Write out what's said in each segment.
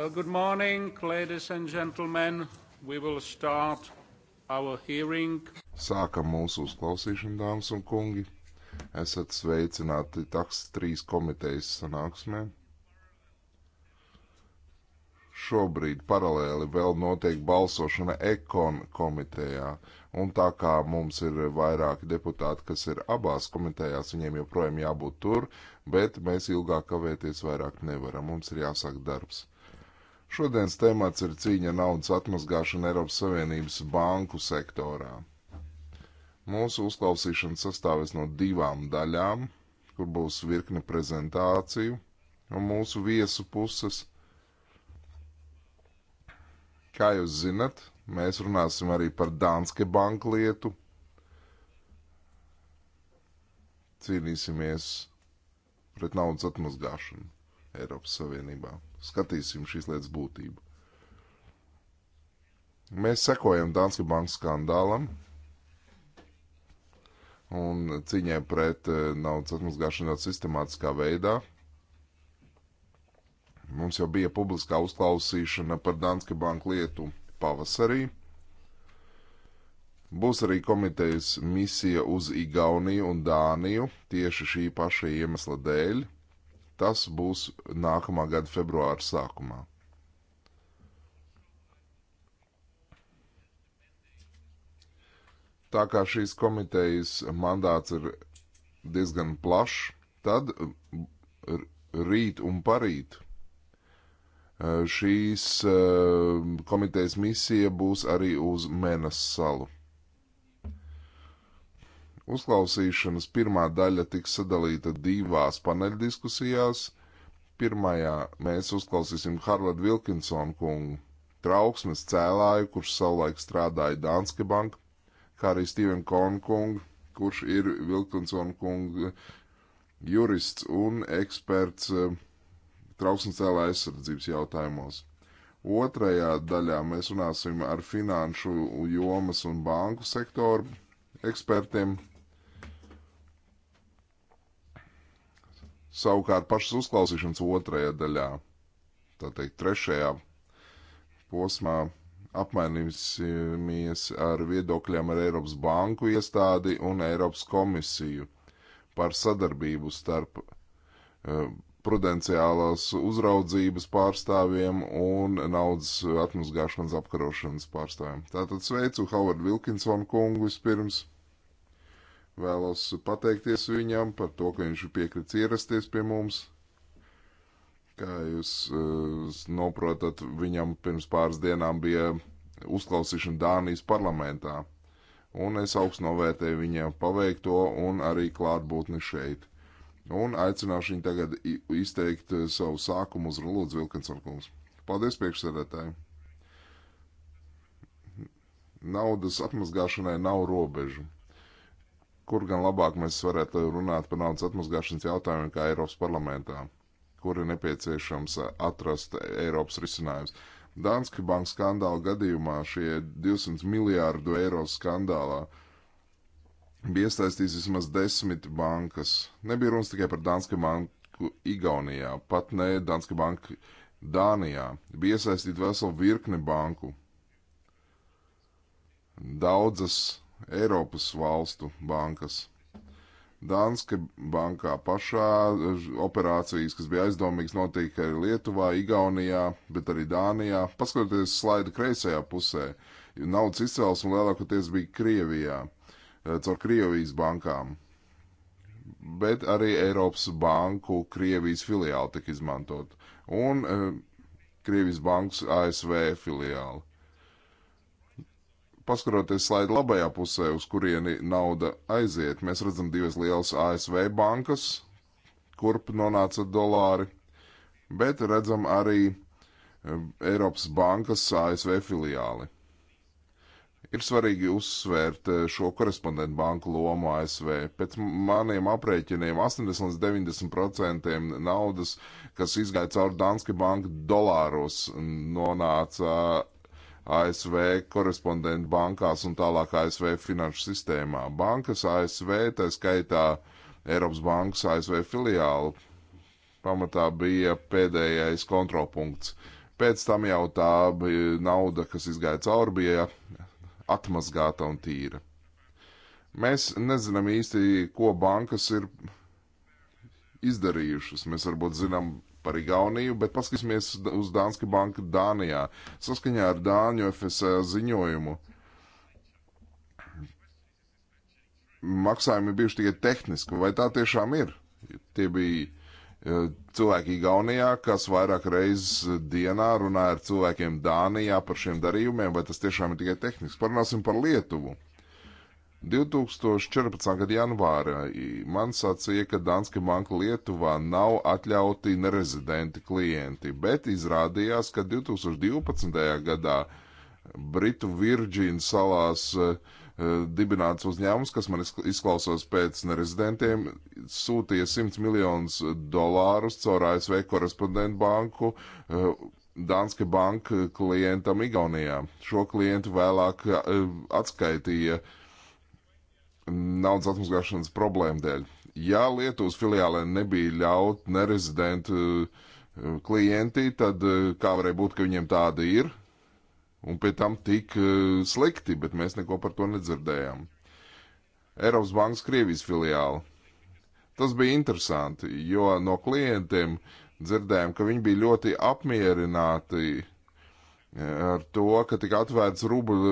Well, good morning, ladies and gentlemen. We will start our hearing. Sākam mūsu uzklausīšanu, dāmas un kungi. Esat sveicināti taks trīs komitejas sanāksmē. Šobrīd paralēli vēl notiek balsošana ekon komitejā, un tā kā mums ir vairāki deputāti, kas ir abās komitejās, viņiem joprojām jābūt tur, bet mēs ilgāk kavēties vairāk nevaram. Mums ir jāsāk darbs. Šodienas temats ir cīņa naudas atmazgāšana Eiropas Savienības banku sektorā. Mūsu uzklausīšana sastāvēs no divām daļām, kur būs virkne prezentāciju no mūsu viesu puses. Kā jūs zinat, mēs runāsim arī par Danske banku lietu. Cīnīsimies pret naudas atmazgāšanu Eiropas Savienībā skatīsim šīs lietas būtību. Mēs sekojam Danske bankas skandālam un cīņai pret eh, naudas atmazgāšanos sistemātiskā veidā. Mums jau bija publiskā uzklausīšana par Danske banku lietu pavasarī. Būs arī komitejas misija uz Igauniju un Dāniju tieši šī paša iemesla dēļ. Tas būs nākamā gada februāra sākumā. Tā kā šīs komitejas mandāts ir diezgan plašs, tad rīt un parīt eh, šīs eh, komitejas misija būs arī uz Mēnes salu. Uzklausīšanas pirmā daļa tiks sadalīta divās paneļdiskusijās. Pirmajā mēs uzklausīsim Harvardu Vilkinsonu kungu, trauksmes cēlāju, kurš savulaik strādāja Danske Bank, kā arī Steven Konu kungu, kurš ir Vilkinsonu kungu jurists un eksperts eh, trauksmes cēlāju aizsardzības jautājumos. Otrajā daļā mēs runāsim ar finanšu jomas un banku sektoru ekspertiem. Savukārt pašas uzklausīšanas otrajā daļā, tā teikt, trešajā posmā apmainīsimies ar viedokļiem ar Eiropas Banku iestādi un Eiropas komisiju par sadarbību starp uh, prudenciālās uzraudzības pārstāvjiem un naudas atmazgāšanas apkarošanas pārstāvjiem. Tātad sveicu Howard Wilkinsonu kungu vispirms. Vēlos pateikties viņam par to, ka viņš piekrits ierasties pie mums. Kā jūs uh, noprotat, viņam pirms pāris dienām bija uzklausīšana Dānijas parlamentā. Un es augstu novērtēju viņa paveikto un arī klātbūtni šeit. Un aicināšu viņu tagad izteikt eh, savu sākumu uz Lūdzu Vilkensarkungs. Paldies priekšsēdētāji! Naudas atmazgāšanai nav robežu kur gan labāk mēs varētu runāt par naudas atmazgāšanas jautājumiem kā Eiropas parlamentā, kur ir nepieciešams atrast Eiropas risinājums. Danske banka skandāla gadījumā šie 200 miljārdu eiro skandālā bija iesaistīts vismaz desmit bankas. Nebija runas tikai par Danske banku Igaunijā, pat ne Danske banku Dānijā. Bija iesaistīta vesela virkne banku. Daudzas Eiropas valstu bankas. Danske bankā pašā eh, operācijas, kas bija aizdomīgas, notika arī Lietuvā, Igaunijā, bet arī Dānijā. Paskatieties slaida kreisajā pusē. Naudas izcelsme lielākoties bija Krievijā, eh, caur Krievijas bankām. Bet arī Eiropas banku Krievijas filiāli tika izmantot. Un eh, Krievijas bankas ASV filiāli paskaroties slaidu labajā pusē, uz kurieni nauda aiziet, mēs redzam divas lielas ASV bankas, kurp nonāca dolāri, bet redzam arī eh, Eiropas bankas ASV filiāli. Ir svarīgi uzsvērt eh, šo korespondentu banku lomu ASV. Pēc maniem aprēķiniem 80 līdz 90% naudas, kas izgāja caur Danske banku dolāros, nonāca ASV korespondentu bankās un tālāk ASV finanšu sistēmā. Bankas ASV, tā skaitā Eiropas bankas ASV filiālu, pamatā bija pēdējais kontrolpunkts. Pēc tam jau tā nauda, kas izgāja cauri, bija atmazgāta un tīra. Mēs nezinām īsti, ko bankas ir izdarījušas. Mēs varbūt zinām par Igauniju, bet paskatīsimies uz Dānska banku Dānijā. Saskaņā ar Dāņu FSA ziņojumu maksājumi bijuši tikai tehniski, vai tā tiešām ir? Tie bija e, cilvēki Igaunijā, kas vairāk reizes dienā runāja ar cilvēkiem Dānijā par šiem darījumiem, vai tas tiešām ir tikai tehniski. Parunāsim par Lietuvu. 2014. gada janvārā man sacīja, ka Danske Banka Lietuvā nav atļauti nerezidenti klienti, bet izrādījās, ka 2012. gadā Britu Virģīnu salās uh, dibināts uzņēmums, kas man izklausās pēc nerezidentiem, sūtīja 100 miljonus dolārus caur ASV korespondentu banku uh, Danske banka klientam Igaunijā. Šo klientu vēlāk uh, atskaitīja uh, naudas atmazgāšanas problēmu dēļ. Ja Lietuvas filiālē nebija ļaut nerezidentu eh, klienti, tad eh, kā varēja būt, ka viņiem tāda ir? Un pie tam tik eh, slikti, bet mēs neko par to nedzirdējām. Eiropas Bankas Krievijas filiāla. Tas bija interesanti, jo no klientiem dzirdējām, ka viņi bija ļoti apmierināti ar to, ka tika atvērts rubļu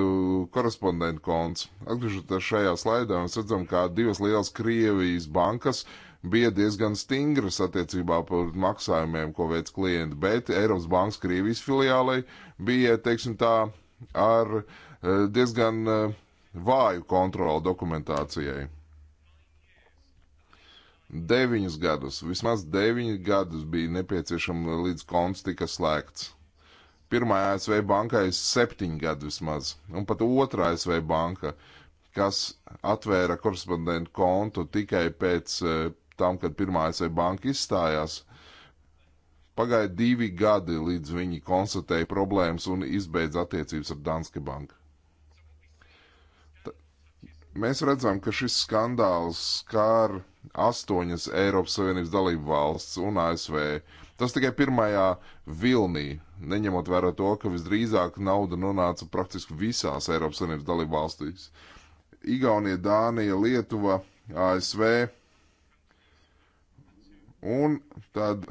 korespondentu konts. Atgriežoties šajā slaidā, mēs redzam, kā divas lielas Krievijas bankas bija diezgan stingras attiecībā par maksājumiem, ko veids klienti, bet Eiropas bankas Krievijas filiālei bija, teiksim tā, ar eh, diezgan eh, vāju kontroli dokumentācijai deviņus gadus, vismaz deviņus gadus bija nepieciešama, līdz konts tika slēgts. Pirmā ASV bankai septiņi gadi vismaz, un pat otrā ASV banka, kas atvēra korespondentu kontu tikai pēc e, tam, kad pirmā ASV banka izstājās, pagāja divi gadi, līdz viņi konstatēja problēmas un izbeidz attiecības ar Danske banku. Mēs redzam, ka šis skandāls skār astoņas Eiropas Savienības dalību valsts un ASV. Tas tikai pirmajā vilnī neņemot vērā to, ka visdrīzāk nauda nonāca praktiski visās Eiropas Savienības dalību valstīs. Igaunija, Dānija, Lietuva, ASV un tad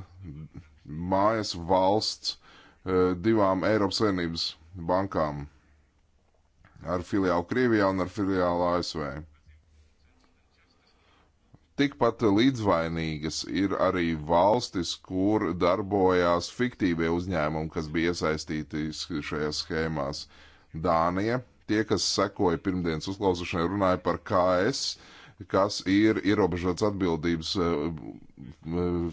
mājas valsts eh, divām Eiropas Savienības bankām ar filiālu Krievijā un ar filiālu ASV. Tikpat līdzvainīgas ir arī valstis, kur darbojās fiktīvie uzņēmumi, kas bija iesaistīti šajās schēmās. Dānija, tie, kas sekoja pirmdienas uzklausīšanai, runāja par KS, kas ir ierobežots atbildības eh,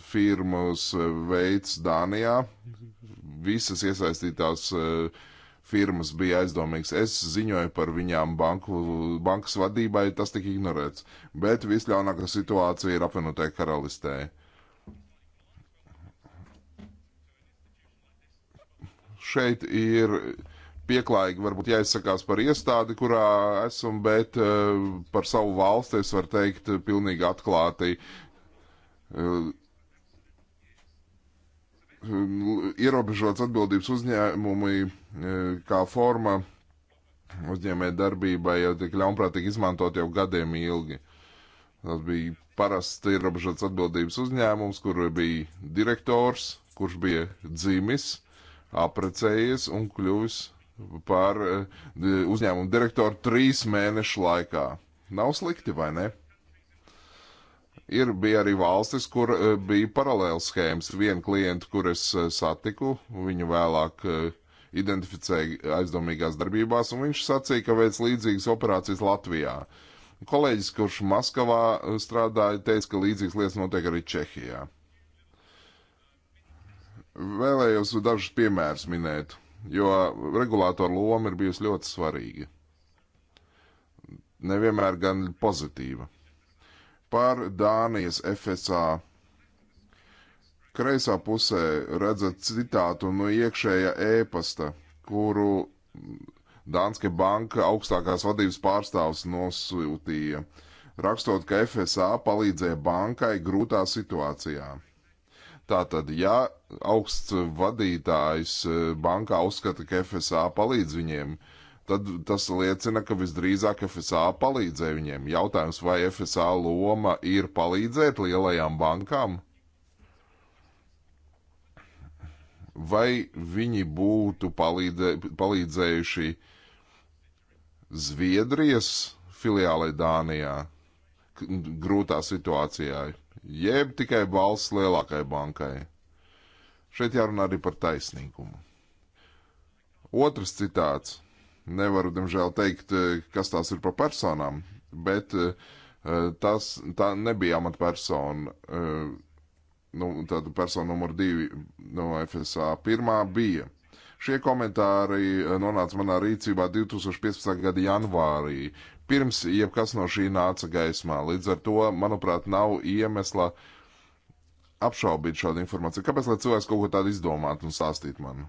firmas eh, veids Dānijā. Visas iesaistītās uh, firmas bija aizdomīgs. Es ziņoju par viņām banku, bankas vadībai, tas tika ignorēts. Bet visļaunākā situācija ir apvienotajā karalistē. Šeit ir pieklājīgi varbūt jāizsakās par iestādi, kurā esmu, bet eh, par savu valsti es varu teikt pilnīgi atklāti. Eh, ierobežots atbildības uzņēmumi kā forma uzņēmē darbībai jau tik ļaunprātīgi izmantot jau gadiem ilgi. Tas bija parasts ierobežots atbildības uzņēmums, kur bija direktors, kurš bija dzimis, aprecējies un kļuvis par uzņēmumu direktoru trīs mēnešu laikā. Nav slikti, vai ne? ir bija arī valstis, kur bija paralēlas schēmas. Vienu klientu, kur es satiku, viņu vēlāk identificēja aizdomīgās darbībās, un viņš sacīja, ka veids līdzīgas operācijas Latvijā. Kolēģis, kurš Maskavā strādāja, teica, ka līdzīgas lietas notiek arī Čehijā. Vēlējos dažus piemērus minēt, jo regulātora loma ir bijusi ļoti svarīga. Nevienmēr gan pozitīva. Par Dānijas FSA Kreisā pusē redzat citātu no iekšējā ēpasta, kuru Danske banka augstākās vadības pārstāvs nosūtīja, rakstot, ka FSA palīdzēja bankai grūtā situācijā. Tātad, ja augsts vadītājs eh, bankā uzskata, ka FSA palīdz viņiem, tad tas liecina, ka visdrīzāk FSA palīdzēja viņiem. Jautājums, vai FSA loma ir palīdzēt lielajām bankām? vai viņi būtu palīdē, palīdzējuši Zviedrijas filiālei Dānijā grūtā situācijā, jeb tikai valsts lielākai bankai. Šeit jārunā arī par taisnīgumu. Otrs citāts. Nevaru, diemžēl, teikt, e, kas tās ir par personām, bet e, e, tas tā nebija amatpersona nu, tāda persona numur divi no FSA. Pirmā bija. Šie komentāri eh, nonāca manā rīcībā 2015. gada janvārī, pirms jebkas no šī nāca gaismā. Līdz ar to, manuprāt, nav iemesla apšaubīt šādu informāciju. Kāpēc lai cilvēks kaut ko tādu izdomātu un stāstītu man?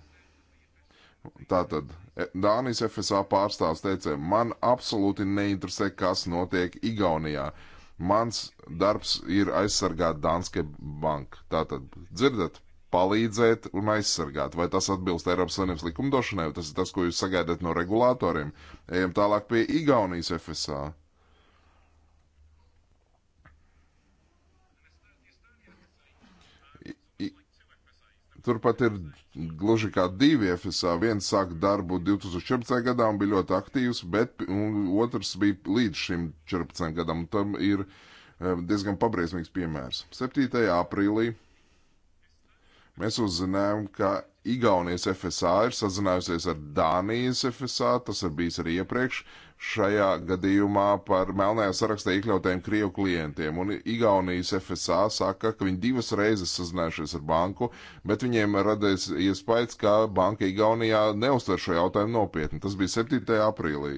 Tātad e, Dānijas FSA pārstāvs teica, man absolūti neinteresē, kas notiek Igaunijā. Uh, Mans darbs ir aizsargāt Danske banku. Tātad, dzirdat, palīdzēt un aizsargāt. Vai tas atbilst Eiropas Savienības likumdošanai, vai tas ir tas, ko jūs sagaidat no regulātoriem? Ejam tālāk pie Igaunijas FSA. turpat ir gluži kā divi FSA. Viens sāk darbu 2014. gadā un bija ļoti aktīvs, bet otrs bija līdz šim 14. gadam. Tam ir eh, diezgan pabriesmīgs piemērs. 7. aprīlī mēs uzzinājām, ka Igaunijas FSA ir sazinājusies ar Dānijas FSA, tas ir bijis arī iepriekš. Uh, šajā gadījumā par melnajā sarakstā iekļautajiem Krievu klientiem. Un Igaunijas FSA saka, ka viņi divas reizes sazinājušies ar banku, bet viņiem radies iespējas, ka banka Igaunijā neuztver šo jautājumu nopietni. Tas bija 7. aprīlī.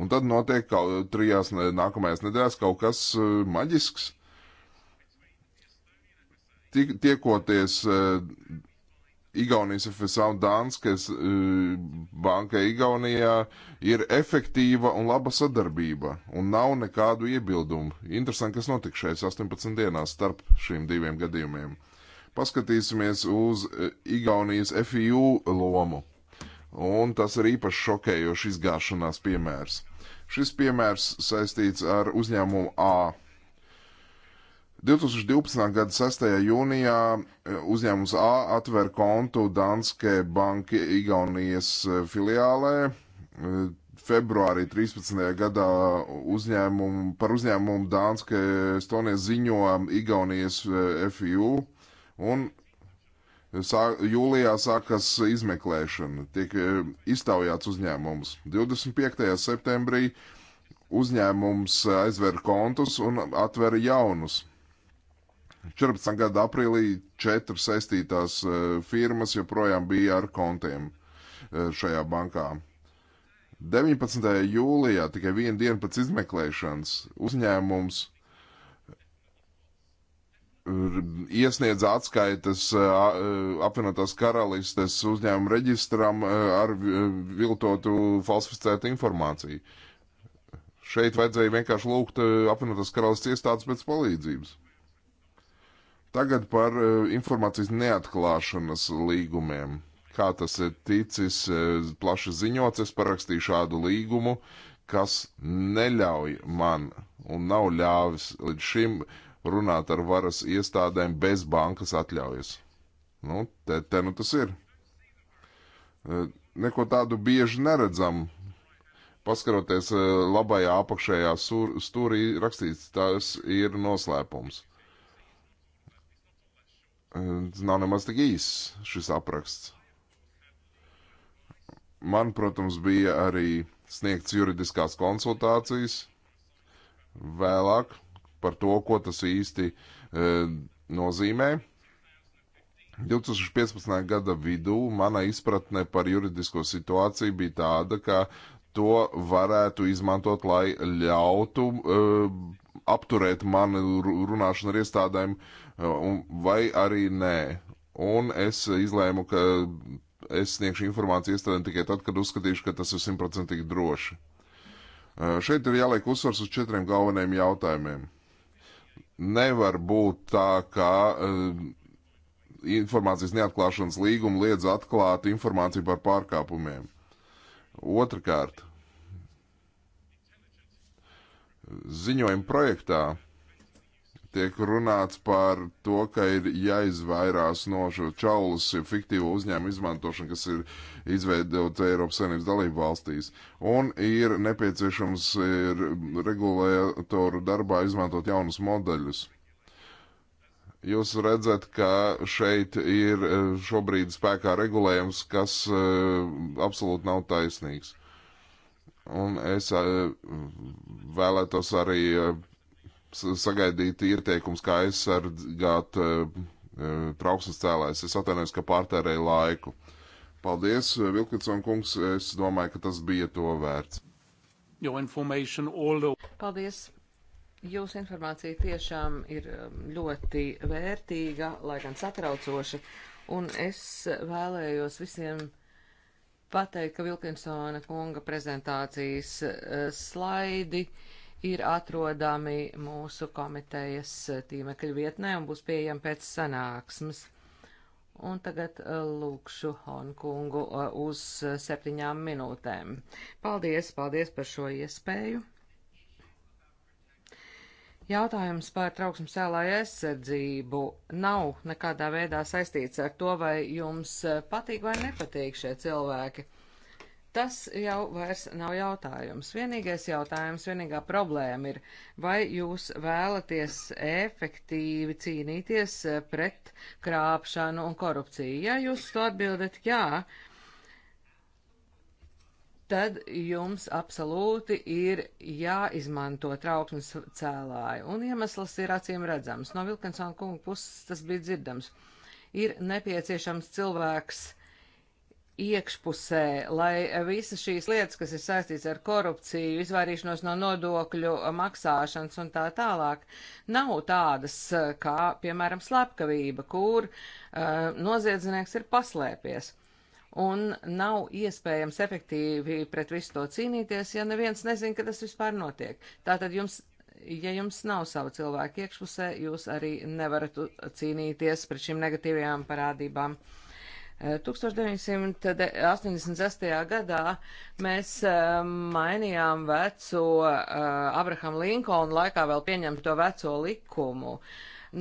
Un tad notiek kaut, trijās nākamajās nedēļās kaut kas e, maģisks. Tik, tiekoties e, Igaunijas FSA un Dānskas e, banka Igaunijā ir efektīva un laba sadarbība un nav nekādu iebildumu. Interesanti, kas notika šajās 18 dienās starp šiem diviem gadījumiem. Paskatīsimies uz e, Igaunijas FIU lomu. Un tas ir īpaši šokējošs izgāšanās piemērs. Šis piemērs saistīts ar uzņēmumu A 2012. gada 6. jūnijā eh, uzņēmums A atver kontu Danske Banka Igaunijas eh, filiālē. Eh, februārī 13. gadā uzņēmumu, par uzņēmumu Danske Estonija ziņo Igaunijas FIU un sā, jūlijā sākas izmeklēšana, tiek iztaujāts uzņēmums. 25. septembrī uzņēmums aizver kontus un atver jaunus 14. gada aprīlī četras saistītās eh, firmas joprojām bija ar kontiem eh, šajā bankā. 19. jūlijā, tikai vienu dienu pēc izmeklēšanas, uzņēmums iesniedz atskaites eh, apvienotās karalistes uzņēmuma reģistram ar viltotu falsificētu informāciju. Šeit vajadzēja vienkārši lūgt apvienotās karalistes iestādes pēc palīdzības. Tagad par e, informācijas neatklāšanas līgumiem. Kā tas ir ticis e, plaši ziņots, es parakstīju šādu līgumu, kas neļauj man un nav ļāvis līdz šim runāt ar varas iestādēm bez bankas atļaujas. Nu, te, te nu tas ir. E, neko tādu bieži neredzam. Paskaroties labajā apakšējā stūrī rakstīts, tas ir noslēpums nav nemaz tik īss šis apraksts. Man, protams, bija arī sniegts juridiskās konsultācijas vēlāk par to, ko tas īsti e, nozīmē. 2015. gada vidū mana izpratne par juridisko situāciju bija tāda, ka to varētu izmantot, lai ļautu e, apturēt mani runāšanu ar iestādēm, e, vai arī nē. Un es izlēmu, ka es sniegšu informāciju iestādēm tikai tad, kad uzskatīšu, ka tas ir simtprocentīgi droši. E, šeit ir jāliek uzsvars uz četriem galvenajiem jautājumiem. Nevar būt tā, ka e, informācijas neatklāšanas līguma liedz atklāt informāciju par pārkāpumiem. Otrakārt, ziņojuma projektā tiek runāts par to, ka ir jāizvairās no šo čaulas fiktīvo uzņēmumu izmantošanu, kas ir izveidota Eiropas Savienības dalību valstīs, un ir nepieciešams ir regulētoru darbā izmantot jaunus modeļus. Jūs redzat, ka šeit ir eh, šobrīd spēkā regulējums, kas eh, absolūti nav taisnīgs. Un es eh, vēlētos arī eh, sagaidīt ieteikums, kā aizsargāt eh, trauksmes cēlājs. Es atvainojos, ka pārtērēju laiku. Paldies, Vilkinson kungs. Es domāju, ka tas bija to vērts. The... Paldies. Jūsu informācija tiešām ir um, ļoti vērtīga, lai gan satraucoša, un es vēlējos visiem pateikt, ka Vilkinsona kunga prezentācijas eh, slaidi ir atrodami mūsu komitejas eh, tīmekļa vietnē un būs pieejami pēc sanāksmes. Un tagad eh, lūkšu Honkungu uz septiņām minūtēm. Paldies, paldies par šo iespēju. Jautājums par trauksmes cēlāju aizsardzību nav nekādā veidā saistīts ar to, vai jums eh, patīk vai nepatīk šie cilvēki. Tas jau vairs nav jautājums. Vienīgais jautājums, vienīgā problēma ir, vai jūs vēlaties efektīvi cīnīties eh, pret krāpšanu un korupciju. Ja jūs to atbildat jā, tad jums absolūti ir jāizmanto trauksmes cēlāji. Un iemesls ir acīm redzams. No Vilkinsona kunga puses tas bija dzirdams. Ir nepieciešams cilvēks iekšpusē, lai visas šīs lietas, kas ir saistīts ar korupciju, izvairīšanos no nodokļu maksāšanas un tā tālāk, nav tādas kā, piemēram, slepkavība, kur uh, noziedznieks ir paslēpies un nav iespējams efektīvi pret visu to cīnīties, ja neviens nezin, ka tas vispār notiek. Tātad jums, ja jums nav savu cilvēku iekšpusē, jūs arī nevarat cīnīties pret šīm negatīvajām parādībām. 1986. E, gadā mēs e, mainījām veco e, Abraham Linkolnu laikā vēl pieņemto veco likumu.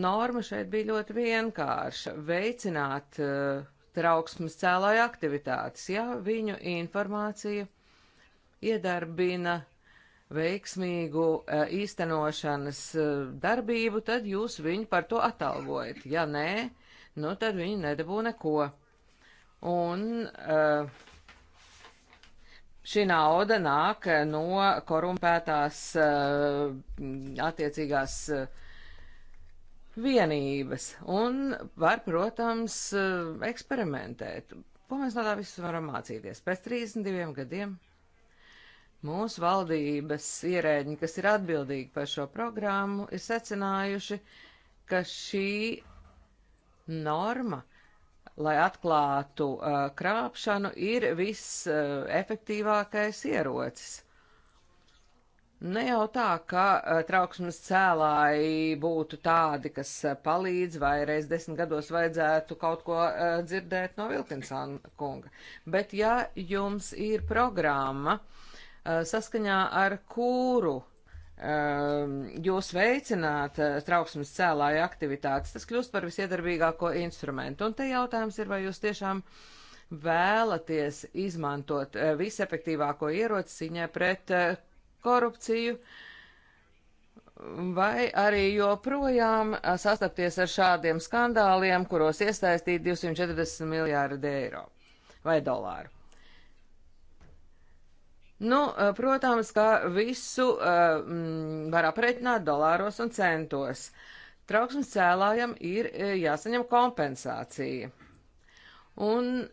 Norma šeit bija ļoti vienkārša - veicināt uh, trauksmes cēlāja aktivitātes, ja viņu informācija iedarbina veiksmīgu e, īstenošanas e, darbību, tad jūs viņu par to atalgojat. Ja nē, nu tad viņi nedabū neko. Un e, šī nauda nāk no korumpētās attiecīgās uh, vienības un var, protams, eh, eksperimentēt. Ko mēs no tā visu varam mācīties? Pēc 32 gadiem mūsu valdības ierēģi, kas ir atbildīgi par šo programmu, ir secinājuši, ka šī norma, lai atklātu uh, krāpšanu, ir visefektīvākais uh, ierocis. Ne jau tā, ka eh, trauksmes cēlāji būtu tādi, kas eh, palīdz, vai reiz desmit gados vajadzētu kaut ko eh, dzirdēt no Vilkinsāna kunga. Bet ja jums ir programma, saskaņā ar kuru ehm, jūs veicināt trauksmes cēlāju aktivitātes, tas kļūst par visiedarbīgāko instrumentu. Un te jautājums ir, vai jūs tiešām vēlaties izmantot visefektīvāko ieroci ciņā pret korupciju, vai arī joprojām sastapties ar šādiem skandāliem, kuros iesaistīt 240 miljārdi eiro vai dolāru. Nu, protams, ka visu uh, var aprēķināt dolāros un centos. Trauksmes cēlājam ir eh, jāsaņem kompensācija. Un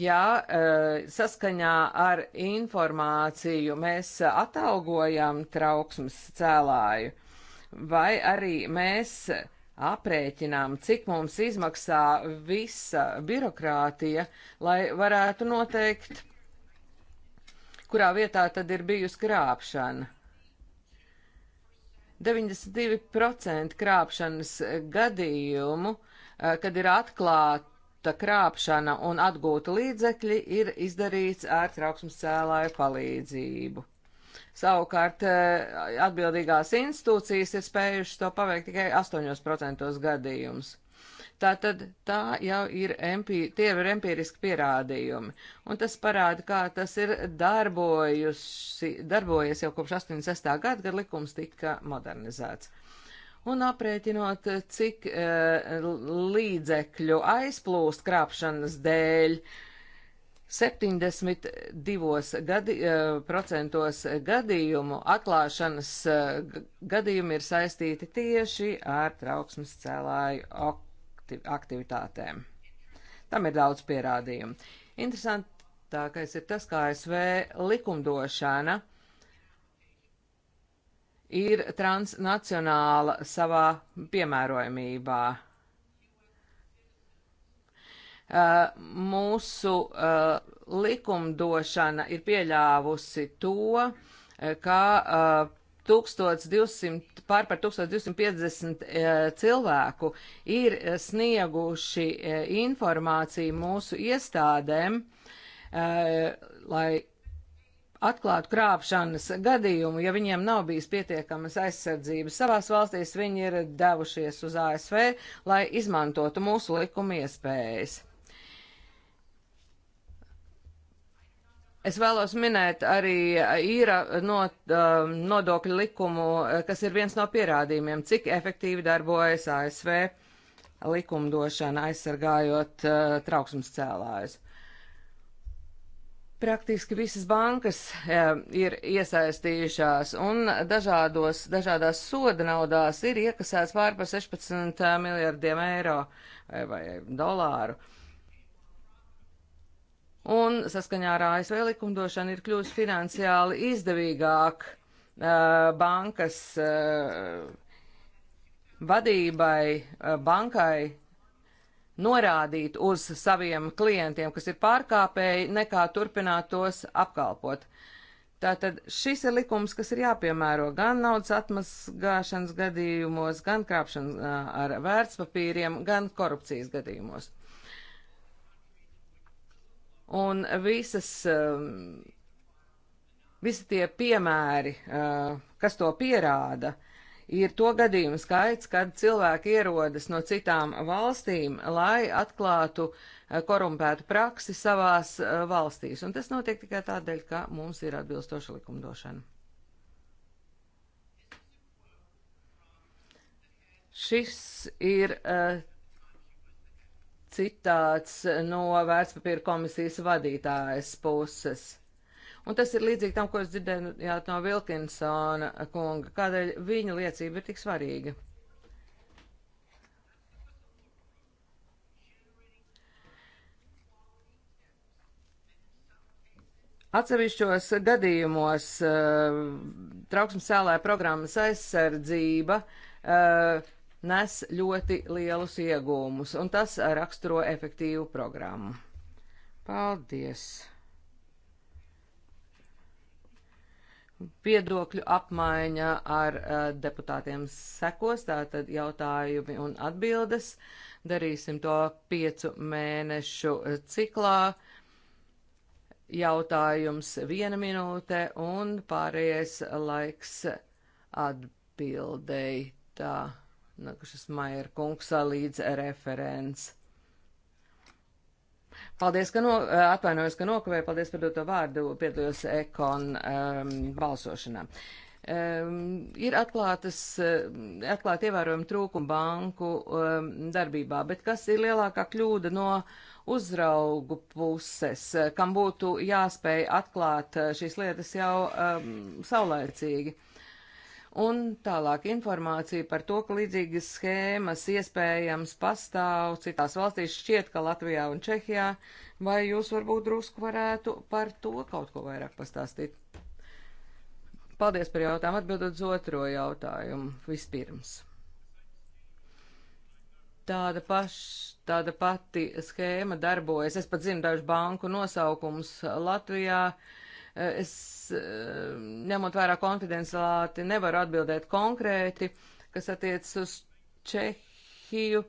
ja eh, saskaņā ar informāciju mēs atalgojam trauksmes cēlāju, vai arī mēs aprēķinām, cik mums izmaksā visa birokrātija, lai varētu noteikt, kurā vietā tad ir bijusi krāpšana. 92% krāpšanas gadījumu, eh, kad ir atklāt, Konta krāpšana un atgūta līdzekļi ir izdarīts ar trauksmes cēlāju palīdzību. Savukārt eh, atbildīgās institūcijas ir spējušas to paveikt tikai 8% gadījumus. Tātad tā jau ir, empī, tie ir empiriski pierādījumi, un tas parāda, kā tas ir darbojies jau kopš 86. gada, kad likums tika modernizēts un aprēķinot, cik uh, līdzekļu aizplūst krāpšanas dēļ. 72% gadi, uh, gadījumu atklāšanas uh, gadījumi ir saistīti tieši ar trauksmes cēlāju aktiv aktivitātēm. Tam ir daudz pierādījumu. Interesantākais ir tas, kā ASV likumdošana uh, ir transnacionāla savā piemērojumībā. Uh, mūsu uh, likumdošana ir pieļāvusi to, uh, ka uh, 1200, pār par 1250 uh, cilvēku ir uh, snieguši informāciju mūsu iestādēm, lai atklātu krāpšanas gadījumu, ja viņiem nav bijis pietiekamas aizsardzības. Savās valstīs viņi ir devušies uz ASV, lai izmantotu mūsu likuma iespējas. Es vēlos minēt arī īra not, um, nodokļu likumu, kas ir viens no pierādījumiem, cik efektīvi darbojas ASV likumdošana aizsargājot uh, trauksmes cēlājus. Uh, Praktiski visas bankas e, ir iesaistījušās un dažādos, dažādās soda naudās ir iekasēts pār par 16 e, miljardiem eiro vai, e, vai dolāru. Un saskaņā ar ASV likumdošanu ir kļūst finansiāli izdevīgāk e, bankas e, vadībai, e, bankai norādīt uz saviem klientiem, kas ir pārkāpēji, nekā turpināt tos apkalpot. Tātad šis ir likums, kas ir jāpiemēro gan naudas atmazgāšanas gadījumos, gan krāpšanas ar vērtspapīriem, gan korupcijas gadījumos. Un visas, visi tie piemēri, kas to pierāda, uh, ir to gadījumu skaits, kad cilvēki ierodas no citām valstīm, lai atklātu eh, korumpētu praksi savās eh, valstīs. Un tas notiek tikai tādēļ, ka mums ir atbilstoša likumdošana. Šis ir uh, citāts no vērtspapīra komisijas vadītājas puses. Un tas ir līdzīgi tam, ko es dzirdēju nu, no Vilkinsona kunga, kādēļ viņa liecība ir tik svarīga. Atsevišķos gadījumos uh, trauksmes cēlē programmas aizsardzība uh, nes ļoti lielus iegūmus, un tas raksturo efektīvu programmu. Paldies! Viedokļu apmaiņa ar uh, deputātiem sekos, tātad jautājumi un atbildes. Darīsim to piecu mēnešu eh, ciklā. Jautājums viena minūte un pārējais laiks atbildēji. Tā, Nakašas nu, Maier kungs līdz referents. Paldies, ka no, eh, atvainojos, ka nokavēju. Paldies par doto vārdu. Piedalījos ekon um, balsošanā. Um, ir atklātas, eh, atklāti ievērojami trūkumi banku um, darbībā, bet kas ir lielākā kļūda no uzraugu puses, kam būtu jāspēj atklāt eh, šīs lietas jau um, saulēcīgi? Uh, Un tālāk informācija par to, ka līdzīgas schēmas iespējams pastāv citās valstīs, šķiet, ka Latvijā un Čehijā, vai jūs varbūt drusku varētu par to kaut ko vairāk pastāstīt? Paldies par jautājumu. Atbildot uz otro jautājumu vispirms. Tāda, paš, tāda pati schēma darbojas. Es pat zinu dažu banku nosaukumus Latvijā. Uh, Es ehm, ņemot vērā konfidenciālāti nevaru atbildēt konkrēti, kas attiecas uz Čehiju.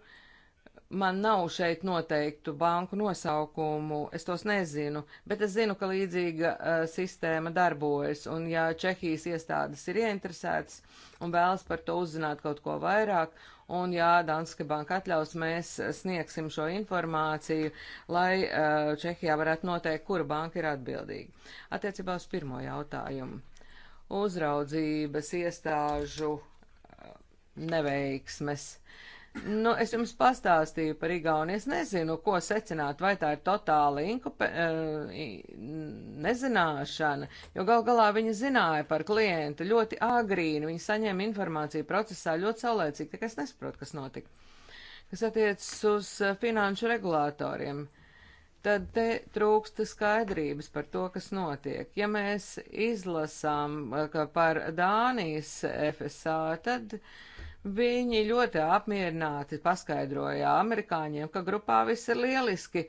Man nav šeit noteiktu banku nosaukumu, es tos nezinu, bet es zinu, ka līdzīga uh, sistēma darbojas, un ja Čehijas iestādes ir ieinteresētas un vēlas par to uzzināt kaut ko vairāk Un, ja Danske banka atļaus, mēs sniegsim šo informāciju, lai uh, Čehijā varētu noteikt, kura banka ir atbildīga. Attiecībā uz pirmo jautājumu. Uzraudzības iestāžu eh, neveiksmes. Uh, Nu, es jums pastāstīju par Igauni. Es nezinu, ko secināt, vai tā ir totāla inkupe, eh, nezināšana, jo gal galā viņi zināja par klientu ļoti agrīni, viņi saņēma informāciju procesā ļoti saulēcīgi, tikai es nesaprotu, kas notika. Kas attiecas uz eh, finanšu regulātoriem, tad te trūksta skaidrības par to, kas notiek. Ja mēs izlasām eh, par Dānijas FSA, tad. Uh, Viņi ļoti apmierināti paskaidroja amerikāņiem, ka grupā viss ir lieliski,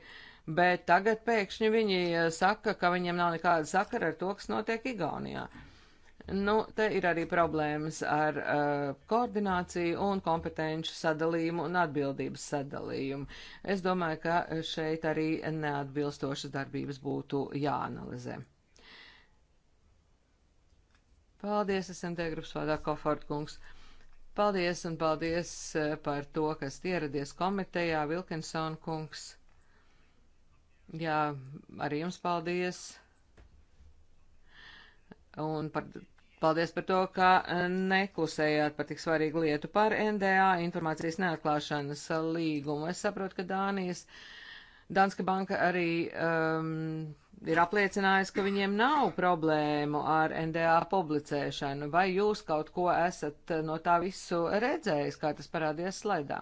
bet tagad pēkšņi viņi eh, saka, ka viņiem nav nekāda sakara ar to, kas notiek Igaunijā. Nu, te ir arī problēmas ar uh, koordināciju un kompetenci sadalījumu un atbildības sadalījumu. Es domāju, ka šeit arī neatbilstošas darbības būtu jāanalizē. Paldies, SMT grupas vadā Kofortkungs. kungs. Paldies un paldies eh, par to, kas ieradies komitejā, Vilkinson kungs. Jā, arī jums paldies. Un par, paldies par to, ka eh, neklusējāt par tik svarīgu lietu par NDA informācijas neatklāšanas līgumu. Es saprotu, ka Dānijas uh, Danska banka arī um, ir apliecinājusi, ka viņiem nav problēmu ar NDA publicēšanu. Vai jūs kaut ko esat no tā visu redzējis, kā tas parādījās slaidā?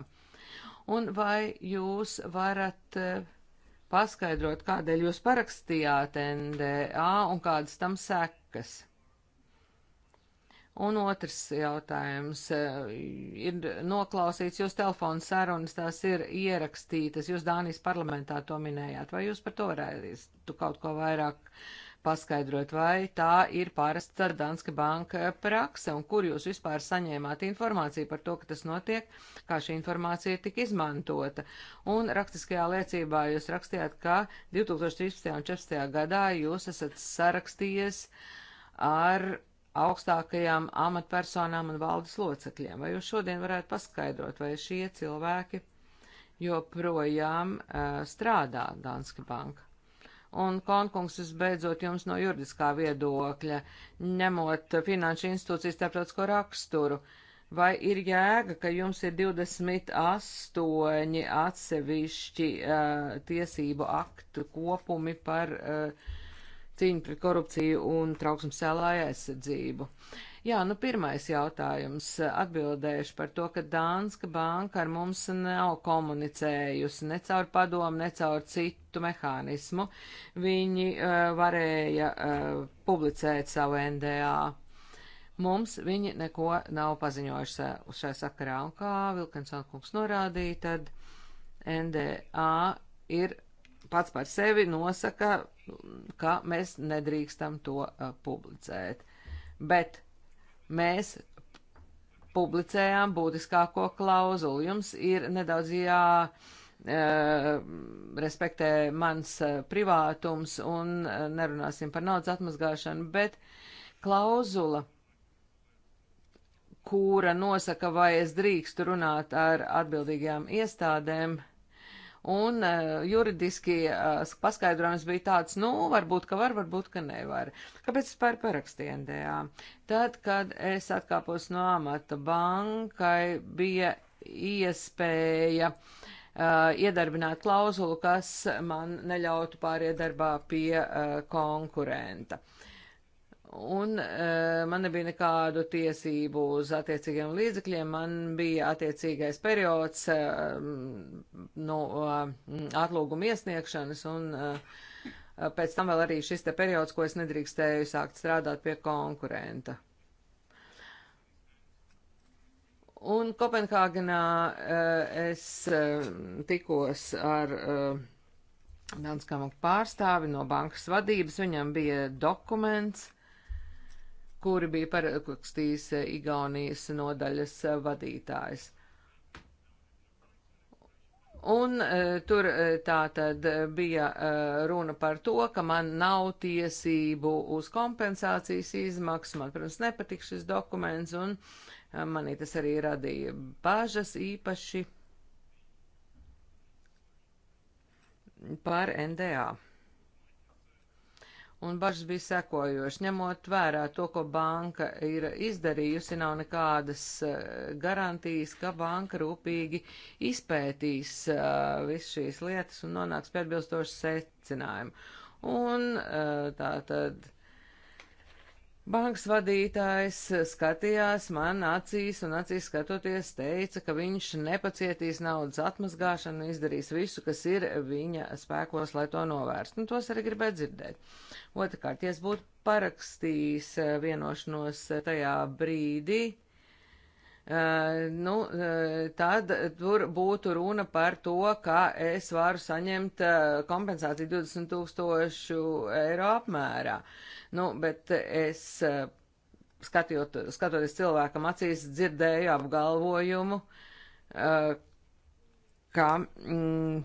Un vai jūs varat uh, paskaidrot, kādēļ jūs parakstījāt NDA un kādas tam sekas? Un otrs jautājums eh, ir noklausīts, jūs telefona sarunas tās ir ierakstītas, jūs Dānijas parlamentā to minējāt, vai jūs par to varētu kaut ko vairāk paskaidrot, vai tā ir parasta Danske banka prakse, un kur jūs vispār saņēmāt informāciju par to, ka tas notiek, kā šī informācija tika izmantota. Un rakstiskajā liecībā jūs rakstījāt, ka 2013. un 2014. gadā jūs esat sarakstījies ar augstākajām amatpersonām un valdes locekļiem. Vai jūs šodien varētu paskaidrot, vai šie cilvēki joprojām uh, strādā Danske Banka? Un, Konkungs, visbeidzot jums no juridiskā viedokļa, ņemot finanšu institūcijas starptautisko raksturu, vai ir jēga, ka jums ir 28 atsevišķi uh, tiesību aktu kopumi par uh, cīņu pret korupciju un trauksmes cēlāja aizsardzību. Jā, nu pirmais jautājums atbildējuši par to, ka Dānska banka ar mums nav komunicējusi ne caur padomu, ne caur citu mehānismu. Viņi uh, varēja uh, publicēt savu NDA. Mums viņi neko nav paziņojuši sa šajā sakarā, un kā Vilkensona kungs norādīja, tad NDA ir pats par sevi nosaka, ka mēs nedrīkstam to uh, publicēt. Bet mēs publicējām būtiskāko klauzulu. Jums ir nedaudz jā. Uh, respektē mans uh, privātums un uh, nerunāsim par naudas atmazgāšanu, bet klauzula, kura nosaka, vai es drīkstu runāt ar atbildīgajām iestādēm, uh, un uh, juridiski uh, paskaidrojums bija tāds, nu, varbūt, ka var, varbūt, ka nevar. Kāpēc es pār parakstiendējā? Tad, kad es atkāpos no amata bankai, bija iespēja uh, iedarbināt klauzulu, kas man neļautu pāriet darbā pie uh, konkurenta. Uh, un e, man nebija nekādu tiesību uz attiecīgiem līdzekļiem, man bija attiecīgais periods e, no nu, e, atlūguma iesniegšanas, un e, e, pēc tam vēl arī šis te periods, ko es nedrīkstēju sākt strādāt pie konkurenta. Un Kopenhāgenā e, es e, tikos ar. E, Danskam pārstāvi no bankas vadības, viņam bija dokuments, kuri bija parakstījis eh, Igaunijas nodaļas eh, vadītājs. Un e, tur tā tad bija e, runa par to, ka man nav tiesību uz kompensācijas izmaksu, man, protams, nepatika šis dokuments, un e, manī tas arī radīja bažas īpaši par NDA un bažas bija sekojoši. Ņemot vērā to, ko banka ir izdarījusi, nav nekādas e, garantijas, ka banka rūpīgi izpētīs uh, visu šīs lietas un nonāks pie atbilstošu secinājumu. Un uh, tā tad Bankas vadītājs skatījās man acīs un acīs skatoties teica, ka viņš nepacietīs naudas atmazgāšanu un izdarīs visu, kas ir viņa spēkos, lai to novērst. Un tos arī gribētu dzirdēt. Otrakārt, ja es būtu parakstījis vienošanos tajā brīdī, Uh, nu, uh, tad tur būtu runa par to, ka es varu saņemt uh, kompensāciju 20 tūkstošu eiro apmērā. Nu, bet es skatījot, skatoties cilvēkam acīs, dzirdēju apgalvojumu, ka mm,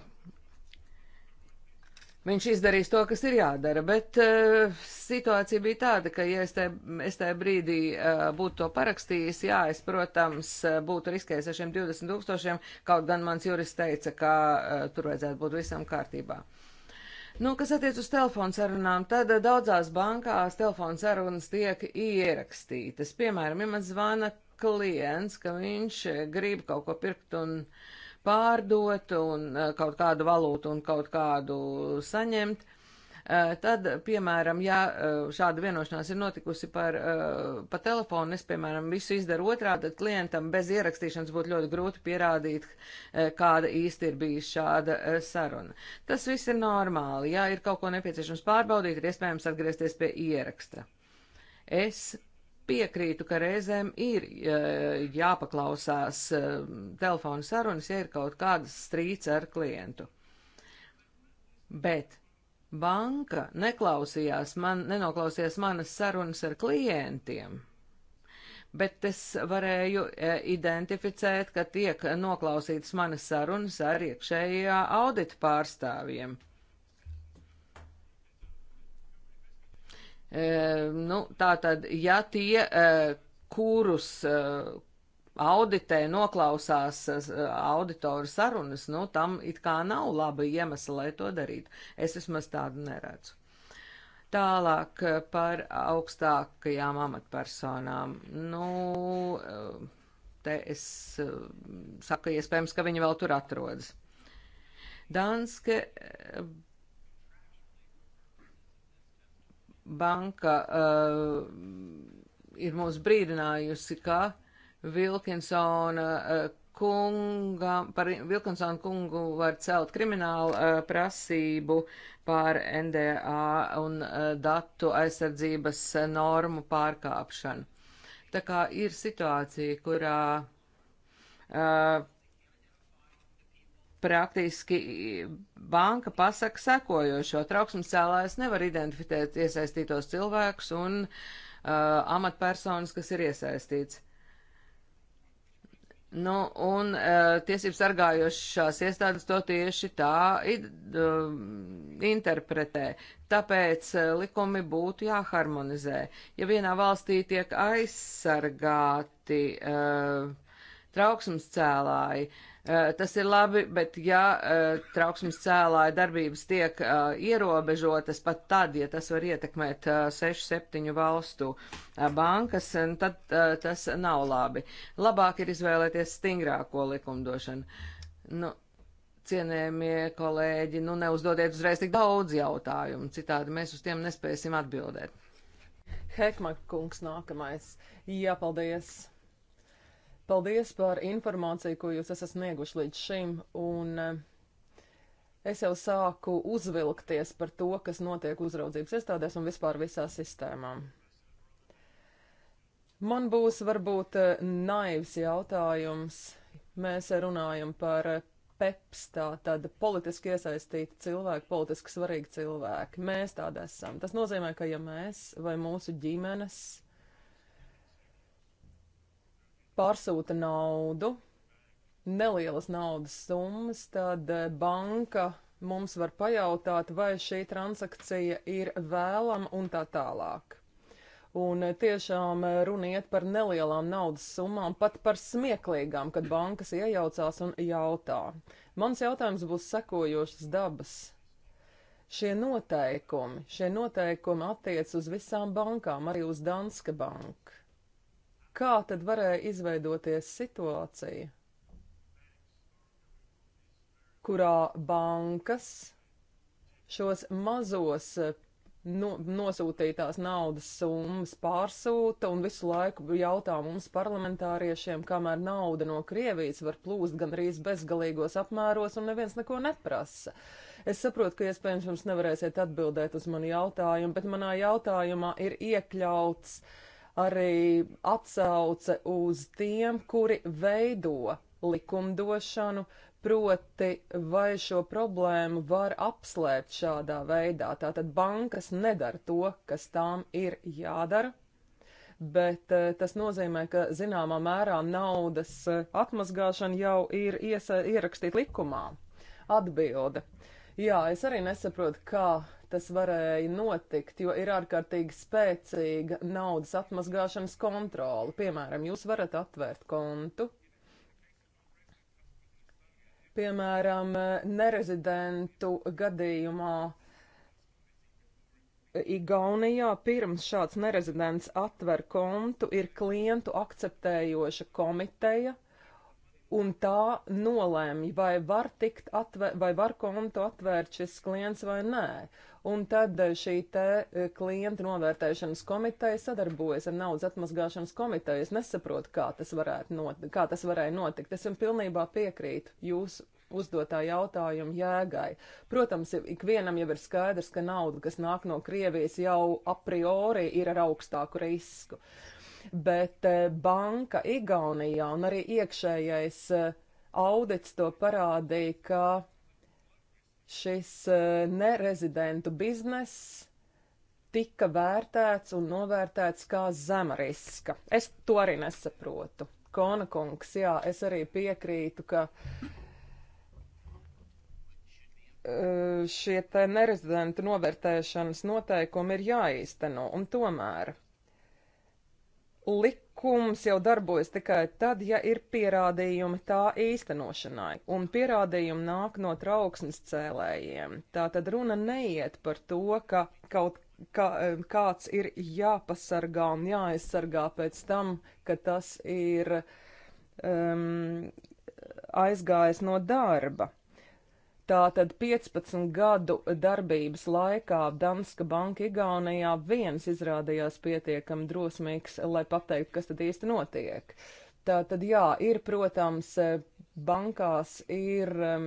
Viņš izdarīs to, kas ir jādara, bet uh, situācija bija tāda, ka, ja es tajā, es tajā brīdī uh, būtu to parakstījis, jā, es, protams, eh, būtu riskējis ar šiem 20 tūkstošiem, kaut gan mans jurists teica, ka uh, tur vajadzētu būt visam kārtībā. Nu, kas attiec uz telefonu sarunām, tad daudzās bankās telefonu sarunas tiek ierakstītas. Piemēram, ja man zvana klients, ka viņš grib kaut ko pirkt un uh, pārdot un e, kaut kādu valūtu un kaut kādu saņemt. E, tad, piemēram, ja e, šāda vienošanās ir notikusi par, pa telefonu, es, piemēram, visu izdaru otrā, tad klientam bez ierakstīšanas būtu ļoti grūti pierādīt, kāda īsti ir bijis šāda saruna. Tas viss ir normāli. Ja ir kaut ko nepieciešams pārbaudīt, ir iespējams atgriezties pie ieraksta. Es piekrītu, ka reizēm ir jāpaklausās eh, telefonu sarunas, ja ir kaut kādas strīds ar klientu. Bet banka neklausījās man, nenoklausījās manas sarunas ar klientiem. Bet es varēju eh, identificēt, ka tiek noklausītas manas sarunas ar iekšējā audita pārstāvjiem. E, nu, tātad, ja tie, e, kurus e, auditē noklausās e, auditoru sarunas, nu, tam it kā nav laba iemesla, lai to darītu. Es vismaz tādu neredzu. Tālāk e, par augstākajām amatpersonām. Nu, e, te es saku, iespējams, ka viņi vēl tur atrodas. Danske banka uh, ir mūs brīdinājusi, ka Vilkinsona uh, kunga, par Vilkinsona kungu var celt kriminālu uh, prasību par NDA un uh, datu aizsardzības normu pārkāpšanu. Tā kā ir situācija, kurā uh, praktiski banka pasaka sekojošo. Trauksmes cēlājs nevar identificēt iesaistītos cilvēkus un uh, amatpersonas, kas ir iesaistīts. Nu, un uh, tiesību sargājošās iestādes to tieši tā id, uh, interpretē. Tāpēc uh, likumi būtu jāharmonizē. Ja vienā valstī tiek aizsargāti uh, trauksmes cēlāji, uh, Eh, tas ir labi, bet ja eh, trauksmes cēlāja darbības tiek eh, ierobežotas pat tad, ja tas var ietekmēt 6-7 valstu bankas, tad tas nav labi. Labāk ir izvēlēties stingrāko likumdošanu. Nu, cienējamie kolēģi, nu neuzdodiet uzreiz tik daudz jautājumu, citādi mēs uz tiem nespēsim atbildēt. Hekmak kungs nākamais. Jā, paldies! Paldies par informāciju, ko jūs esat snieguši līdz šim, un eh, es jau sāku uzvilkties par to, kas notiek uzraudzības iestādēs un vispār visā sistēmā. Man būs varbūt eh, naivs jautājums. Mēs runājam par eh, PEPS, tātad politiski iesaistīti cilvēki, politiski svarīgi cilvēki. Mēs tādi esam. Tas nozīmē, ka ja mēs vai mūsu ģimenes pārsūta naudu, nelielas naudas summas, tad eh, banka mums var pajautāt, vai šī transakcija ir vēlama un tā tālāk. Un eh, tiešām eh, runiet par nelielām naudas summām, pat par smieklīgām, kad bankas iejaucās un jautā. Mans jautājums būs sekojošas dabas. Šie noteikumi, šie noteikumi attiec uz visām bankām, arī uz Danske banku. Kā tad varēja izveidoties situācija, kurā bankas šos mazos eh, no, nosūtītās naudas summas pārsūta un visu laiku jautā mums parlamentāriešiem, kamēr nauda no Krievijas var plūst gan arī bezgalīgos apmēros un neviens neko neprasa. Es saprotu, ka iespējams jums nevarēsiet atbildēt uz manu jautājumu, bet manā jautājumā ir iekļauts uh, arī atsauce uz tiem, kuri veido likumdošanu, proti vai šo problēmu var apslēpt šādā veidā. Tātad bankas nedara to, kas tām ir jādara, bet eh, tas nozīmē, ka zināmā mērā naudas eh, atmazgāšana jau ir ierakstīta likumā. Atbilde. Jā, es arī nesaprotu, kā tas varēja notikt, jo ir ārkārtīgi spēcīga naudas atmazgāšanas kontrola. Piemēram, jūs varat atvērt kontu, piemēram, nerezidentu gadījumā. Igaunijā pirms šāds nerezidents atver kontu, ir klientu akceptējoša komiteja, un tā nolēmj, vai var tikt atvērt, vai var kontu atvērt šis klients vai nē. Un tad eh, šī te eh, klienta novērtēšanas komiteja sadarbojas ar naudas atmazgāšanas komiteju. Es nesaprotu, kā tas, not, kā tas varēja notikt. Es jums pilnībā piekrītu jūsu uzdotā jautājuma jēgai. Protams, ikvienam jau ir skaidrs, ka nauda, kas nāk no Krievijas, jau a priori ir ar augstāku risku. Uh, bet eh, banka Igaunijā un arī iekšējais eh, audits to parādīja, ka šis eh, nerezidentu bizness tika vērtēts un novērtēts kā zema riska. Es to arī nesaprotu. Kona kungs, jā, es arī piekrītu, ka šie te nerezidentu novērtēšanas noteikumi ir jāīsteno, un tomēr likums jau darbojas tikai tad, ja ir pierādījumi tā īstenošanai, un pierādījumi nāk no trauksmes cēlējiem. Tā tad runa neiet par to, ka kaut kā, kāds ir jāpasargā un jāaizsargā pēc tam, ka tas ir um, aizgājis no darba. Tātad 15 gadu darbības laikā Danska Banka Igaunijā viens izrādījās pietiekami drosmīgs, lai pateiktu, kas tad īsti notiek. Tātad jā, ir, protams, bankās ir um,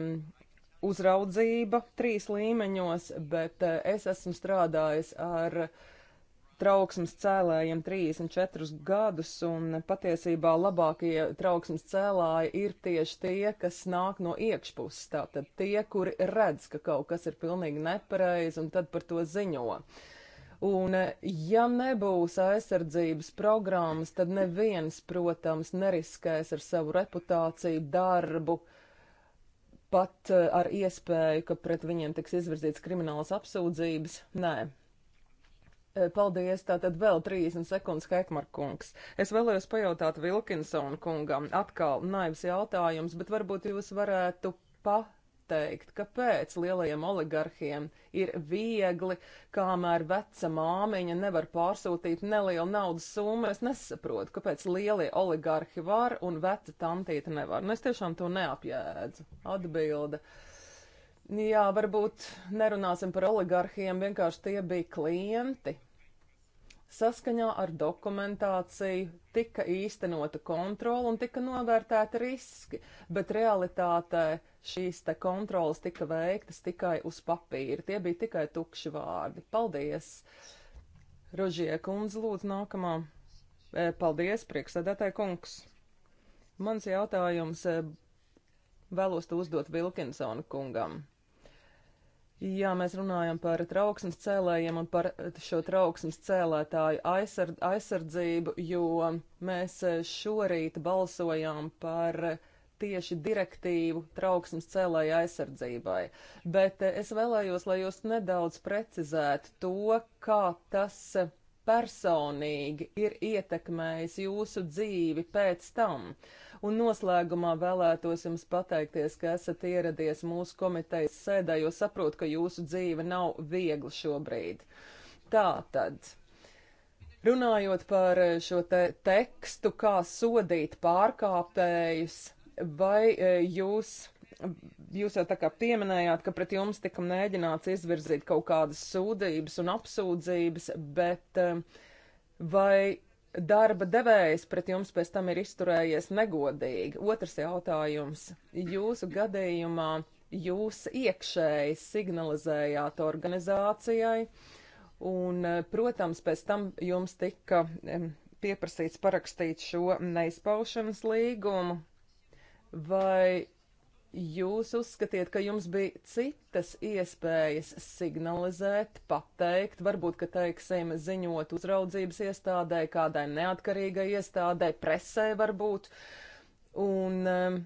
uzraudzība trīs līmeņos, bet uh, es esmu strādājis ar uh, trauksmes cēlējiem 34 gadus, un patiesībā labākie trauksmes cēlāji ir tieši tie, kas nāk no iekšpuses. Tātad tie, kuri redz, ka kaut kas ir pilnīgi nepareizi, un tad par to ziņo. Un, ja nebūs aizsardzības programmas, tad neviens, protams, neriskēs ar savu reputāciju, darbu, pat eh, ar iespēju, ka pret viņiem tiks izvirzīts kriminālas apsūdzības. Nē, Eh, paldies, tātad vēl 30 sekundes Hekmarkungs. Es vēlējos pajautāt Vilkinsonu kungam atkal naivs jautājums, bet varbūt jūs varētu pateikt, kāpēc lielajiem oligarhiem ir viegli, kamēr veca māmiņa nevar pārsūtīt nelielu naudas summu. Es nesaprotu, kāpēc lielie oligarhi var un veca tantīte nevar. Nu, es tiešām to neapjēdzu. Atbilde. Uh, Jā, varbūt nerunāsim par oligarhiem, vienkārši tie bija klienti. Saskaņā ar dokumentāciju tika īstenota kontrola un tika novērtēta riski, bet realitātē šīs te kontrolas tika veiktas tikai uz papīra. Tie bija tikai tukši vārdi. Paldies! Rožie kundze lūdzu nākamā. E, paldies, priekšsēdētāji kungs! Mans jautājums e, vēlos to uzdot Vilkinsona kungam. Jā, mēs runājam par trauksmes cēlējiem un par eh, šo trauksmes cēlētāju aizsard, aizsardzību, jo mēs eh, šorīt balsojām par eh, tieši direktīvu trauksmes cēlēja aizsardzībai. Bet es vēlējos, lai jūs nedaudz precizētu to, kā tas personīgi ir ietekmējis jūsu dzīvi pēc tam. Uh, Un noslēgumā vēlētos jums pateikties, ka esat ieradies mūsu komitejas sēdē, jo saprotu, ka jūsu dzīve nav viegla šobrīd. Tā tad. Runājot par šo te tekstu, kā sodīt pārkāpējus, vai e, jūs, jūs jau tā kā pieminējāt, ka pret jums tika mēģināts izvirzīt kaut kādas sūdzības un apsūdzības, bet e, vai darba devējs pret jums pēc tam ir izturējies negodīgi. Otrs jautājums. Jūsu gadījumā jūs iekšēji signalizējāt organizācijai, un, protams, pēc tam jums tika pieprasīts parakstīt šo neizpaušanas līgumu. Vai Jūs uzskatiet, ka jums bija citas iespējas signalizēt, pateikt, varbūt, ka teiksim, ziņot uzraudzības iestādē, kādai neatkarīgai iestādē, presē varbūt. Un um,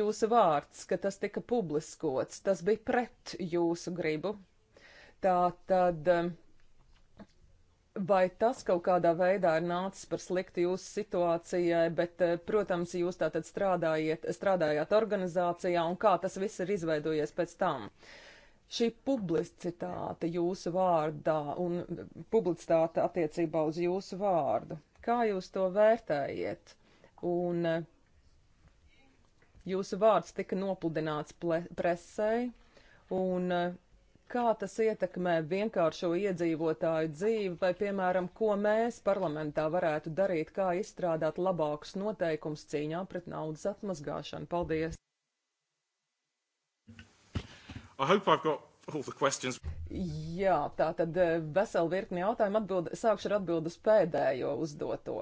jūsu vārds, ka tas tika publiskots, tas bija pret jūsu gribu. Tā tad um, Vai tas kaut kādā veidā ir nācis par sliktu jūsu situācijai, bet, eh, protams, jūs tātad strādājiet, strādājāt organizācijā un kā tas viss ir izveidojies pēc tam? Šī publicitāte jūsu vārdā un eh, publicitāte attiecībā uz jūsu vārdu, kā jūs to vērtējiet? Un eh, jūsu vārds tika nopludināts presē, un kā tas ietekmē vienkāršo iedzīvotāju dzīvi, vai, piemēram, ko mēs parlamentā varētu darīt, kā izstrādāt labākus noteikumus cīņā pret naudas atmazgāšanu. Paldies! Jā, tā tad eh, vesela virkni jautājumu atbild, sākšu ar atbildu uz pēdējo uzdoto.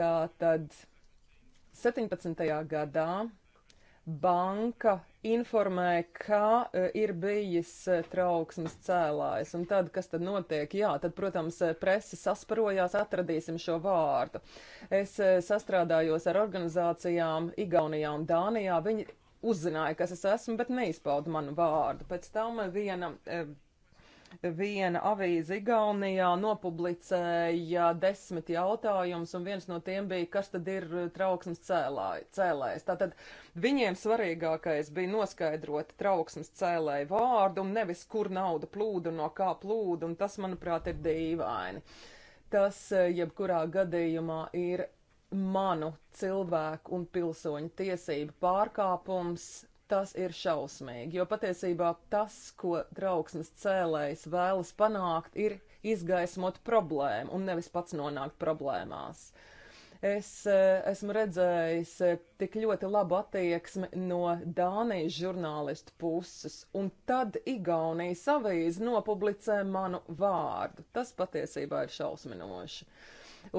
Tā tad 17. gadā banka informē, ka e, ir bijis e, trauksmes cēlājs. Un tad, kas tad notiek? Jā, tad, protams, e, presa sasparojās, atradīsim šo vārdu. Es sastrādājos ar organizācijām Igaunijā un Dānijā. Viņi uzzināja, kas es esmu, bet neizpauda manu vārdu. Pēc tam viena Viena avīze Igaunijā nopublicēja desmit jautājumus, un viens no tiem bija, kas tad ir eh, trauksmes cēlāj, cēlājs. Tātad viņiem svarīgākais bija noskaidrot trauksmes cēlēju vārdu un nevis, kur nauda plūda un no kā plūda, un tas, manuprāt, ir dīvaini. Tas eh, jebkurā gadījumā ir manu cilvēku un pilsoņu tiesību pārkāpums tas ir šausmīgi, jo patiesībā tas, ko trauksmes cēlējs vēlas panākt, ir izgaismot problēmu un nevis pats nonākt problēmās. Es e, esmu redzējis e, tik ļoti labu attieksmi no Dānijas žurnālistu puses, un tad Igaunijas avīze nopublicē manu vārdu. Tas patiesībā ir šausminoši.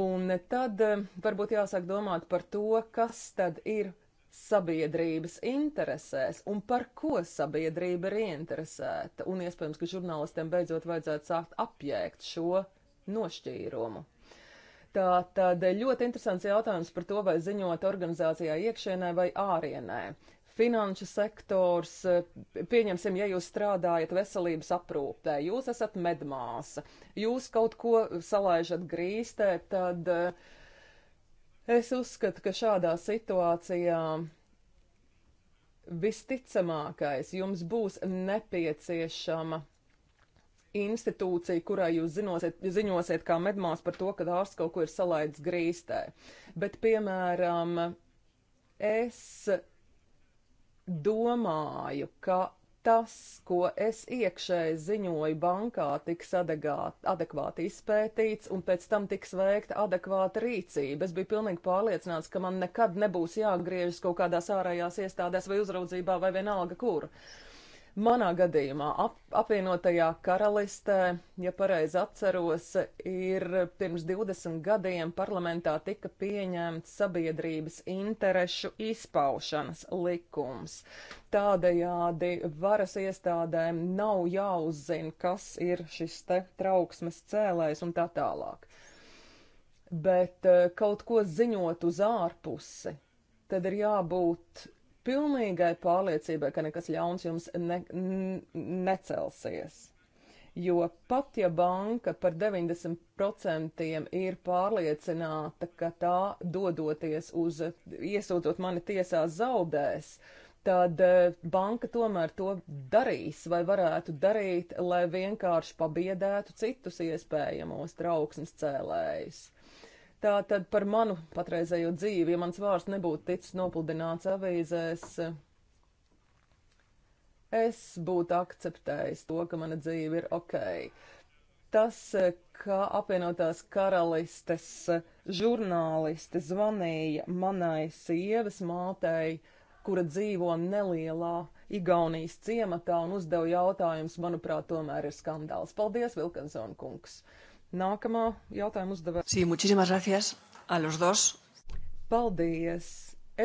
Un tad e, varbūt jāsāk domāt par to, kas tad ir sabiedrības interesēs un par ko sabiedrība ir ieinteresēta. Un iespējams, ka žurnālistiem beidzot vajadzētu sākt apjēgt šo nošķīrumu. Tā tad ļoti interesants jautājums par to, vai ziņot organizācijā iekšienē vai ārienē. Finanšu sektors, pieņemsim, ja jūs strādājat veselības aprūpē, jūs esat medmāsa, jūs kaut ko salaižat grīstē, tad uh, Es uzskatu, ka šādā situācijā visticamākais jums būs nepieciešama institūcija, kurai jūs zinosiet, ziņosiet kā medmās par to, ka ārsts kaut ko ir salaidis grīstē. Bet, piemēram, es domāju, ka tas, ko es iekšēji ziņoju bankā, tiks adegāt, adekvāti izpētīts, un pēc tam tiks veikta adekvāta rīcība. Es biju pilnīgi pārliecināts, ka man nekad nebūs jāgriežas kaut kādās ārējās iestādēs vai uzraudzībā vai vienalga kur. Uh, Manā gadījumā ap, apvienotajā karalistē, ja pareizi atceros, ir pirms 20 gadiem parlamentā tika pieņemts sabiedrības interešu izpaušanas likums. Tādējādi varas iestādēm nav jāuzzina, kas ir šis te trauksmes cēlējs un tā tālāk. Bet eh, kaut ko ziņot uz ārpusi, tad ir jābūt pilnīgai pārliecībai, ka nekas ļauns jums ne, necelsies. Jo pat ja banka par 90% ir pārliecināta, ka tā dodoties uz, iesūtot mani tiesā zaudēs, tad eh, banka tomēr to darīs vai varētu darīt, lai vienkārši pabiedētu citus iespējamos trauksmes cēlējus. Tā tad par manu patreizējo dzīvi, ja mans vārds nebūtu ticis nopludināts avīzēs, es būtu akceptējis to, ka mana dzīve ir ok. Tas, ka apvienotās karalistes žurnālisti zvanīja manai sievas mātei, kura dzīvo nelielā Igaunijas ciematā un uzdeva jautājumus, manuprāt, tomēr ir skandāls. Paldies, Vilkansona kungs! Uh, Nākamā jautājuma uzdevē. Sí, muchísimas gracias a los dos. Paldies!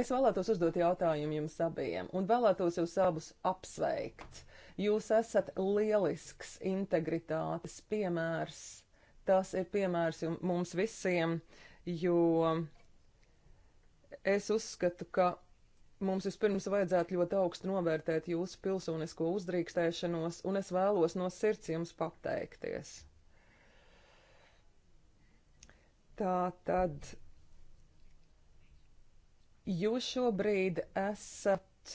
Es vēlētos uzdot jautājumu jums abiem un vēlētos jūs abus apsveikt. Jūs esat lielisks integritātes piemērs. Tas ir piemērs mums visiem, jo es uzskatu, ka mums vispirms vajadzētu ļoti augstu novērtēt jūsu pilsonisko uzdrīkstēšanos, un es vēlos no sirds jums pateikties. Tā tad jūs šobrīd esat,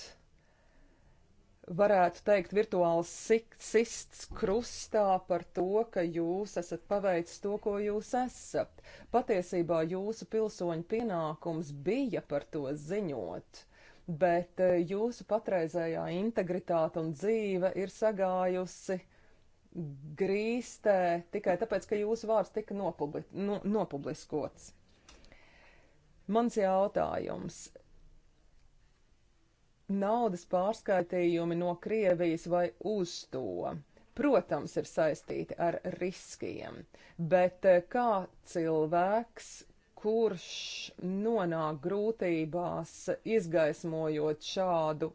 varētu teikt, virtuāls sists krustā par to, ka jūs esat paveicis to, ko jūs esat. Patiesībā jūsu pilsoņu pienākums bija par to ziņot bet eh, jūsu patreizējā integritāte un dzīve ir sagājusi grīstē tikai tāpēc, ka jūsu vārds tika nopubli, no, nu, nopubliskots. Mans jautājums. Naudas pārskaitījumi no Krievijas vai uz to? Protams, ir saistīti ar riskiem, bet eh, kā cilvēks, kurš nonāk grūtībās, izgaismojot šādu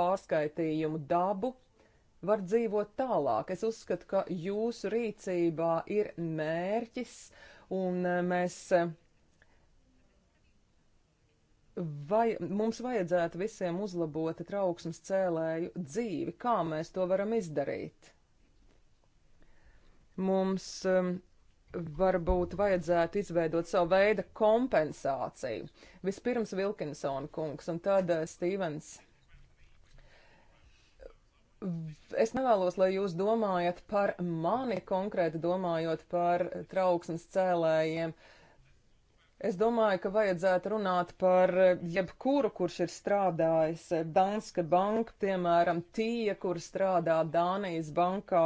pārskaitījumu dabu, var dzīvot tālāk. Es uzskatu, ka jūsu rīcībā ir mērķis un e, mēs. E, vai mums vajadzētu visiem uzlabot trauksmes cēlēju dzīvi? Kā mēs to varam izdarīt? Mums um, varbūt vajadzētu izveidot savu veidu kompensāciju. Vispirms Vilkinsona kungs un tad uh, Stīvens. Es nevēlos, lai jūs domājat par mani konkrēti, domājot par trauksmes cēlējiem. Es domāju, ka vajadzētu runāt par jebkuru, kurš ir strādājis Danske Bank, piemēram, tie, kur strādā Dānijas bankā.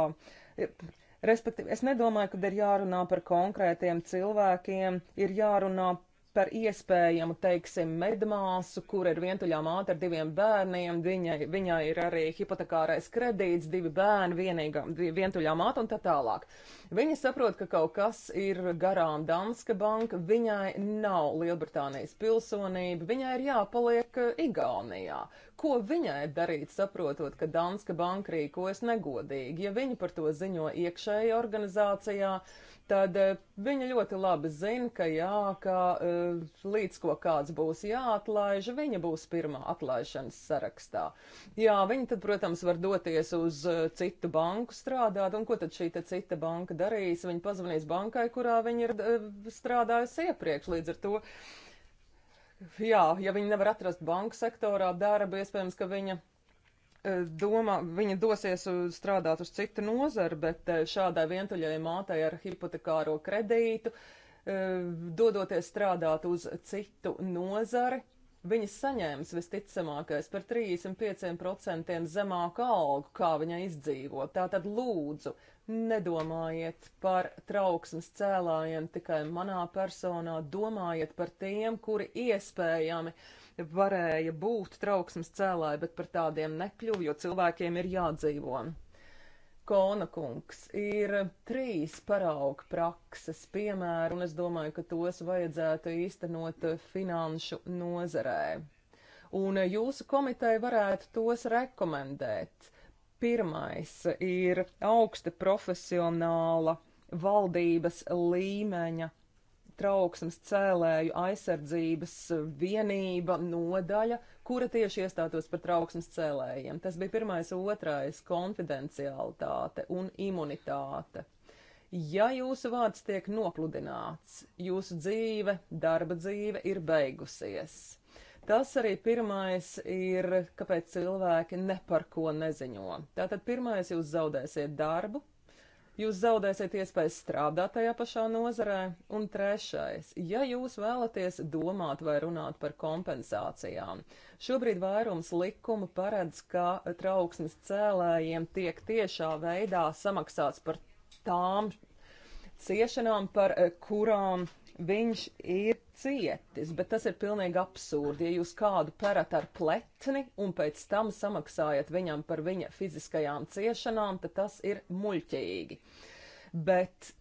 Respektīvi, es nedomāju, ka ir jārunā par konkrētiem cilvēkiem, ir jārunā par iespējamu, teiksim, medmāsu, kur ir vientuļā māte ar diviem bērniem, viņai, viņai ir arī hipotekārais kredīts, divi bērni, vienīgā, vientuļā māte un tā tālāk. Viņa saprot, ka kaut kas ir garām Danska banka, viņai nav Lielbritānijas pilsonība, viņai ir jāpaliek eh, Igaunijā. Ko viņai darīt, saprotot, ka Danska banka rīkojas negodīgi, ja viņi par to ziņo iekšēji organizācijā? Uh, tad eh, viņa ļoti labi zina, ka jā, ka eh, līdz ko kāds būs jāatlaiž, viņa būs pirmā atlaišanas sarakstā. Jā, viņa tad, protams, var doties uz eh, citu banku strādāt, un ko tad šī cita banka darīs? Viņa pazvanīs bankai, kurā viņa ir strādājusi iepriekš, līdz ar to. Jā, ja viņi nevar atrast banku sektorā darbu, iespējams, ka viņa E, domā, viņa dosies strādāt uz citu nozaru, bet e, šādai vientuļai mātei ar hipotekāro kredītu, e, dodoties strādāt uz citu nozari, viņa saņems visticamākais par 35% zemāku algu, kā viņai izdzīvot. Tātad lūdzu, nedomājiet par trauksmes cēlājiem tikai manā personā, domājiet par tiem, kuri iespējami uh, varēja būt trauksmes cēlāji, bet par tādiem nekļuvu, jo cilvēkiem ir jādzīvo. Kona kungs ir trīs parauga prakses piemēri, un es domāju, ka tos vajadzētu īstenot finanšu nozarē. Un jūsu komiteja varētu tos rekomendēt. Pirmais ir augsta profesionāla valdības līmeņa trauksmes cēlēju aizsardzības vienība, nodaļa, kura tieši iestātos par trauksmes cēlējiem. Tas bija pirmais, otrais - konfidencialitāte un imunitāte. Ja jūsu vārds tiek nopludināts, jūsu dzīve, darba dzīve ir beigusies. Tas arī pirmais ir, kāpēc cilvēki ne par ko neziņo. Tātad pirmais jūs zaudēsiet darbu, Jūs zaudēsiet iespēju strādāt tajā pašā nozarē. Un trešais, ja jūs vēlaties domāt vai runāt par kompensācijām, šobrīd vairums likumu paredz, ka trauksmes cēlējiem tiek tiešā veidā samaksāts par tām ciešanām, par kurām viņš ir cietis, bet tas ir pilnīgi absurdi. Ja jūs kādu perat ar pletni un pēc tam samaksājat viņam par viņa fiziskajām ciešanām, tad tas ir muļķīgi. Bet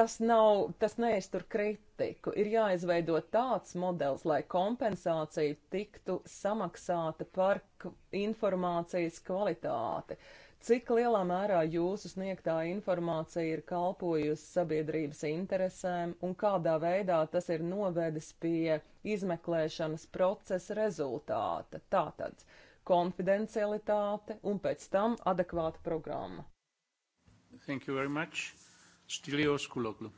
tas nav, tas neiztur kritiku. Ir jāizveido tāds modelis, lai kompensācija tiktu samaksāta par informācijas kvalitāti. Uh, Cik lielā mērā jūsu sniegtā informācija ir kalpojusi sabiedrības interesēm un kādā veidā tas ir novedis pie izmeklēšanas procesa rezultāta? Tātad konfidencialitāte un pēc tam adekvāta programma. Thank you very much. Stilios Kuloglu.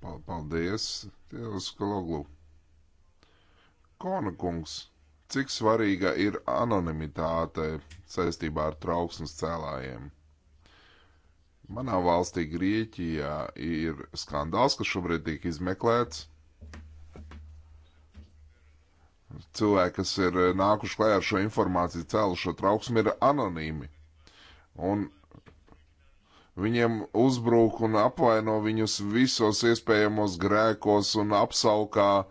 Paldies, Stilios Kuloglu. Kona kungs cik svarīga ir anonimitāte saistībā ar trauksmes cēlājiem. Manā valstī Grieķijā ir skandāls, kas šobrīd tiek izmeklēts. Cilvēki, kas ir nākuši klajā ar šo informāciju, cēlušo trauksmi, ir anonīmi. Un viņiem uzbrūk un apvaino viņus visos iespējamos grēkos un apsaukā uh,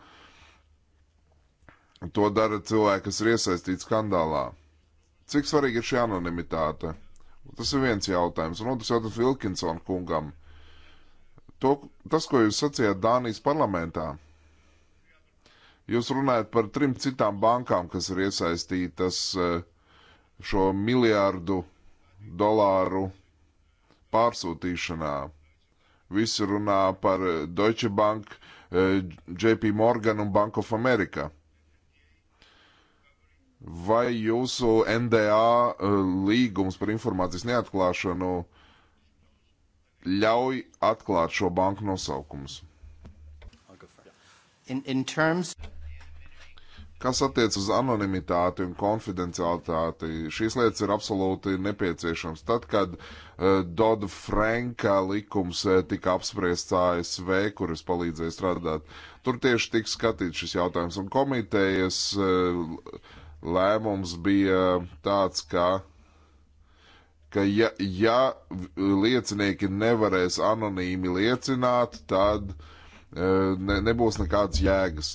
Un to dara cilvēki, kas ir iesaistīti skandālā. Cik svarīga ir šī anonimitāte? Tas ir viens jautājums. Un otrs jautājums Vilkinsona kungam. To, tas, ko jūs sacījāt Dānijas parlamentā, jūs runājat par trim citām bankām, kas ir iesaistītas eh, šo miljārdu dolāru pārsūtīšanā. Visi runā par eh, Deutsche Bank, eh, JP Morgan un Bank of America vai jūsu NDA eh, līgums par informācijas neatklāšanu ļauj atklāt šo banku nosaukumus? In, in terms... Kas attiec uz anonimitāti un konfidencialitāti, šīs lietas ir absolūti nepieciešams. Tad, kad uh, eh, Doda Franka likums uh, tika apspriests ASV, kur es palīdzēju strādāt, tur tieši tika skatīts šis jautājums. Un komitejas uh, lēmums bija tāds, ka, ka ja, ja liecinieki nevarēs anonīmi liecināt, tad e, ne, nebūs nekādas jēgas.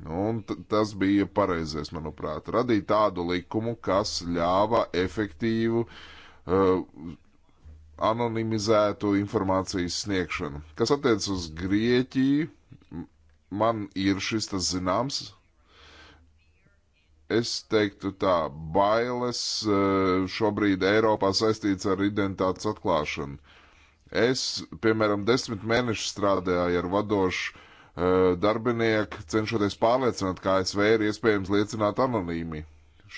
Nu, un tas bija pareizais, manuprāt, radīt tādu likumu, kas ļāva efektīvu uh, anonimizētu informācijas sniegšanu. Kas attiec uz Grieķiju, man ir šis tas zināms, Es teiktu tā, bailes eh, šobrīd Eiropā saistīts ar identitātes atklāšanu. Es, piemēram, desmit mēnešus strādāju ar vadošu eh, darbinieku, cenšoties pārliecināt, ka ASV ir iespējams liecināt anonīmi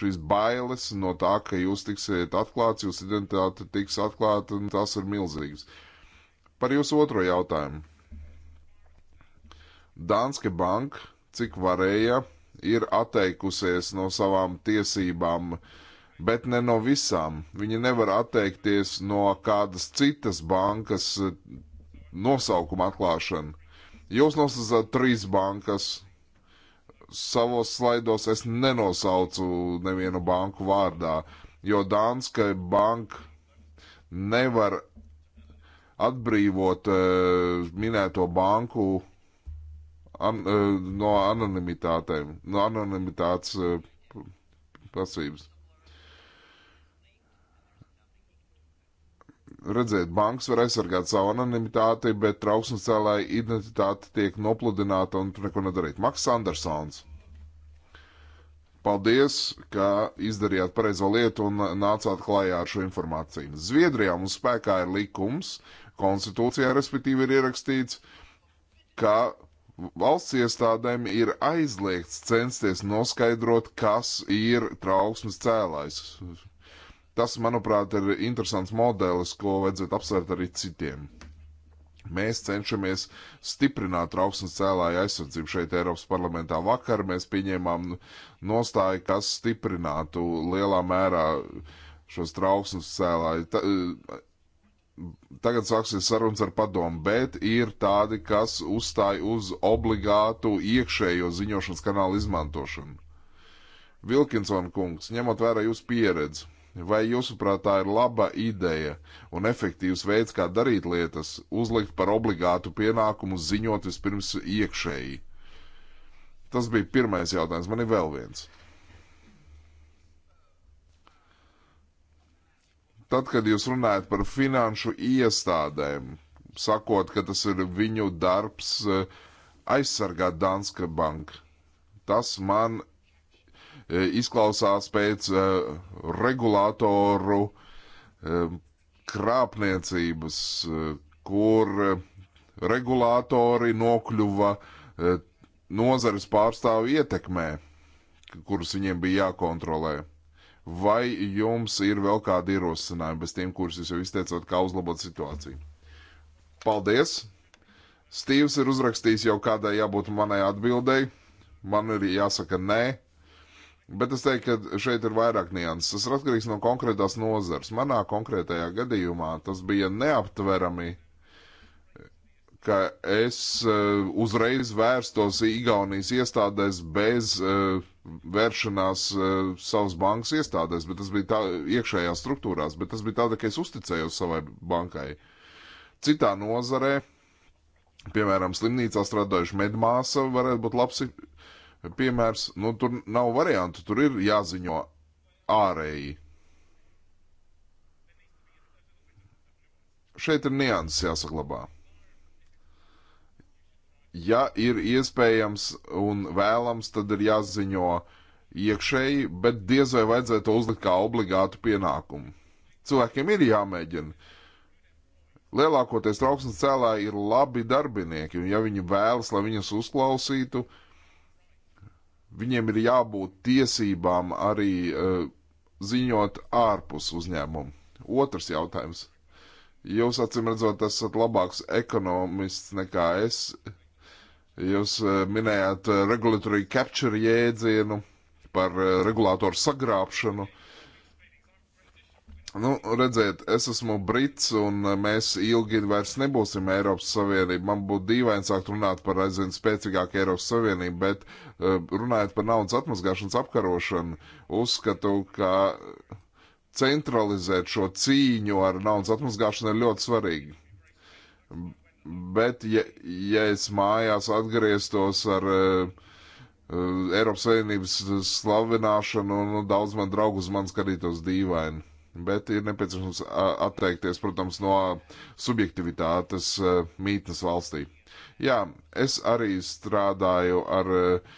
šīs bailes no tā, ka jūs tiksiet atklāts, jūsu identitāte tiks atklāta, un tas ir milzīgs. Par jūsu otro jautājumu. Danske Bank, cik varēja, ir atteikusies no savām tiesībām, bet ne no visām. Viņi nevar atteikties no kādas citas bankas nosaukuma atklāšana. Jūs nosaucat trīs bankas. Savos slaidos es nenosaucu nevienu banku vārdā, jo Dānska banka nevar atbrīvot uh, minēto banku an, eh, no anonimitātēm, no anonimitātes eh, prasības. Redzēt, banks var aizsargāt savu anonimitāti, bet trauksmes cēlāja identitāte tiek nopludināta un tur neko nedarīt. Maks Andersons. Paldies, ka izdarījāt pareizo lietu un nācāt klājā ar šo informāciju. Zviedrijā mums spēkā ir likums, konstitūcijā respektīvi ir ierakstīts, ka valsts iestādēm ir aizliegts censties noskaidrot, kas ir trauksmes cēlājs. Tas, manuprāt, ir interesants modelis, ko vajadzētu apsvērt arī citiem. Mēs cenšamies stiprināt trauksmes cēlāju aizsardzību šeit Eiropas parlamentā. Vakar mēs pieņēmām nostāju, kas stiprinātu lielā mērā šos trauksmes cēlāju tagad sāksies sarunas ar padomu, bet ir tādi, kas uzstāj uz obligātu iekšējo ziņošanas kanālu izmantošanu. Vilkinson kungs, ņemot vērā jūsu pieredzi, vai jūsuprāt tā ir laba ideja un efektīvs veids, kā darīt lietas, uzlikt par obligātu pienākumu ziņot vispirms iekšēji? Tas bija pirmais jautājums, man ir vēl viens. Tad, kad jūs runājat par finanšu iestādēm, sakot, ka tas ir viņu darbs eh, aizsargāt Danske banku, tas man eh, izklausās pēc eh, regulātoru krāpniecības, kur regulātori nokļuva nozares pārstāvu ietekmē, kurus viņiem bija jākontrolē vai jums ir vēl kādi ierosinājumi bez tiem, kurus jūs jau izteicāt, kā uzlabot situāciju. Paldies! Stīvs ir uzrakstījis jau kādai jābūt manai atbildēji. Man ir jāsaka nē, Bet es teiktu, ka šeit ir vairāk nianses. Tas ir atkarīgs no konkrētās nozars. Manā konkrētajā gadījumā tas bija neaptverami, ka es uh, uzreiz vērstos Igaunijas iestādēs bez uh, vēršanās uh, savas bankas iestādēs, bet tas bija tā iekšējās struktūrās, bet tas bija tāda, ka es uzticējos savai bankai. Citā nozarē, piemēram, slimnīcā strādājuši medmāsa varētu būt labs piemērs, nu tur nav variantu, tur ir jāziņo ārēji. Šeit ir nianses jāsaglabā ja ir iespējams un vēlams, tad ir jāziņo iekšēji, bet diez vai vajadzētu to uzlikt kā obligātu pienākumu. Cilvēkiem ir jāmēģina. Lielākoties trauksmes cēlāji ir labi darbinieki, un ja viņi vēlas, lai viņus uzklausītu, viņiem ir jābūt tiesībām arī uh, ziņot ārpus uzņēmumu. Otrs jautājums. Jūs acīm redzot, esat labāks ekonomists nekā es. Jūs eh, minējāt eh, regulatory capture jēdzienu par eh, regulātoru sagrābšanu. Nu, redziet, es esmu brits un mēs ilgi vairs nebūsim Eiropas Savienība. Man būtu dīvaini sākt runāt par aizvien spēcīgāku Eiropas Savienību, bet runājot par naudas atmazgāšanas apkarošanu, uzskatu, ka centralizēt šo cīņu ar naudas atmazgāšanu ir ļoti svarīgi Bet, ja, ja es mājās atgrieztos ar uh, Eiropas Savienības slavināšanu, nu, daudz man draugu uz mani skatītos dīvaini. Bet ir nepieciešams atteikties, protams, no subjektivitātes uh, mītnes valstī. Jā, es arī strādāju ar uh,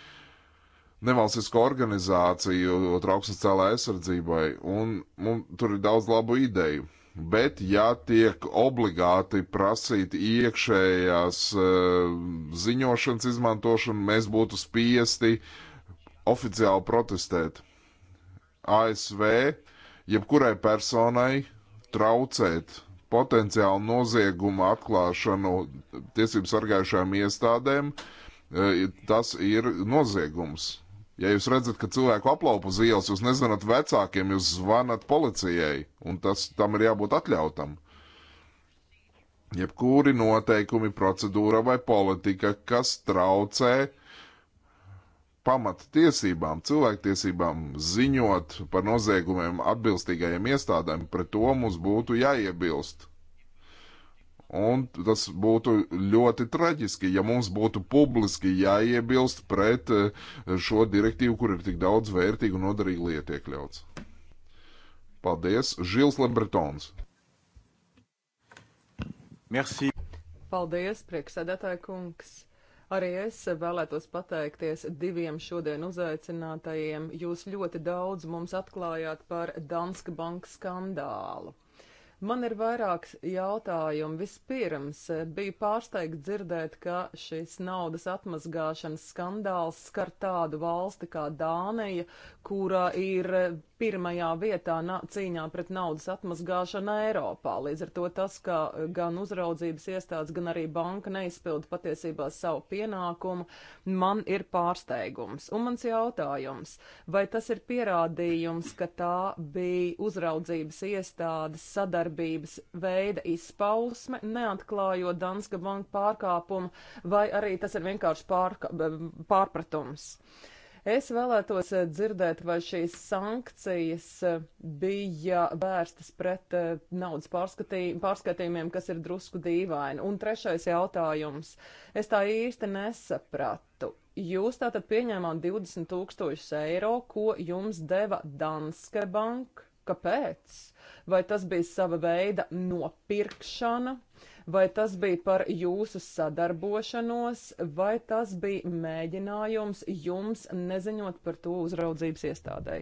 nevalstisko organizāciju trauksmes cēlā aizsardzībai, un mums tur ir daudz labu ideju. Bet, ja tiek obligāti prasīta iekšējās uh, ziņošanas izmantošana, mēs būtu spiesti oficiāli protestēt. ASV jebkurai personai traucēt potenciālu noziegumu atklāšanu tiesību sargājušajām iestādēm, uh, tas ir noziegums Ja jūs redzat, ka cilvēku aplaupa uz ielas, jūs nezvanat vecākiem, jūs zvanat policijai, un tas tam ir jābūt atļautam. Jebkuri noteikumi, procedūra vai politika, kas traucē pamata tiesībām, cilvēktiesībām ziņot par noziegumiem atbilstīgajiem iestādēm, pret to mums būtu jāiebilst. Un tas būtu ļoti traģiski, ja mums būtu publiski jāiebilst pret eh, šo direktīvu, kur ir tik daudz vērtīgu un noderīgu lietu iekļauts. Paldies, Žils Lebretons. Merci. Paldies, prieksēdētāja kungs. Arī es vēlētos pateikties diviem šodien uzaicinātajiem. Jūs ļoti daudz mums atklājāt par Danske Banka skandālu. Man ir vairāks jautājumi. Vispirms eh, bija pārsteigts dzirdēt, ka šis naudas atmazgāšanas skandāls skar tādu valsti kā Dānija, kurā ir eh, pirmajā vietā cīņā pret naudas atmazgāšanu Eiropā. Līdz ar to tas, ka gan uzraudzības iestādes, gan arī banka neizpilda patiesībā savu pienākumu, man ir pārsteigums. Un mans jautājums, vai tas ir pierādījums, ka tā bija uzraudzības iestādes sadarbības veida izpausme, neatklājot Danska banka pārkāpumu, vai arī tas ir vienkārši pārpratums? Es vēlētos eh, dzirdēt, vai šīs sankcijas eh, bija vērstas pret eh, naudas pārskatījumiem, kas ir drusku dīvaini. Un trešais jautājums. Es tā īsti nesapratu. Jūs tātad pieņēmāt 20 tūkstošus eiro, ko jums deva Danske Bank. Kāpēc? Vai tas bija sava veida nopirkšana Vai tas bija par jūsu sadarbošanos, vai tas bija mēģinājums jums neziņot par to uzraudzības iestādē?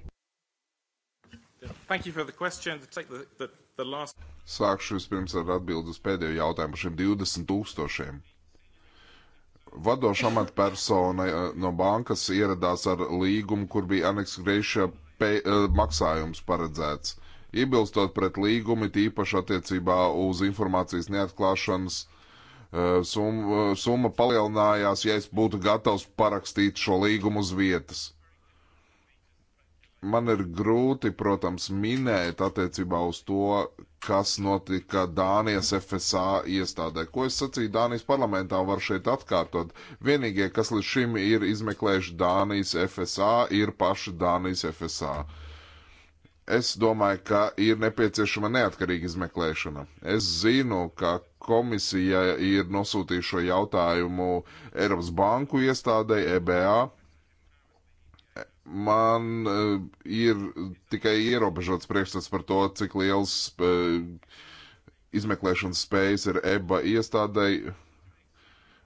Thank you for the question. Take the, the, the last... Sākšu vispirms ar atbildi uz pēdējo jautājumu par šiem 20 tūkstošiem. Vadoša amatpersona eh, no bankas ieradās ar līgumu, kur bija annexgrēša eh, maksājums paredzēts. Uh, iebilstot pret līgumu, tīpaši attiecībā uz informācijas neatklāšanas eh, summa, eh, summa palielinājās, ja es būtu gatavs parakstīt šo līgumu uz vietas. Man ir grūti, protams, minēt attiecībā uz to, kas notika Dānijas FSA iestādē. Ko es sacīju Dānijas parlamentā, var šeit atkārtot. Vienīgie, kas līdz šim ir izmeklējuši Dānijas FSA, ir paši Dānijas FSA. Uh, es domāju, ka ir nepieciešama neatkarīga izmeklēšana. Es zinu, ka komisija ir nosūtījusi šo jautājumu Eiropas banku iestādei EBA. Man uh, ir tikai ierobežots priekšstats par to, cik liels uh, izmeklēšanas spējas ir EBA iestādei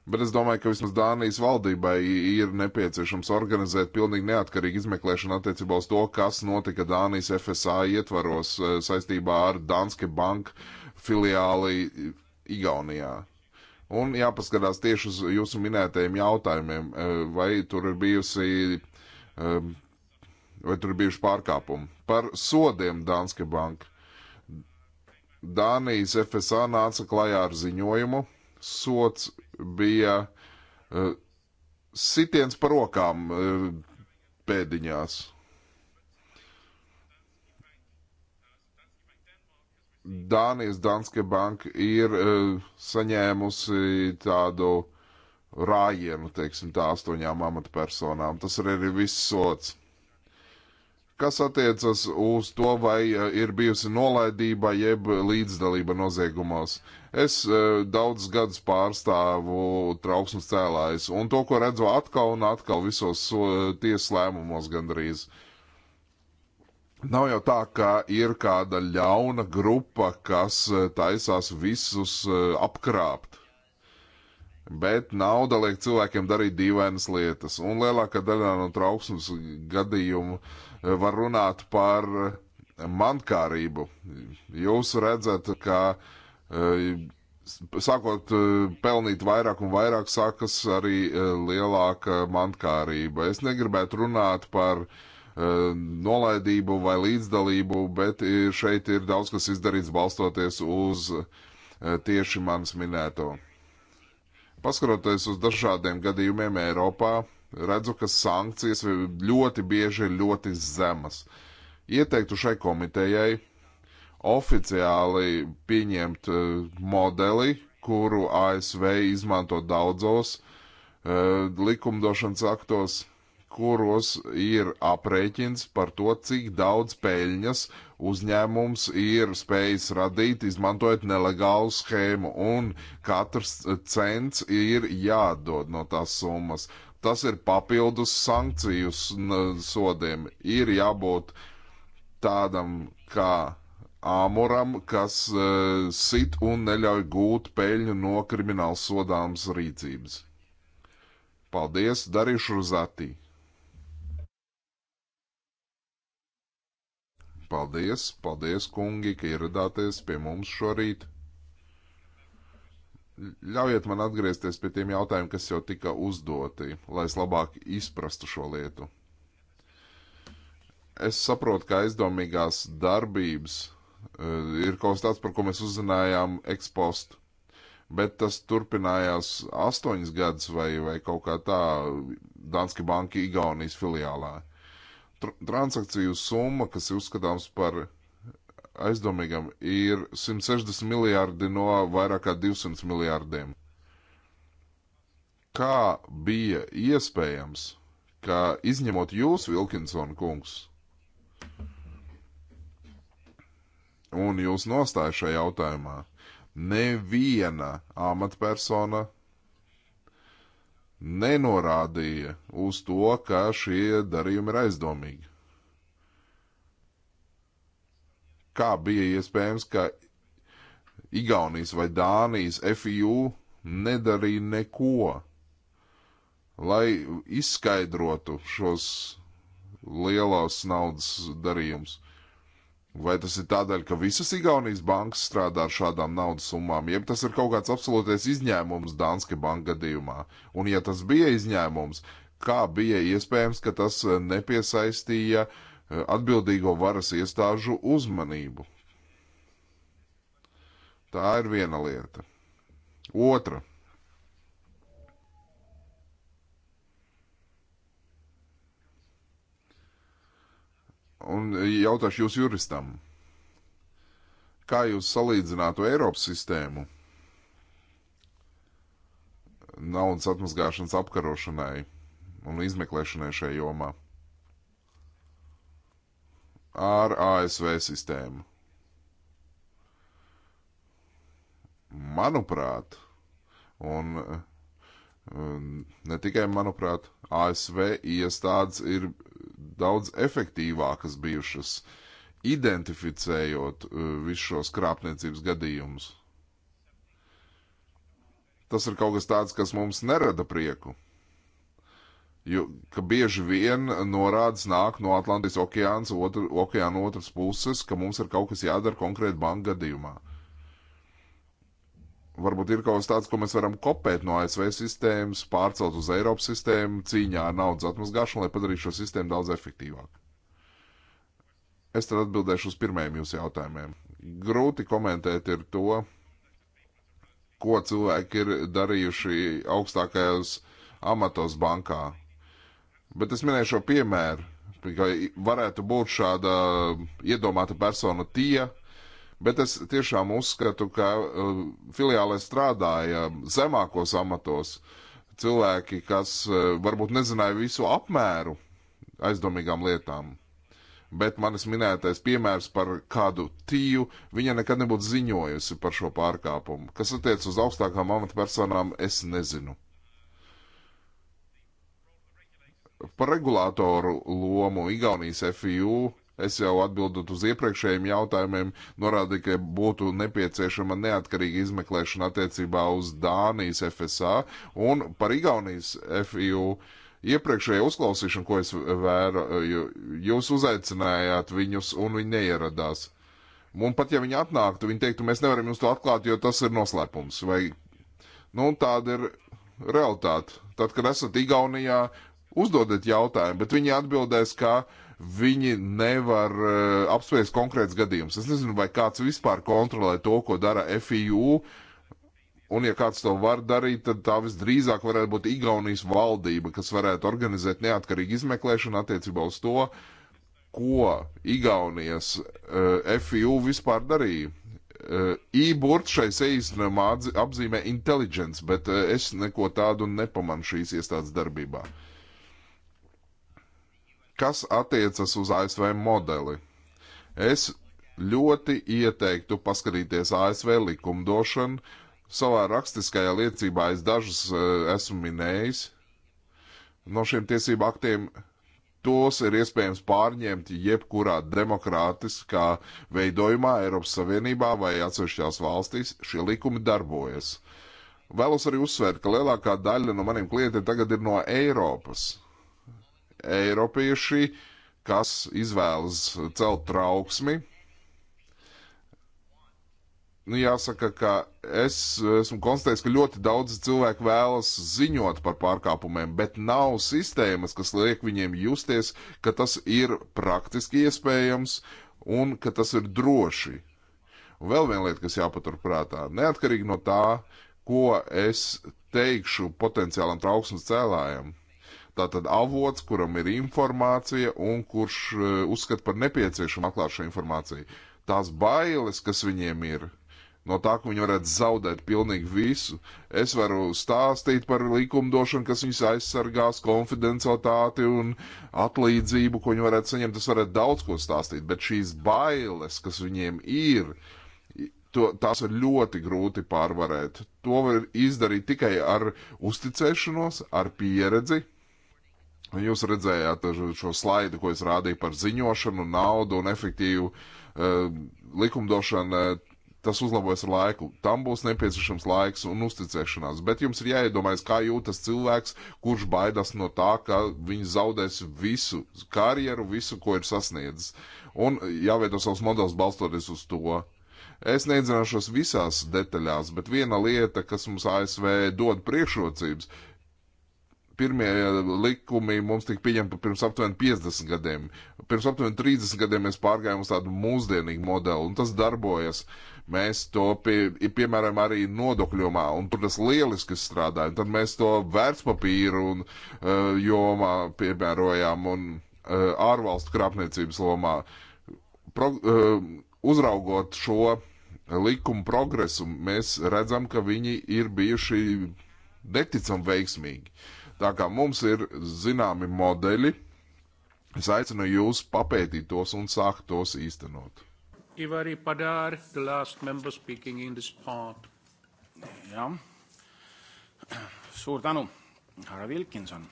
Bet es domāju, ka vismaz Dānijas valdībai ir nepieciešams organizēt pilnīgi neatkarīgu izmeklēšanu attiecībā uz to, kas notika Dānijas FSA ietvaros eh, saistībā ar Danske Bank filiāli Igaunijā. Un jāpaskatās tieši uz jūsu minētajiem jautājumiem, eh, vai tur ir bijusi, ehm, vai tur ir bijuši pārkāpumi. Par sodiem Danske Bank. Dānijas FSA nāca klajā ar ziņojumu, sots bija uh, sitiens par rokām uh, pēdiņās. Dānijas Danske Banka ir uh, saņēmusi tādu rājienu, teiksim, tā astoņām amatpersonām. Tas arī ir viss sots kas attiecas uz to, vai e, ir bijusi nolaidība jeb līdzdalība noziegumos. Es uh, daudz gadus pārstāvu trauksmes cēlājus, un to, ko redzu atkal un atkal visos uh, tiesas lēmumos gandrīz. Nav jau tā, ka ir kāda ļauna grupa, kas taisās visus uh, apkrāpt. Bet nauda liek cilvēkiem darīt dīvainas lietas, un lielākā daļa no trauksmes gadījumu uh, var runāt par eh, mankārību. Jūs redzat, ka eh, sākot eh, pelnīt vairāk un vairāk, sākas arī lielāka mankārība. Es negribētu runāt par nolaidību vai līdzdalību, bet šeit ir daudz kas izdarīts balstoties uz tieši manas minēto. Paskaroties uz dažādiem gadījumiem Eiropā, redzu, ka sankcijas ļoti bieži ir ļoti zemas. Ieteiktu šai komitejai oficiāli pieņemt eh, modeli, kuru ASV izmanto daudzos eh, likumdošanas aktos, kuros ir aprēķins par to, cik daudz peļņas uzņēmums ir spējis radīt, izmantojot nelegālu schēmu, un katrs cents ir jāatdod no tās summas. Tas ir papildus sankciju sodiem. Ir jābūt tādam kā āmuram, kas uh, sit un neļauj gūt peļņu no krimināla sodāmas rīcības. Paldies, darīšu Rozatī! Paldies, paldies, kungi, ka ieradāties pie mums šorīt! Ļaujiet man atgriezties pie tiem jautājumiem, kas jau tika uzdoti, lai es labāk izprastu šo lietu. Es saprotu, ka aizdomīgās darbības eh, ir kaut kas tāds, par ko mēs uzzinājām ekspostu bet tas turpinājās astoņas gadus vai, vai kaut kā tā Danske Banka Igaunijas filiālā. Tr transakciju summa, kas ir uzskatāms par aizdomīgam ir 160 miljārdi no vairāk kā 200 miljārdiem. Kā bija iespējams, ka izņemot jūs, Vilkinson kungs, un jūs nostāja šajā jautājumā, neviena amatpersona nenorādīja uz to, ka šie darījumi ir aizdomīgi. kā bija iespējams, ka Igaunijas vai Dānijas FIU nedarīja neko, lai izskaidrotu šos lielās naudas darījumus. Vai tas ir tādēļ, ka visas Igaunijas bankas strādā ar šādām naudas summām, jeb tas ir kaut kāds absolūtais izņēmums Danske banka gadījumā? Un ja tas bija izņēmums, kā bija iespējams, ka tas nepiesaistīja uh, Eh, atbildīgo varas iestāžu uzmanību. Tā ir viena lieta. Otra. Un jautāšu jūs juristam, kā jūs salīdzinātu Eiropas sistēmu naudas atmazgāšanas apkarošanai un izmeklēšanai šajā jomā? ar ASV sistēmu. Manuprāt, un ne tikai manuprāt, ASV iestādes ir daudz efektīvākas bijušas, identificējot uh, visus šos krāpniecības gadījumus. Tas ir kaut kas tāds, kas mums nerada prieku jo, ka bieži vien norādes nāk no Atlantijas okeāns, otru, okeāna otras puses, ka mums ir kaut kas jādara konkrēti banka gadījumā. Varbūt ir kaut kas tāds, ko mēs varam kopēt no ASV sistēmas, pārcelt uz Eiropas sistēmu cīņā ar naudas atmazgāšanu, lai padarītu šo sistēmu daudz efektīvāku. Es tad atbildēšu uz pirmajiem jūsu jautājumiem. Grūti komentēt ir to, ko cilvēki ir darījuši augstākajos amatos bankā. Bet es minēju šo piemēru, ka varētu būt šāda iedomāta persona tie, bet es tiešām uzskatu, ka uh, filiālē strādāja zemākos amatos cilvēki, kas uh, varbūt nezināja visu apmēru aizdomīgām lietām. Bet manis minētais piemērs par kādu tīju, viņa nekad nebūtu ziņojusi par šo pārkāpumu. Kas attiec uz augstākām amatpersonām, es nezinu. Par regulātoru lomu Igaunijas FIU es jau atbildot uz iepriekšējiem jautājumiem norādīju, ka būtu nepieciešama neatkarīga izmeklēšana attiecībā uz Dānijas FSA un par Igaunijas FIU. Iepriekšējā uzklausīšana, ko es vēroju, jūs uzaicinājāt viņus un viņi neieradās. Un pat ja viņi atnāktu, viņi teiktu, mēs nevaram jums to atklāt, jo tas ir noslēpums. Vai... Nu, tāda ir realitāte. Tad, kad esat Igaunijā Uzdodiet jautājumu, bet viņi atbildēs, ka viņi nevar uh, apspriest konkrēts gadījums. Es nezinu, vai kāds vispār kontrolē to, ko dara FIU, un ja kāds to var darīt, tad tā visdrīzāk varētu būt Igaunijas valdība, kas varētu organizēt neatkarīgu izmeklēšanu attiecībā uz to, ko Igaunijas uh, eh, FIU vispār darīja. Uh, Īburts šai seisnamā apzīmē intelligence, bet uh, es neko tādu nepamanu šīs iestādes darbībā. Uh, kas attiecas uz ASV modeli. Es ļoti ieteiktu paskatīties ASV likumdošanu. Savā rakstiskajā liecībā es dažus e, esmu minējis. No šiem tiesību aktiem tos ir iespējams pārņemt jebkurā demokrātiskā veidojumā Eiropas Savienībā vai atsevišķās valstīs. Šie likumi darbojas. Vēlos arī uzsvērt, ka lielākā daļa no maniem klientiem tagad ir no Eiropas Eiropieši, kas izvēlas celt trauksmi. Nu, jāsaka, ka es esmu konstatējis, ka ļoti daudz cilvēku vēlas ziņot par pārkāpumiem, bet nav sistēmas, kas liek viņiem justies, ka tas ir praktiski iespējams un ka tas ir droši. Un vēl viena lieta, kas jāpaturprātā, neatkarīgi no tā, ko es teikšu potenciālam trauksmes cēlājam, tātad avots, kuram ir informācija un kurš eh, uzskata par nepieciešamu atklāt šo informāciju. Tās bailes, kas viņiem ir, no tā, ka viņi varētu zaudēt pilnīgi visu, es varu stāstīt par likumdošanu, kas viņus aizsargās, konfidencialitāti un atlīdzību, ko viņi varētu saņemt. Tas varētu daudz ko stāstīt, bet šīs bailes, kas viņiem ir, to, tās ir ļoti grūti pārvarēt. To var izdarīt tikai ar uzticēšanos, ar pieredzi, Nu, jūs redzējāt šo slaidu, ko es rādīju par ziņošanu, naudu un efektīvu uh, likumdošanu. Uh, tas uzlabojas ar laiku. Tam būs nepieciešams laiks un uzticēšanās. Bet jums ir jāiedomājas, kā jūtas cilvēks, kurš baidās no tā, ka viņš zaudēs visu karjeru, visu, ko ir sasniedzis. Un jāveido savs modelis balstoties uz to. Es neiedzināšos visās detaļās, bet viena lieta, kas mums ASV dod priekšrocības, ir pirmie eh, likumi mums tika pieņemti pirms aptuveni 50 gadiem. Pirms aptuveni 30 gadiem mēs pārgājām uz tādu mūsdienīgu modeli, un tas darbojas. Mēs to, pie, piemēram, arī nodokļomā, un tur tas lieliski strādāja. Tad mēs to vērtspapīru un uh, jomā piemērojām, un uh, ārvalstu krāpniecības lomā. Pro, uh, uzraugot šo likumu progresu, mēs redzam, ka viņi ir bijuši neticami veiksmīgi. Uh, Tā kā mums ir zināmi modeļi, es aicinu jūs papētīt tos un sākt tos īstenot. Ivari Padār, the last member speaking in this part. Jā. Suur tänu, härra Wilkinson,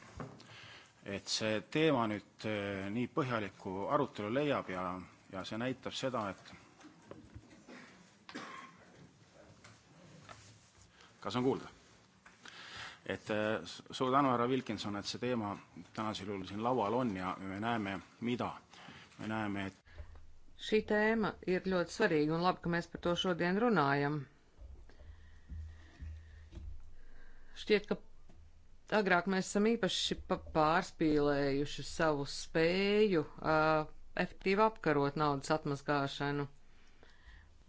et see teema nüüd eh, nii põhjaliku arutelu leiab ja, ja see näitab seda, et kas on kuulda? et äh, suur tänu, härra Wilkinson, et see teema tänasel juhul siin laual on ja me näeme, mida me näeme, et Šī tēma ir ļoti svarīga un labi, ka mēs par to šodien runājam. Šķiet, ka agrāk mēs esam īpaši pārspīlējuši savu spēju uh, efektīvi apkarot naudas atmazgāšanu.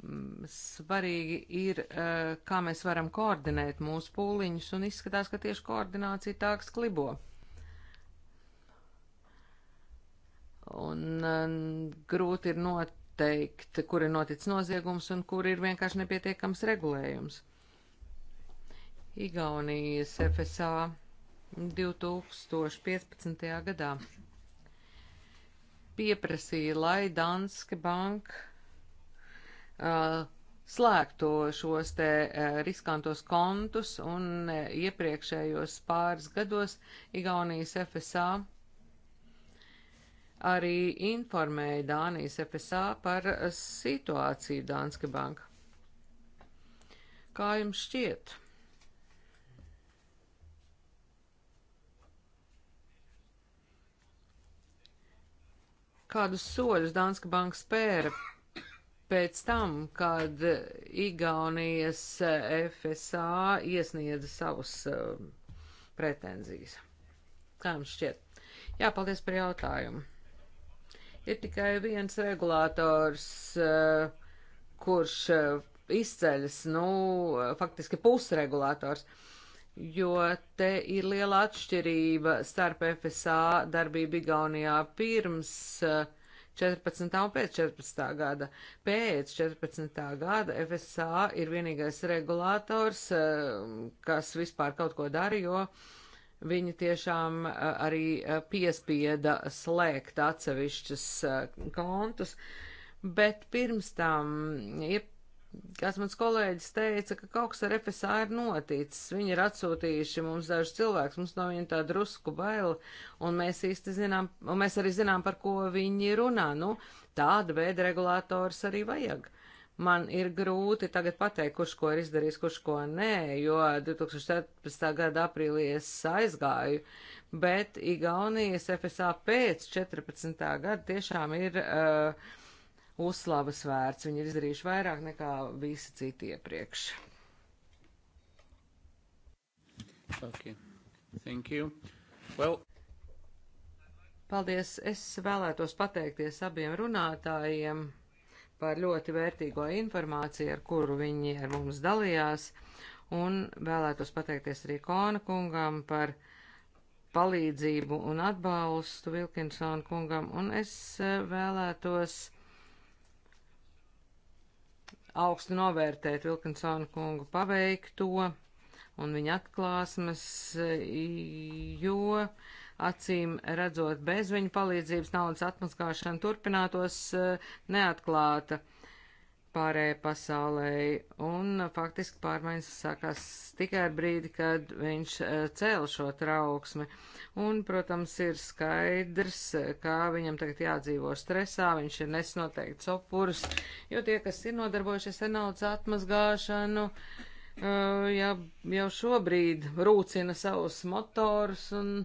Mm, svarīgi ir, eh, kā mēs varam koordinēt mūsu pūliņus, un izskatās, ka tieši koordinācija tāks klibo. Un mm, grūti ir noteikt, kur ir noticis noziegums un kur ir vienkārši nepietiekams regulējums. Igaunijas FSA 2015. gadā pieprasīja, lai Danske banka slēgtu šos te riskantos kontus un iepriekšējos pāris gados Igaunijas FSA arī informēja Dānijas FSA par situāciju Dānske banka. Kā jums šķiet? Kādus soļus Dānska banka spēra pēc tam, kad Igaunijas FSA iesniedza savus uh, pretenzijas. Kā jums šķiet? Jā, paldies par jautājumu. Ir tikai viens regulators, uh, kurš uh, izceļas, nu, faktiski pusregulators, jo te ir liela atšķirība starp FSA darbību Igaunijā pirms uh, 14. un pēc 14. gada. Pēc 14. gada FSA ir vienīgais regulators, eh, kas vispār kaut ko dara, jo viņi tiešām eh, arī eh, piespieda slēgt atsevišķus kontus. Bet pirms tam, ja Kāds mans kolēģis teica, ka kaut kas ar FSA ir noticis. Viņi ir atsūtījuši mums dažus cilvēkus, mums no viņa tā drusku baila, un mēs īsti zinām, un mēs arī zinām, par ko viņi runā. Nu, tāda veida regulātors arī vajag. Man ir grūti tagad pateikt, kurš ko ir izdarījis, kurš ko nē, jo 2017. gada aprīlī es aizgāju, bet Igaunijas FSA pēc 14. gada tiešām ir. Uh, uzslavas vērts. Viņi ir izdarījuši vairāk nekā visi citi iepriekš. Okay. Thank you. Well... Paldies. Es vēlētos pateikties abiem runātājiem par ļoti vērtīgo informāciju, ar kuru viņi ar mums dalījās, un vēlētos pateikties arī Kona kungam par palīdzību un atbalstu Vilkinsona kungam, un es eh, vēlētos augstu novērtēt Vilkinsona kungu paveikto un viņa atklāsmes, jo acīm redzot bez viņa palīdzības naudas atmaskāšana turpinātos eh, neatklāta pārējai pasaulē, un faktiski pārmaiņas sākās tikai ar brīdi, kad viņš eh, cēl šo trauksmi. Un, protams, ir skaidrs, kā viņam tagad jādzīvo stresā, viņš ir nesnoteikts opurs, jo tie, kas ir nodarbojušies ar naudas atmazgāšanu, eh, jā, jau šobrīd rūcina savus motors un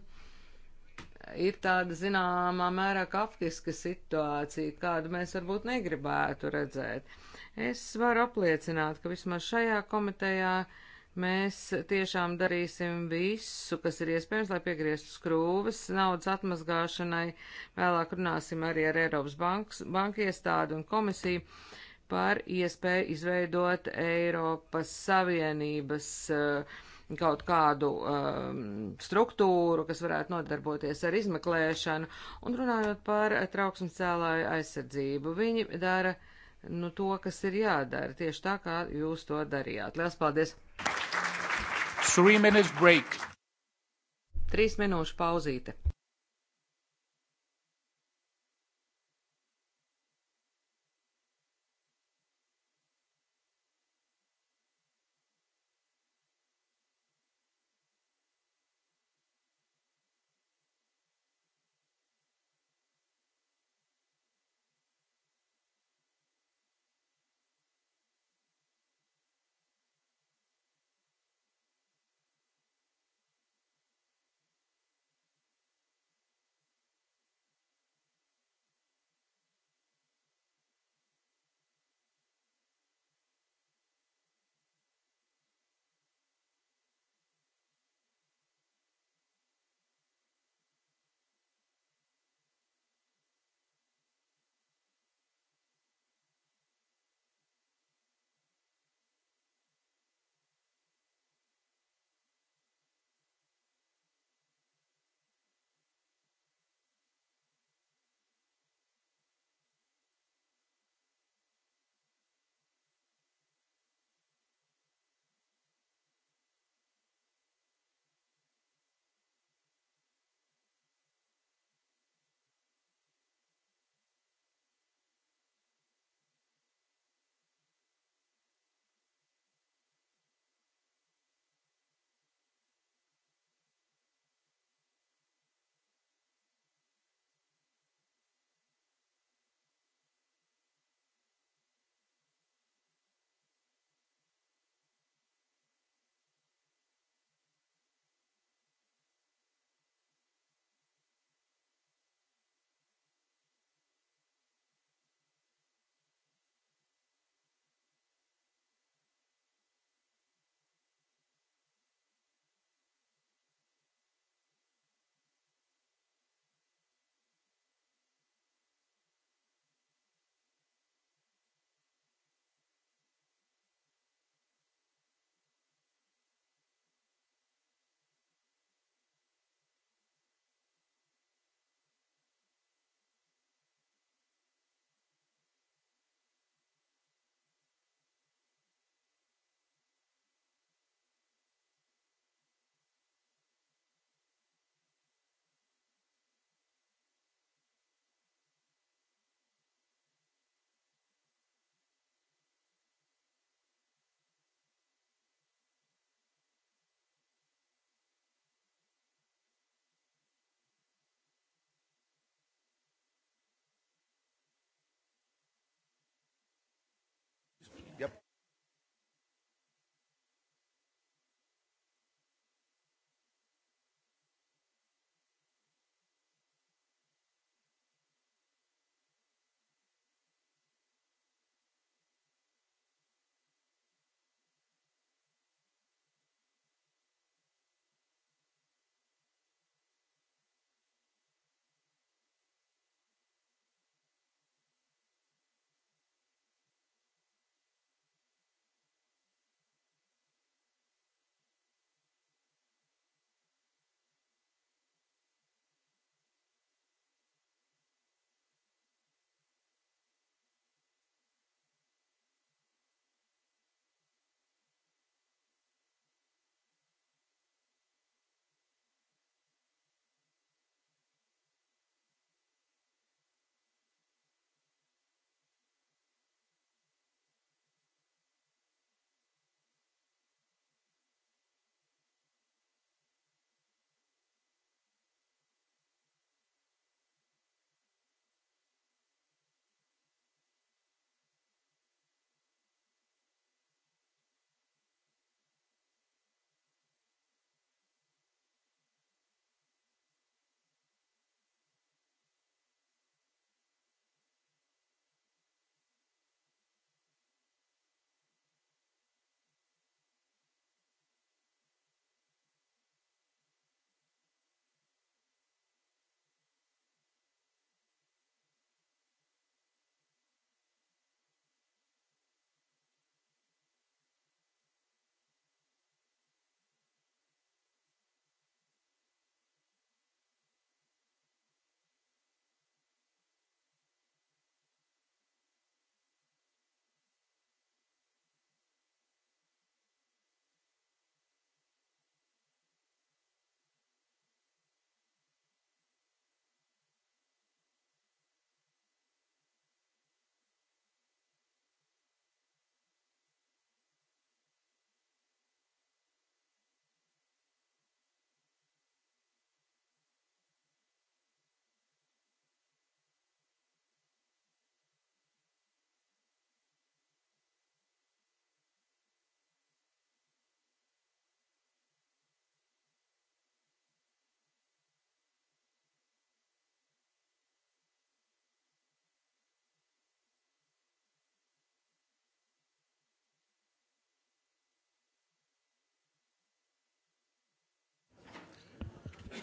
ir tāda zināmā mērā kafkiska situācija, kādu mēs varbūt negribētu redzēt. Es varu apliecināt, ka vismaz šajā komitejā mēs tiešām darīsim visu, kas ir iespējams, lai piegrieztu skrūves naudas atmazgāšanai. Vēlāk runāsim arī ar Eiropas bankas, banka iestādi un komisiju par iespēju izveidot Eiropas Savienības uh, kaut kādu um, struktūru, kas varētu nodarboties ar izmeklēšanu, un runājot par trauksmes cēlāju aizsardzību. Viņi dara uh, nu, to, kas ir jādara, tieši tā, kā jūs to darījāt. Lielas paldies! Three minutes break. Trīs minūšu pauzīte.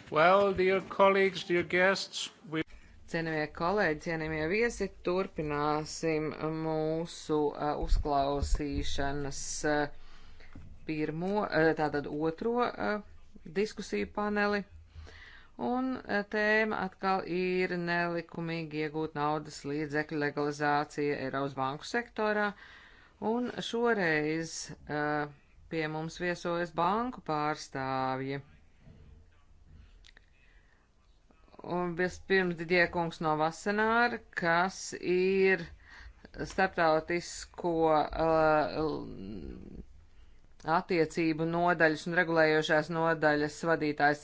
Well, dear colleagues, dear guests, we... Cienījamie kolēģi, cienījamie viesi, turpināsim mūsu uh, uzklausīšanas uh, pirmo, uh, tātad otro uh, diskusiju paneli. Un uh, tēma atkal ir nelikumīgi iegūt naudas līdzekļu legalizācija Eiropas banku sektorā. Un šoreiz uh, pie mums viesojas banku pārstāvji. Un vispirms Didiekungs no Vasenāra, kas ir starptautisko uh, attiecību nodaļas un regulējošās nodaļas vadītājs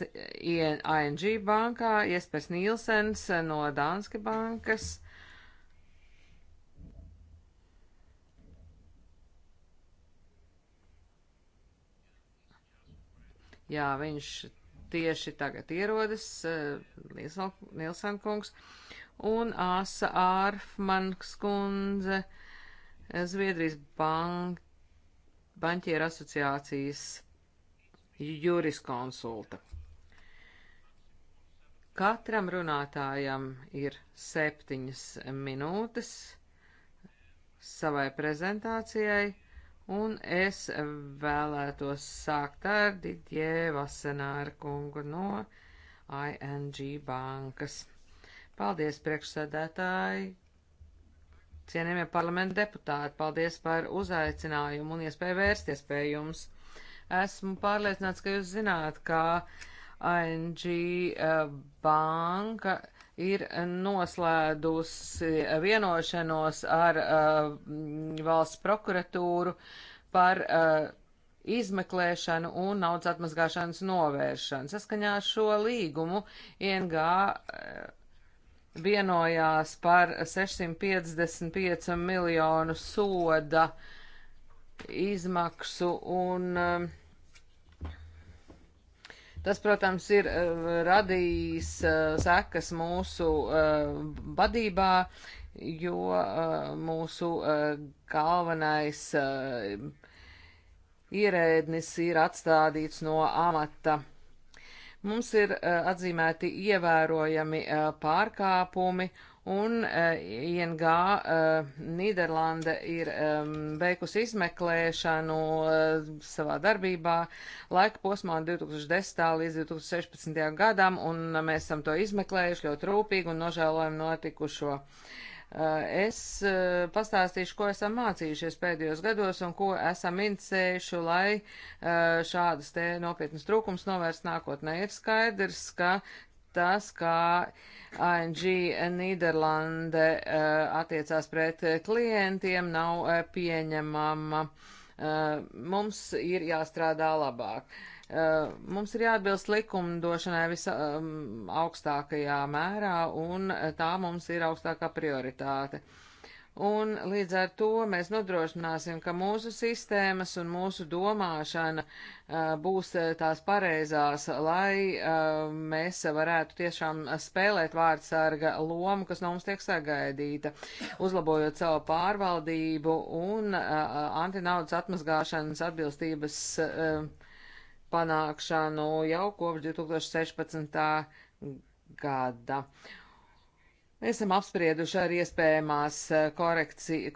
ING bankā, Jespers Nīlsens no Danske bankas. Jā, viņš tieši tagad ierodas eh, Nilsan kungs un Asa Ārfmans kundze eh, Zviedrijas bank, banķieru asociācijas juriskonsulta. Katram runātājam ir septiņas minūtes savai prezentācijai Un es vēlētos sākt ar Didjē Vasenāra kungu no ING bankas. Paldies, priekšsēdētāji! Cienījamie parlamenta deputāti, paldies par uzaicinājumu un iespēju vērsties pie jums. Esmu pārliecināts, ka jūs zināt, ka ING eh, banka ir noslēdusi vienošanos ar uh, valsts prokuratūru par uh, izmeklēšanu un naudas atmazgāšanas novēršanu. Saskaņā ar šo līgumu ING uh, vienojās par 655 miljonu soda izmaksu un uh, Tas, protams, ir eh, radījis eh, sekas mūsu eh, vadībā, jo mūsu galvenais ierēdnis ir atstādīts no amata. Mums ir atzīmēti ievērojami pārkāpumi, Un uh, eh, ING uh, eh, Nīderlanda ir um, veikusi izmeklēšanu uh, savā darbībā laika posmā 2010. līdz 2016. gadam, un uh, mēs esam to izmeklējuši ļoti rūpīgi un nožēlojam notikušo. Uh, es uh, pastāstīšu, ko esam mācījušies pēdējos gados un ko esam inicējuši, lai uh, šādas te nopietnas trūkums novērst nākotnē. Ir skaidrs, ka tas, kā ANG Nīderlande eh, attiecās pret klientiem, nav eh, pieņemama. Eh, mums ir jāstrādā labāk. Mums ir jāatbilst likumdošanai visaugstākajā mm, mērā, un tā mums ir augstākā prioritāte. Uh, un līdz ar to mēs nodrošināsim, ka mūsu sistēmas un mūsu domāšana uh, būs uh, tās pareizās, lai uh, mēs varētu tiešām spēlēt vārdsarga lomu, kas no mums tiek sagaidīta, uzlabojot savu pārvaldību un uh, antinaudas atmazgāšanas atbilstības uh, panākšanu jau kopš 2016. gada. Mēs esam apsprieduši ar iespējamās eh,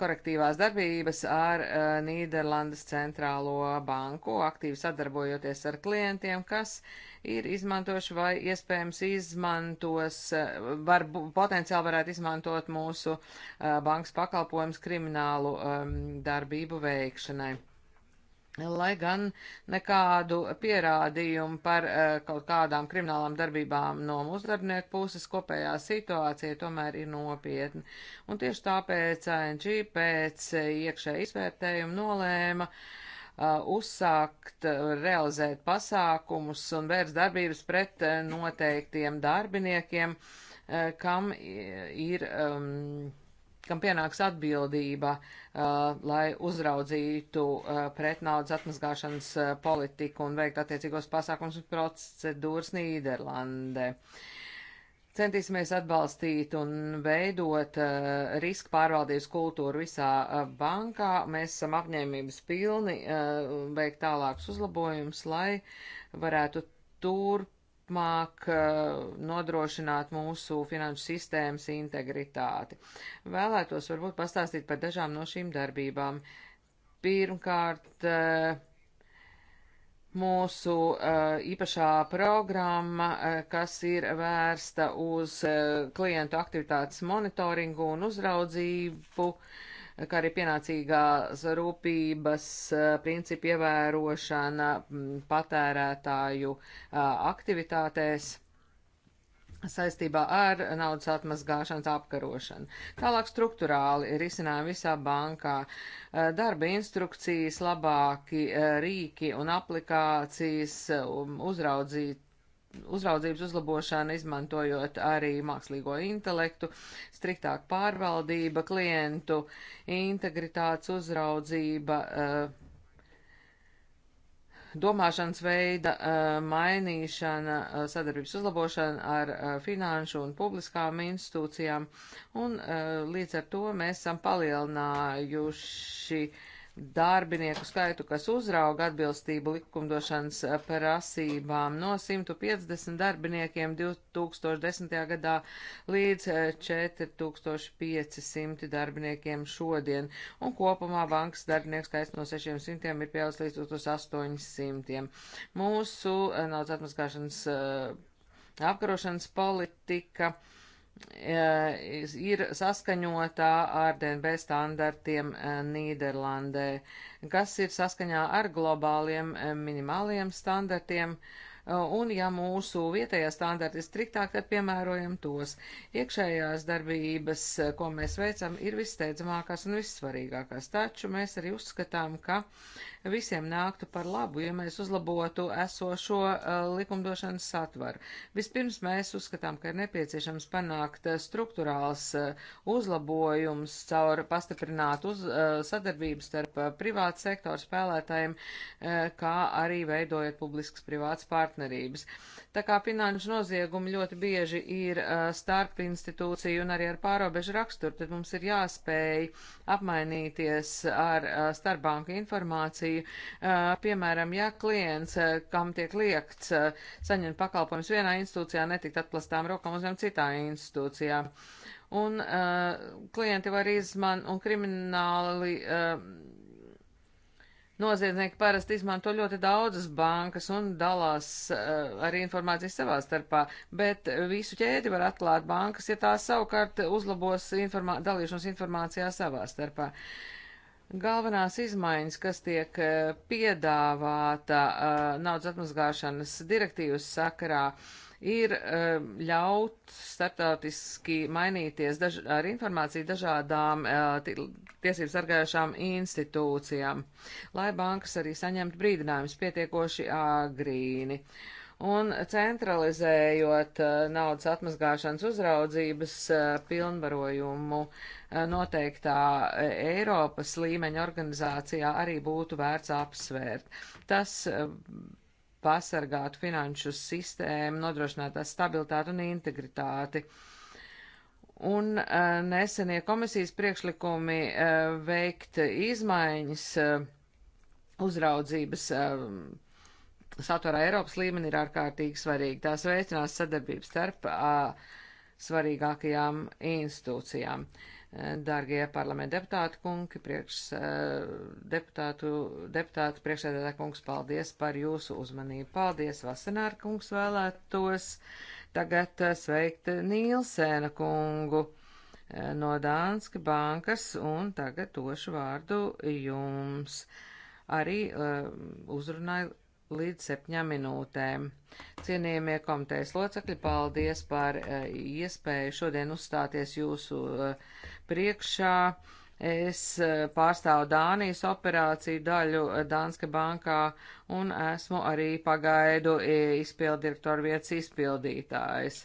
korektīvās darbības ar eh, Nīderlandes centrālo banku, aktīvi sadarbojoties ar klientiem, kas ir izmantojuši vai iespējams izmantos, eh, var, potenciāli varētu izmantot mūsu bankas pakalpojums kriminālu um, darbību veikšanai lai gan nekādu pierādījumu par uh, kaut kādām kriminālām darbībām no muzdarbnieku puses kopējā situācija tomēr ir nopietna. Un tieši tāpēc ANG pēc iekšē izvērtējuma nolēma uh, uzsākt, uh, realizēt pasākumus un vērst darbības pret noteiktiem darbiniekiem, kam ir um, kam pienāks atbildība, uh, lai uzraudzītu uh, pret naudas atmazgāšanas uh, politiku un veikt attiecīgos pasākums un procedūras Nīderlandē. Centīsimies atbalstīt un veidot uh, riska pārvaldības kultūru visā uh, bankā. Mēs esam apņēmības pilni uh, veikt tālākus uzlabojumus, lai varētu turpināt turpmāk eh, nodrošināt mūsu finanšu sistēmas integritāti. Vēlētos varbūt pastāstīt par dažām no šīm darbībām. Pirmkārt, eh, mūsu eh, īpašā programma, kas ir vērsta uz klientu aktivitātes monitoringu un uzraudzību. Uh, kā arī pienācīgās rūpības eh, principu ievērošana patērētāju eh, aktivitātēs saistībā ar naudas atmazgāšanas apkarošanu. Tālāk struktūrāli risinājumi visā bankā, eh, darba instrukcijas, labāki rīki un aplikācijas, um, uzraudzīt uzraudzības uzlabošana, izmantojot arī mākslīgo intelektu, striktāk pārvaldība, klientu integritātes uzraudzība, eh, domāšanas veida eh, mainīšana, eh, sadarbības uzlabošana ar finanšu un publiskām institūcijām, un līdz ar to mēs esam palielinājuši darbinieku skaitu, kas uzrauga atbilstību likumdošanas eh, prasībām no 150 darbiniekiem 2010. gadā līdz 4500 eh, darbiniekiem šodien, un kopumā bankas darbinieku skaits no 600 ir pieaudzis līdz 1800. Mūsu eh, naudas atmaskāšanas apkarošanas politika ir saskaņotā ar DNB standartiem eh, Nīderlandē, kas ir saskaņā ar globāliem eh, minimāliem standartiem, eh, un ja mūsu vietējā standarti ir striktāk, tad piemērojam tos. Iekšējās darbības, ko mēs veicam, ir visteidzamākās un vissvarīgākās, taču mēs arī uzskatām, ka visiem nāktu par labu, ja mēs uzlabotu esošo eh, likumdošanas satvaru. Vispirms mēs uzskatām, ka ir nepieciešams panākt eh, struktūrāls eh, uzlabojums caur pastiprinātu uz, sadarbību starp privātu sektoru spēlētājiem, kā arī veidojot publiskas privātas partnerības. Tā kā finanšu noziegumi ļoti bieži ir starp institūciju un arī ar pārobežu raksturu, tad mums ir jāspēj apmainīties ar starpbanku informāciju situāciju. Eh, piemēram, ja klients, eh, kam tiek liekts eh, saņemt pakalpojums vienā institūcijā, netikt atplastām rokām uzņem citā institūcijā. Un uh, klienti var izman, un krimināli uh, Noziedznieki parasti izmanto ļoti daudzas bankas un dalās uh, arī informāciju savā starpā, bet visu ķēdi var atklāt bankas, ja tās savukārt uzlabos informā dalīšanos informācijā savā starpā. Uh, Galvenās izmaiņas, kas tiek eh, piedāvāta eh, naudas atmazgāšanas direktīvas sakarā, ir eh, ļaut starptautiski mainīties daž ar informāciju dažādām tiesību sargājušām institūcijām, lai bankas arī saņemtu brīdinājumus pietiekoši agrīni. Uh, un centralizējot eh, naudas atmazgāšanas uzraudzības eh, pilnvarojumu eh, noteiktā Eiropas līmeņa organizācijā arī būtu vērts apsvērt. Tas pasargātu finanšu sistēmu, nodrošinātu stabilitāti un integritāti. Un nesenie komisijas priekšlikumi veikt izmaiņas uzraudzības saturā Eiropas līmenī ir ārkārtīgi svarīgi. Tās veicinās sadarbību starp uh, svarīgākajām institūcijām. Uh, Dārgie parlamenta deputāti kungi, priekš, uh, deputātu, deputātu priekšsēdētā kungs, paldies par jūsu uzmanību. Paldies, Vasenāra kungs vēlētos tagad sveikt Nīlsēna kungu no Dānska bankas un tagad došu vārdu jums. Arī uh, uzrunāju līdz septiņām minūtēm. Cienījamie komitejas locekļi, paldies par eh, iespēju šodien uzstāties jūsu eh, priekšā. Es eh, pārstāvu Dānijas operāciju daļu Dānska bankā un esmu arī pagaidu izpildirektoru vietas izpildītājs.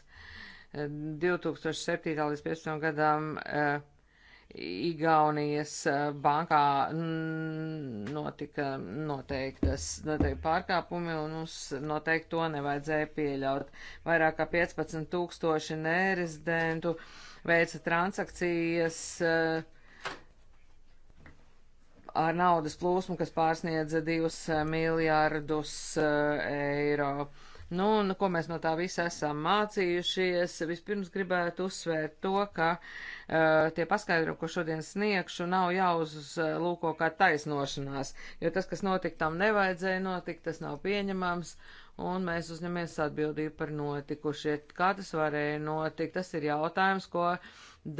2007. līdz 2015. gadam Igaunijas eh, bankā notika noteiktas noteikti pārkāpumi un mums noteikti to nevajadzēja pieļaut. Vairāk kā 15 tūkstoši nerezidentu veica transakcijas eh, ar naudas plūsmu, kas pārsniedza 2 miljārdus eh, eiro. Nu, un ko mēs no tā visa esam mācījušies? Vispirms gribētu uzsvērt to, ka uh, tie paskaidrojumi, ko šodien sniegšu, nav jāuzlūko kā taisnošanās, jo tas, kas notika, tam nevajadzēja notikt, tas nav pieņemams, un mēs uzņemamies atbildību par notikušie. Kā tas varēja notikt? Tas ir jautājums, ko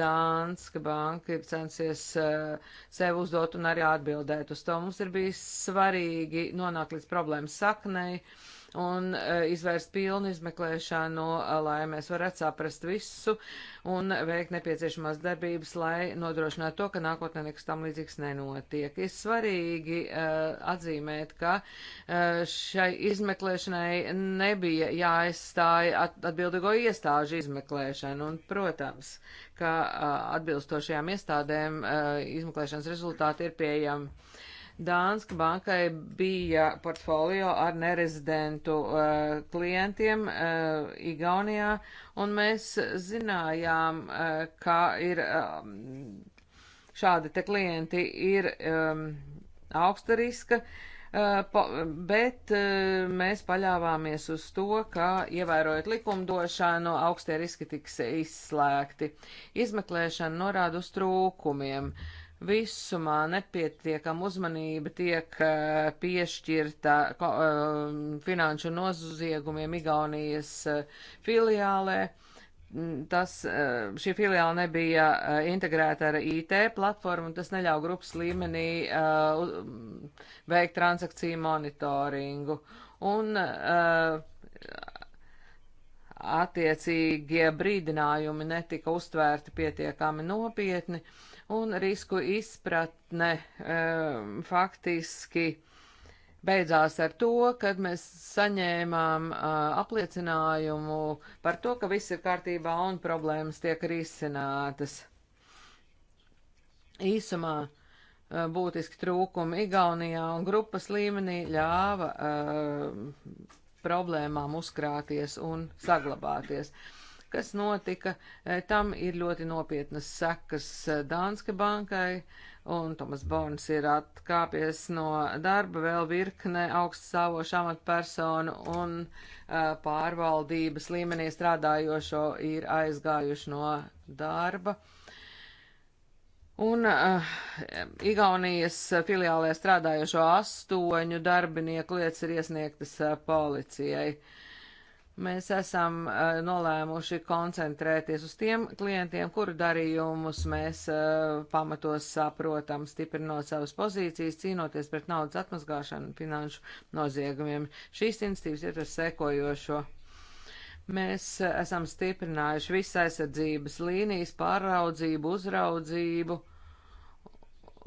Dānska banka ir censies uh, sev uzdot un arī atbildēt uz to. Mums ir bijis svarīgi nonākt līdz problēmas saknei. Uh, un eh, izvērst pilnu izmeklēšanu, eh, lai mēs varētu saprast visu un veikt nepieciešamās darbības, lai nodrošinātu to, ka nākotnē nekas tam līdzīgs nenotiek. Ir svarīgi eh, atzīmēt, ka šai izmeklēšanai nebija jāaizstāja atbildīgo iestāžu izmeklēšanu, un, protams, ka atbilstošajām iestādēm izmeklēšanas rezultāti ir pieejami. Dānska bankai bija portfolio ar nerezidentu uh, klientiem uh, Igaunijā, un mēs zinājām, uh, ka ir uh, šādi te klienti ir um, augsta riska, uh, po, bet uh, mēs paļāvāmies uz to, ka ievērojot likumdošanu, augstie riski tiks izslēgti. Izmeklēšana norāda uz trūkumiem. Uh, visumā nepietiekam uzmanība tiek eh, piešķirta eh, finanšu noziegumiem Igaunijas eh, filiālē. Mm, tas, šī filiāla nebija integrēta ar IT platformu, un tas neļauj grupas līmenī mm, veikt transakciju monitoringu. Un attiecīgie brīdinājumi netika uztvērti pietiekami nopietni. Uh, un risku izpratne um, faktiski beidzās ar to, kad mēs saņēmām uh, apliecinājumu par to, ka viss ir kārtībā un problēmas tiek risinātas. Īsumā uh, būtiski trūkumi Igaunijā un grupas līmenī ļāva uh, problēmām uzkrāties un saglabāties. Uh, kas notika, eh, tam ir ļoti nopietnas sekas eh, Dānske bankai, un Tomas Bons ir atkāpies no darba vēl virkne augststāvošu amatpersonu un eh, pārvaldības līmenī strādājošo ir aizgājuši no darba. Un uh, Igaunijas filiālē strādājošo astoņu darbinieku lietas ir iesniegtas uh, policijai. Uh, Mēs esam uh, nolēmuši koncentrēties uz tiem klientiem, kuru darījumus mēs uh, pamatos saprotam, stiprinot savas pozīcijas, cīnoties pret naudas atmazgāšanu un finanšu noziegumiem. Šīs institīvas ir ar sekojošo. Mēs uh, esam stiprinājuši visas aizsardzības līnijas, pāraudzību, uzraudzību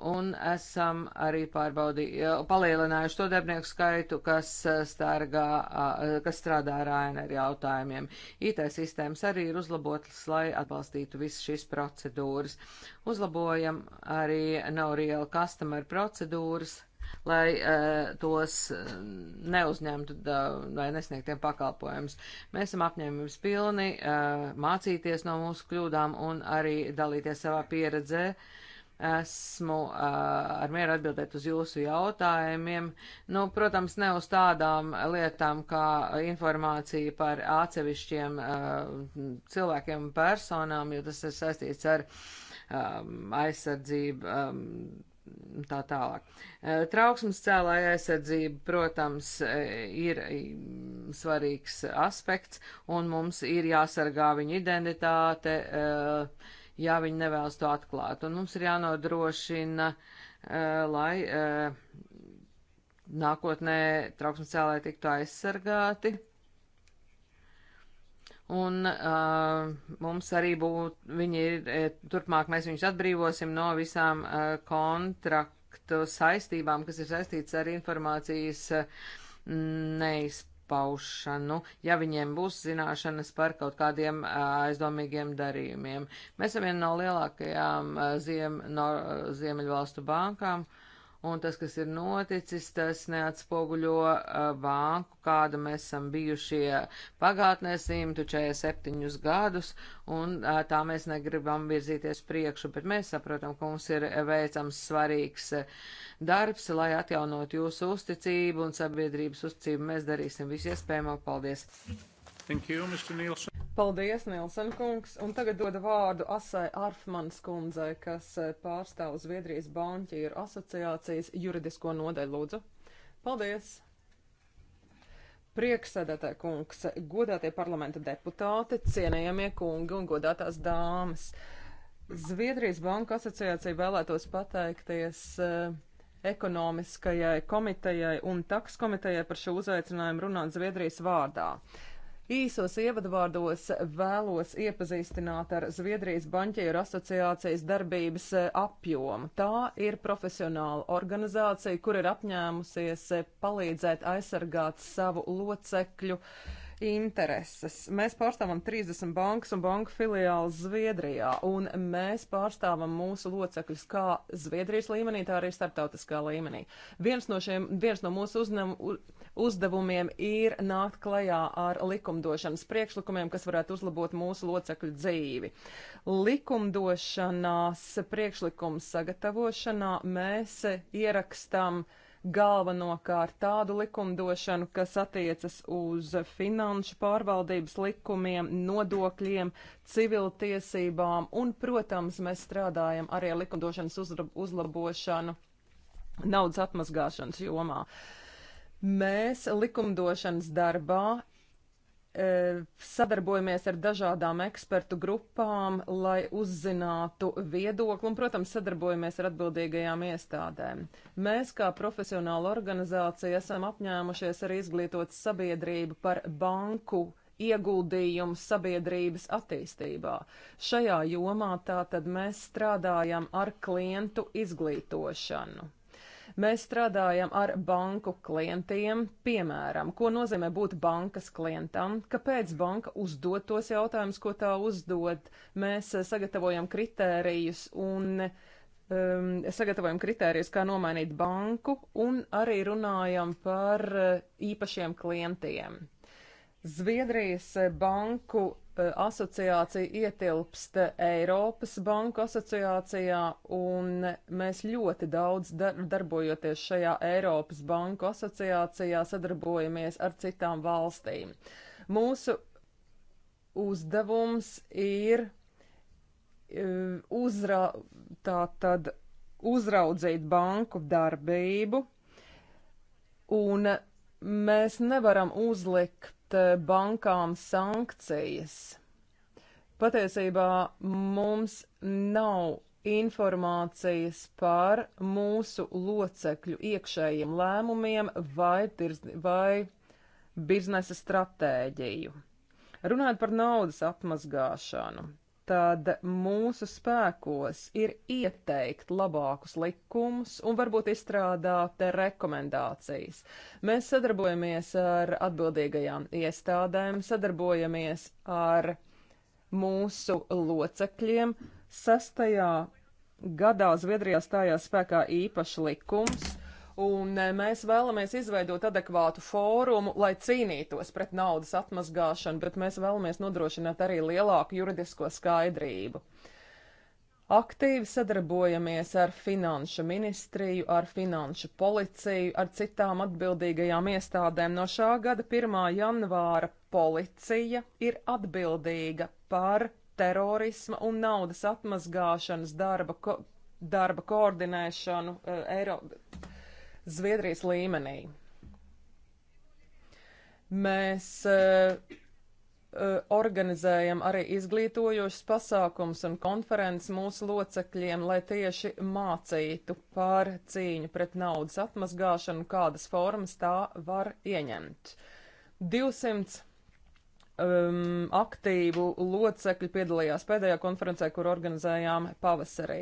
un esam arī palielinājuši to darbinieku skaitu, kas, eh, stārgā, eh, kas strādā ar ANR jautājumiem. IT sistēmas arī ir uzlabotas, lai atbalstītu visas šīs procedūras. Uzlabojam arī no-real customer procedūras lai uh, tos neuzņemtu da, vai nesniegtiem pakalpojumus. Mēs esam apņēmības pilni uh, mācīties no mūsu kļūdām un arī dalīties savā pieredzē uh, esmu uh, ar mieru atbildēt uz jūsu jautājumiem. Nu, protams, ne uz tādām lietām kā informācija par atsevišķiem uh, cilvēkiem un personām, jo tas ir saistīts ar um, aizsardzību. Um, Tā tālāk. Trauksmes cēlāja aizsardzība, protams, ir svarīgs aspekts, un mums ir jāsargā viņa identitāte, uh, ja viņi nevēlas to atklāt. Un mums ir jānodrošina, eh, lai eh, nākotnē trauksmes cēlēji tiktu aizsargāti. Un uh, mums arī būtu, viņi ir, turpmāk mēs viņus atbrīvosim no visām uh, kontraktu saistībām, kas ir saistīts ar informācijas uh, mm, neizpildīšanu paušanu, ja viņiem būs zināšanas par kaut kādiem aizdomīgiem darījumiem. Mēs esam viena no lielākajām ziem, no, Ziemeļvalstu bankām. Uh, un tas, kas ir noticis, tas neatspoguļo uh, banku, kāda mēs esam bijušie pagātnē 147 gadus, un uh, tā mēs negribam virzīties priekšu, bet mēs saprotam, ka mums ir veicams svarīgs darbs, lai atjaunot jūsu uzticību un sabiedrības uzticību. Mēs darīsim visu iespējamo. Paldies! You, Paldies, Nielsen kungs, un tagad dodu vārdu Asai Arfmanas kundzei, kas eh, pārstāv Zviedrijas banķieru asociācijas juridisko nodeļu. Lūdzu, paldies! Prieksēdētā kungs, godātie parlamenta deputāti, cienējamie kungi un godātās dāmas. Zviedrijas banka asociācija vēlētos pateikties uh, ekonomiskajai komitejai un taks komitejai par šo uzaicinājumu runāt Zviedrijas vārdā. Uh, Īsos ievadvārdos vēlos iepazīstināt ar Zviedrijas banķieru asociācijas darbības eh, apjomu. Tā ir profesionāla organizācija, kur ir apņēmusies eh, palīdzēt aizsargāt savu locekļu uh, intereses. Mēs pārstāvam 30 bankas un banku filiāles Zviedrijā, un mēs pārstāvam mūsu locekļus kā Zviedrijas līmenī, tā arī starptautiskā līmenī. Viens no, šiem, viens no mūsu uzņem, uzdevumiem ir nākt klajā ar likumdošanas priekšlikumiem, kas varētu uzlabot mūsu locekļu dzīvi. Likumdošanās priekšlikums sagatavošanā mēs ierakstam uh, galvenokārt tādu likumdošanu, kas attiecas uz finanšu pārvaldības likumiem, nodokļiem, civiltiesībām un, protams, mēs strādājam arī ar likumdošanas uzlabošanu naudas atmazgāšanas jomā. Mēs likumdošanas darbā E, sadarbojamies ar dažādām ekspertu grupām, lai uzzinātu viedokli un, protams, sadarbojamies ar atbildīgajām iestādēm. Mēs, kā profesionāla organizācija, esam apņēmušies arī izglītot sabiedrību par banku ieguldījumu sabiedrības attīstībā. Šajā jomā tātad mēs strādājam ar klientu izglītošanu. Mēs strādājam ar banku klientiem, piemēram, ko nozīmē būt bankas klientam, kāpēc banka uzdod tos jautājumus, ko tā uzdod. Mēs eh, sagatavojam kritērijus un um, sagatavojam kritērijus, kā nomainīt banku, un arī runājam par eh, īpašiem klientiem. Zviedrijas eh, banku Eh, asociācija ietilpst Eiropas Banku asociācijā, un mēs ļoti daudz dar darbojoties šajā Eiropas Banku asociācijā sadarbojamies ar citām valstīm. Mūsu uzdevums ir eh, uzra, tātad uzraudzīt banku darbību, un mēs nevaram uzlikt piemērot eh, bankām sankcijas. Patiesībā mums nav informācijas par mūsu locekļu iekšējiem lēmumiem vai, tirz, vai biznesa stratēģiju. Runājot par naudas atmazgāšanu, tad mūsu spēkos ir ieteikt labākus likumus un varbūt izstrādāt rekomendācijas. Mēs sadarbojamies ar atbildīgajām iestādēm, sadarbojamies ar mūsu locekļiem. Sastajā gadā Zviedrijā stājās spēkā īpašs likums un e, mēs vēlamies izveidot adekvātu fórumu, lai cīnītos pret naudas atmazgāšanu, bet mēs vēlamies nodrošināt arī lielāku juridisko skaidrību. Aktīvi sadarbojamies ar Finanšu ministriju, ar Finanšu policiju, ar citām atbildīgajām iestādēm. No šā gada 1. janvāra policija ir atbildīga par terorisma un naudas atmazgāšanas darba, ko, darba koordinēšanu uh, e, Eiropā Zviedrijas līmenī. Mēs uh, organizējam arī izglītojošus pasākums un konferences mūsu locekļiem, lai tieši mācītu par cīņu pret naudas atmazgāšanu, kādas formas tā var ieņemt. 200 um, aktīvu locekļu piedalījās pēdējā konferencē, kur organizējām pavasarī.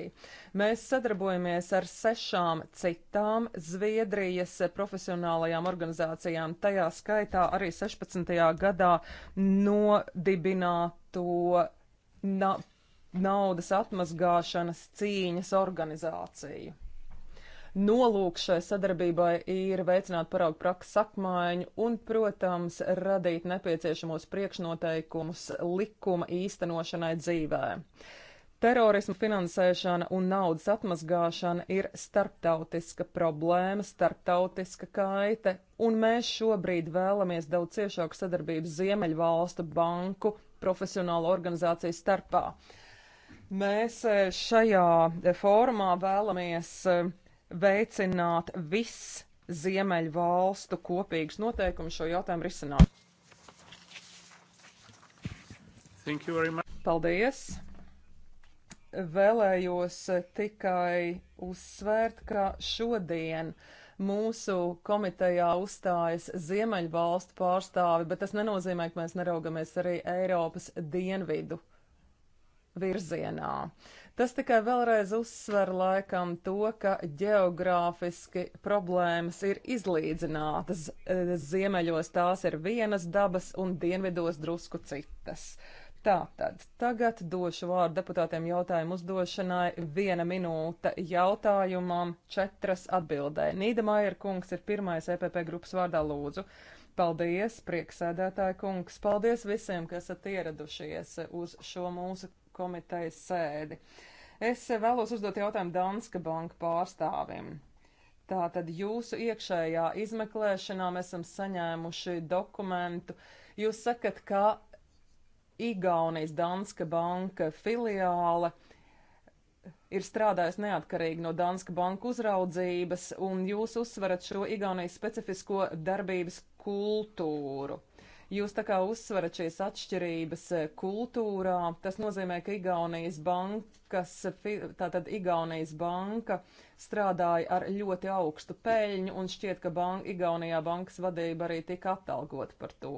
Mēs sadarbojamies ar sešām citām Zviedrijas profesionālajām organizācijām, tajā skaitā arī 16. gadā nodibināto na naudas atmazgāšanas cīņas organizāciju. Nolūks šai sadarbībai ir veicināt paraugu prakses apmaiņu un, protams, radīt nepieciešamos priekšnoteikumus likuma īstenošanai dzīvē. Terorismu finansēšana un naudas atmazgāšana ir starptautiska problēma, starptautiska kaite, un mēs šobrīd vēlamies daudz ciešāku sadarbību Ziemeļvalstu banku profesionālu organizāciju starpā. Mēs eh, šajā eh, formā vēlamies eh, veicināt viss ziemeļu valstu kopīgus noteikumus šo jautājumu risināt. Paldies! Vēlējos tikai uzsvērt, ka šodien mūsu komitejā uzstājas Ziemeļvalstu pārstāvi, bet tas nenozīmē, ka mēs neraugamies arī Eiropas dienvidu virzienā. Uh, Tas tikai vēlreiz uzsver laikam to, ka geogrāfiski problēmas ir izlīdzinātas. E, ziemeļos tās ir vienas dabas un dienvidos drusku citas. Tātad tagad došu vārdu deputātiem jautājumu uzdošanai. Viena minūte jautājumam, četras atbildē. Nīda Maier kungs ir pirmais EPP grupas vārdā lūdzu. Paldies, prieksēdētāja kungs. Paldies visiem, kas esat ieradušies uz šo mūsu komitejas sēdi. Es vēlos uzdot jautājumu Danska banka pārstāvim. Tātad jūsu iekšējā izmeklēšanā mēs esam saņēmuši dokumentu. Jūs sakat, ka Igaunijas Danska banka filiāle ir strādājis neatkarīgi no Danska banka uzraudzības, un jūs uzsverat šo Igaunijas specifisko darbības kultūru. Jūs tā kā uzsverat šīs atšķirības eh, kultūrā. Tas nozīmē, ka Igaunijas bankas, tātad Igaunijas banka strādāja ar ļoti augstu peļņu un šķiet, ka bank, Igaunijā bankas vadība arī tika atalgota par to.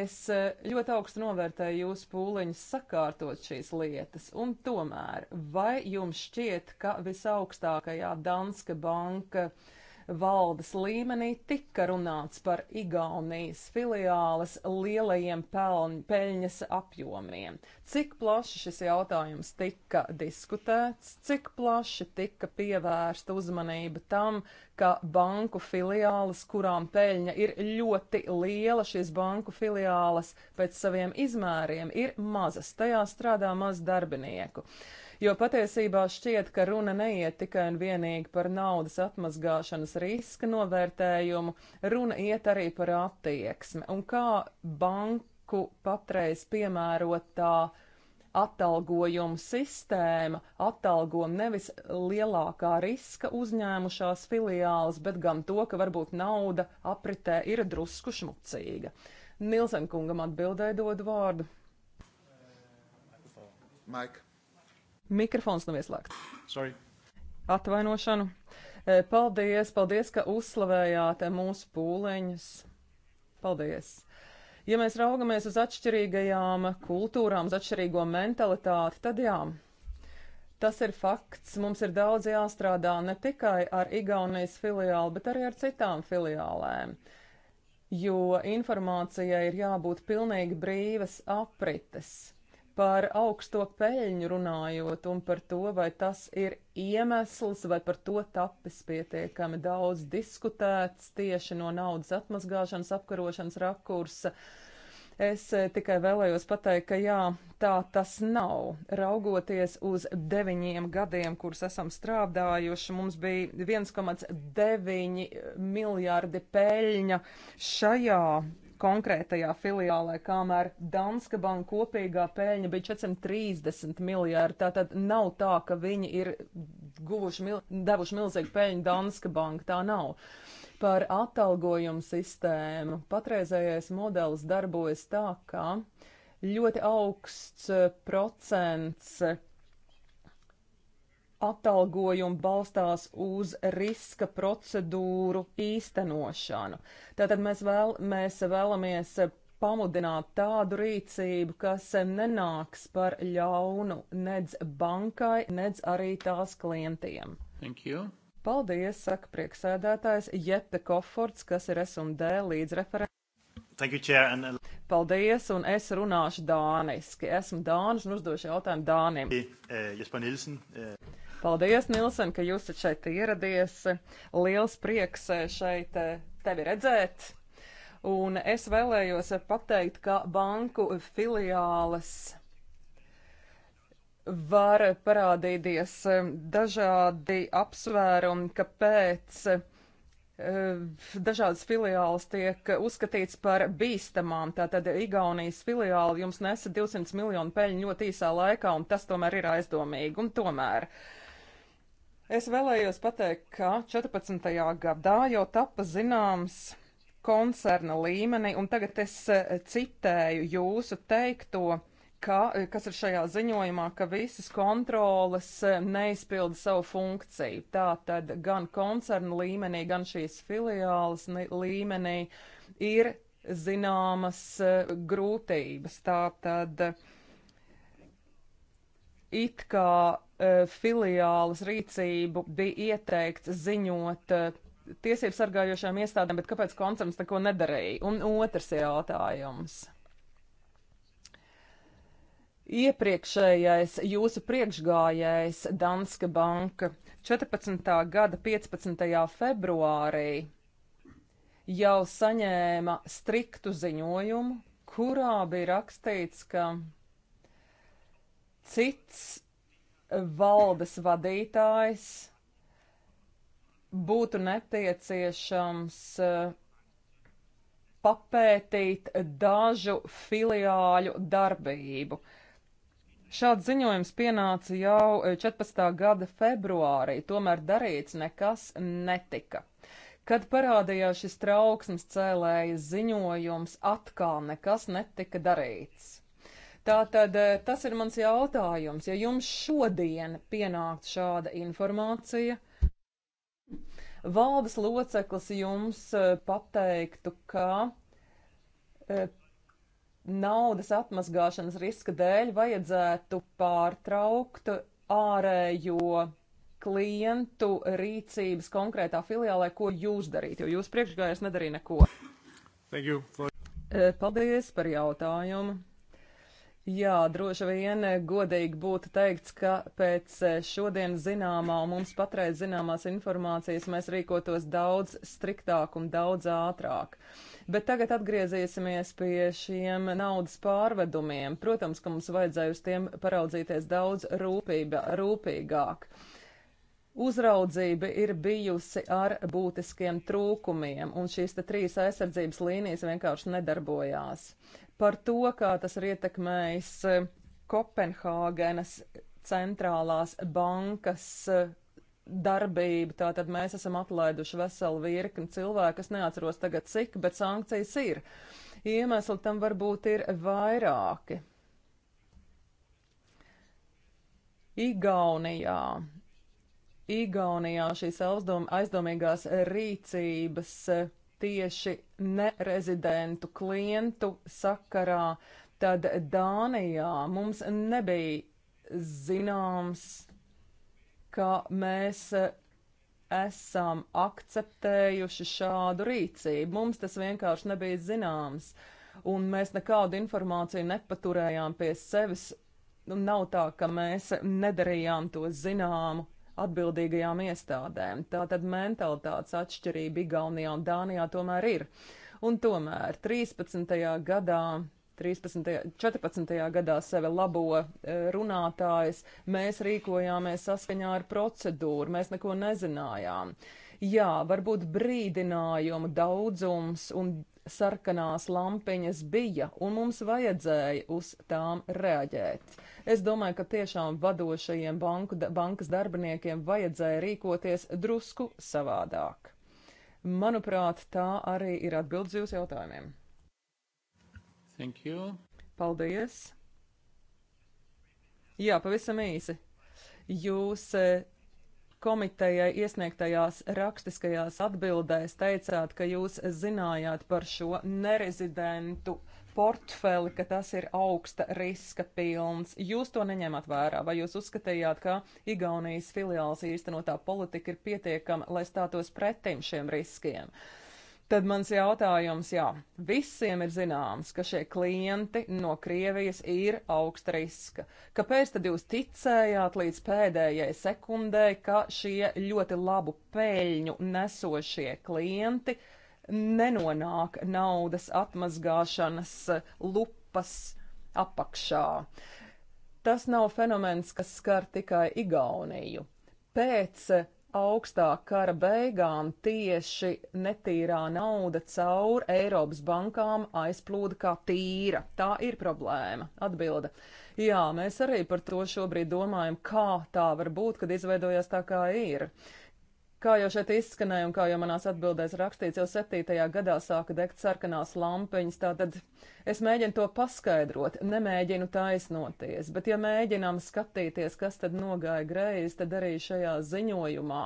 Es eh, ļoti augstu novērtēju jūsu pūliņus sakārtot šīs lietas, un tomēr, vai jums šķiet, ka visaugstākajā Danske banka uh, valdes līmenī tika runāts par Igaunijas filiāles lielajiem peln, peļņas apjomiem. Cik plaši šis jautājums tika diskutēts, cik plaši tika pievērsta uzmanība tam, ka banku filiāles, kurām peļņa ir ļoti liela, šīs banku filiāles pēc saviem izmēriem ir mazas, tajā strādā maz darbinieku. Uh, jo patiesībā šķiet, ka runa neiet tikai un vienīgi par naudas atmazgāšanas riska novērtējumu, runa iet arī par attieksmi un kā banku patreiz piemērotā atalgojuma sistēma atalgo nevis lielākā riska uzņēmušās filiāles, bet gan to, ka varbūt nauda apritē ir drusku šmucīga. Nilsen kungam atbildēja dodu vārdu. Mike. Mikrofons nav ieslēgts. Sorry. Atvainošanu. E, paldies, paldies, ka uzslavējāt mūsu pūliņus. Paldies! Ja mēs raugamies uz atšķirīgajām kultūrām, uz atšķirīgo mentalitāti, tad jā, tas ir fakts. Mums ir daudz jāstrādā ne tikai ar Igaunijas filiāli, bet arī ar citām filiālēm, jo informācijai ir jābūt pilnīgi brīvas aprites. Par augsto peļņu runājot un par to, vai tas ir iemesls, vai par to tapis pietiekami daudz diskutēts tieši no naudas atmazgāšanas apkarošanas rakursa. Es eh, tikai vēlējos pateikt, ka jā, tā tas nav. Raugoties uz deviņiem gadiem, kurus esam strādājuši, mums bija 1,9 miljārdi peļņa šajā konkrētajā filiālē, kamēr Danska banka kopīgā pēļņa bija 430 miljārdi. Tātad nav tā, ka viņi ir guvuši, mil, devuši milzīgu pēļņu Danska banka. Tā nav. Par atalgojumu sistēmu patreizējais modelis darbojas tā, ka ļoti augsts procents atalgojumi balstās uz riska procedūru īstenošanu. Tātad mēs, vēl, mēs vēlamies pamudināt tādu rīcību, kas nenāks par ļaunu nedz bankai, nedz arī tās klientiem. Thank you. Paldies, saka prieksēdētājs Jeppe Koforts, kas ir S&D līdzreferents. Thank you, Chair. And... Uh, Paldies, un es runāšu dāniski. Esmu dānis un uzdošu jautājumu dānim. Uh, Jesper Nielsen. Uh... Paldies, Nilsen, ka jūs šeit ieradies. Liels prieks eh, šeit eh, tevi redzēt. Un es vēlējos eh, pateikt, ka banku filiāles var parādīties dažādi apsvērumi, kāpēc dažādas filiālas tiek uzskatīts par bīstamām. Tātad Igaunijas filiāli jums nesa 200 miljonu peļņu ļoti īsā laikā, un tas tomēr ir aizdomīgi. Un tomēr uh, Es vēlējos pateikt, ka 14. gadā jau tapa zināms koncerna līmenī, un tagad es e, citēju jūsu teikto, ka, e, kas ir šajā ziņojumā, ka visas kontroles e, neizpilda savu funkciju. Tātad gan koncernu līmenī, gan šīs filiālas līmenī ir zināmas grūtības. Tātad it kā Eh, filiāles rīcību bija ieteikts ziņot eh, tiesību sargājošām iestādēm, bet kāpēc koncerns neko nedarīja? Un otrs jautājums. Iepriekšējais jūsu priekšgājējs Danska Banka 14. gada 15. februārī jau saņēma striktu ziņojumu, kurā bija rakstīts, ka cits valdes vadītājs būtu nepieciešams eh, papētīt dažu filiāļu darbību. Šāds ziņojums pienāca jau 14. Eh, gada februārī, tomēr darīts nekas netika. Kad parādījās šis trauksmes cēlējas ziņojums, atkal nekas netika darīts. Tātad eh, tas ir mans jautājums. Ja jums šodien pienāktu šāda informācija, valdes loceklis jums eh, pateiktu, ka eh, naudas atmazgāšanas riska dēļ vajadzētu pārtraukt ārējo klientu rīcības konkrētā filiālē, ko jūs darīt, jo jūs priekšgājās nedarīja neko. Paldies par jautājumu. Jā, droši vien eh, godīgi būtu teikts, ka pēc eh, šodien zināmā un mums patreiz zināmās informācijas mēs rīkotos daudz striktāk un daudz ātrāk. Bet tagad atgriezīsimies pie šiem naudas pārvedumiem. Protams, ka mums vajadzēja uz tiem paraudzīties daudz rūpība, rūpīgāk. Uzraudzība ir bijusi ar būtiskiem trūkumiem, un šīs trīs aizsardzības līnijas vienkārši nedarbojās par to, kā tas ir ietekmējis e, Kopenhāgenes centrālās bankas e, darbību. Tātad mēs esam atlaiduši veselu virkni cilvēku, kas neatceros tagad cik, bet sankcijas ir. Iemesli tam varbūt ir vairāki. Igaunijā. Igaunijā šīs aizdomīgās rīcības e, tieši nerezidentu klientu sakarā, tad Dānijā mums nebija zināms, ka mēs e, esam akceptējuši šādu rīcību. Mums tas vienkārši nebija zināms, un mēs nekādu informāciju nepaturējām pie sevis. Nu, nav tā, ka mēs nedarījām to zināmu atbildīgajām iestādēm. Tātad mentalitātes atšķirība Igaunijā un Dānijā tomēr ir. Un tomēr 13. gadā 13. 14. gadā sevi labo e, runātājs, mēs rīkojāmies saskaņā ar procedūru, mēs neko nezinājām. Uh, Jā, varbūt brīdinājumu daudzums un sarkanās lampiņas bija, un mums vajadzēja uz tām reaģēt. Es domāju, ka tiešām vadošajiem banku, bankas darbiniekiem vajadzēja rīkoties drusku savādāk. Manuprāt, tā arī ir atbildes jūsu jautājumiem. Thank you. Paldies! Jā, pavisam īsi. Jūs eh, komitejai iesniegtajās rakstiskajās atbildēs teicāt, ka jūs zinājāt par šo nerezidentu portfeli, ka tas ir augsta riska pilns. Jūs to neņemat vērā, vai jūs uzskatījāt, ka Igaunijas filiāls īstenotā politika ir pietiekama, lai stātos pretim šiem riskiem? Uh, Tad mans jautājums, jā, visiem ir zināms, ka šie klienti no Krievijas ir augsta riska. Kāpēc tad jūs ticējāt līdz pēdējai sekundei, ka šie ļoti labu peļņu nesošie klienti nenonāk naudas atmazgāšanas lupas apakšā? Tas nav fenomens, kas skar tikai Igauniju. Pēc augstā kara beigām tieši netīrā nauda caur Eiropas bankām aizplūda kā tīra. Tā ir problēma. Atbilde. Jā, mēs arī par to šobrīd domājam, kā tā var būt, kad izveidojās tā kā ir. Uh, Kā jau šeit izskanēja un kā jau manās atbildēs rakstīts, jau septītajā gadā sāka degt sarkanās lampiņas, tātad es mēģinu to paskaidrot, nemēģinu taisnoties, bet ja mēģinām skatīties, kas tad nogāja greizi, tad arī šajā ziņojumā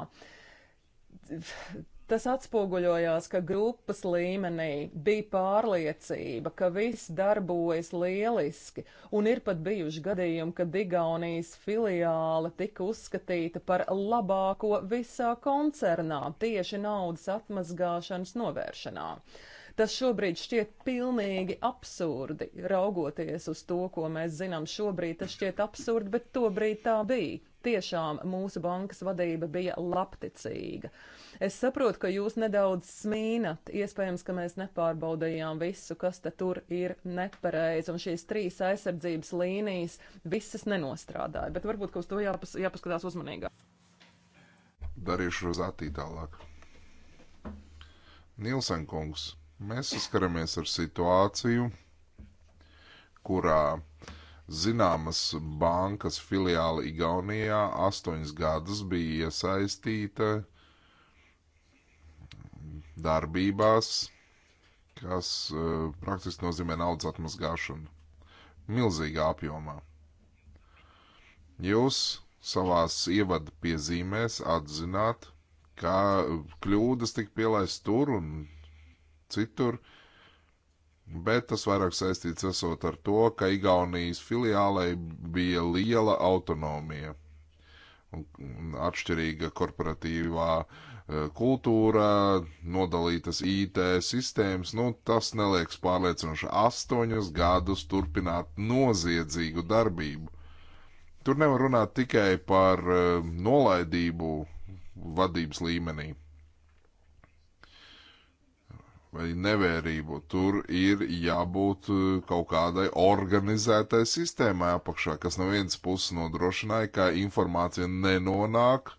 Tas atspoguļojās, ka grupas līmenī bija pārliecība, ka viss darbojas lieliski, un ir pat bijuši gadījumi, kad Igaunijas filiāle tika uzskatīta par labāko visā koncernā tieši naudas atmazgāšanas novēršanā. Uh, Tas šobrīd šķiet pilnīgi absurdi, raugoties uz to, ko mēs zinām šobrīd, tas šķiet absurdi, bet tobrīd tā bija. Tiešām mūsu bankas vadība bija lapticīga. Es saprotu, ka jūs nedaudz smīnat, iespējams, ka mēs nepārbaudījām visu, kas te tur ir nepareizi, un šīs trīs aizsardzības līnijas visas nenostrādāja, bet varbūt, ka uz to jāpas, jāpaskatās uzmanīgāk. Darīšu uz attīstību tālāk. Nielsen kungs. Mēs saskaramies ar situāciju, kurā zināmas bankas filiāli Igaunijā astoņas gadus bija iesaistīta darbībās, kas uh, praktiski nozīmē naudas atmazgāšanu milzīgā apjomā. Jūs savās ievada piezīmēs atzināt, ka kļūdas tika pielaist tur un citur, bet tas vairāk saistīts esot ar to, ka Igaunijas filiālei bija liela autonomija un atšķirīga korporatīvā e, kultūra, nodalītas IT sistēmas, nu tas neliekas pārliecinoši astoņus gadus turpināt noziedzīgu darbību. Tur nevar runāt tikai par e, nolaidību vadības līmenī vai nevērību. Tur ir jābūt eh, kaut kādai organizētai sistēmai apakšā, kas no vienas puses nodrošināja, ka informācija nenonāk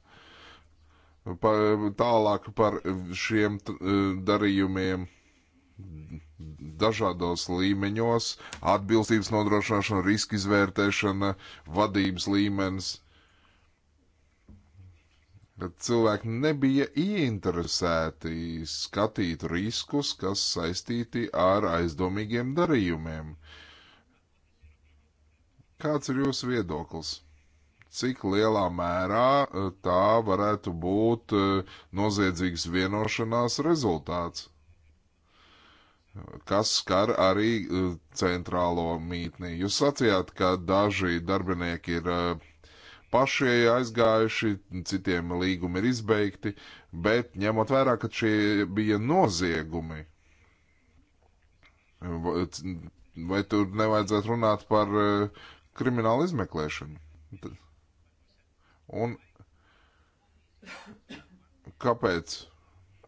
pa, tālāk par šiem eh, darījumiem dažādos līmeņos - atbilstības nodrošināšana, riska izvērtēšana, vadības līmenis Tad cilvēki nebija ieinteresēti skatīt riskus, kas saistīti ar aizdomīgiem darījumiem. Kāds ir jūsu viedoklis? Cik lielā mērā e, tā varētu būt e, noziedzīgas vienošanās rezultāts? kas skar arī e, centrālo mītni. Jūs sacījāt, ka daži darbinieki ir paši aizgājuši, citiem līgumi ir izbeigti, bet ņemot vērā, ka šie bija noziegumi, vai tur nevajadzētu runāt par eh, kriminālu izmeklēšanu? Un kāpēc?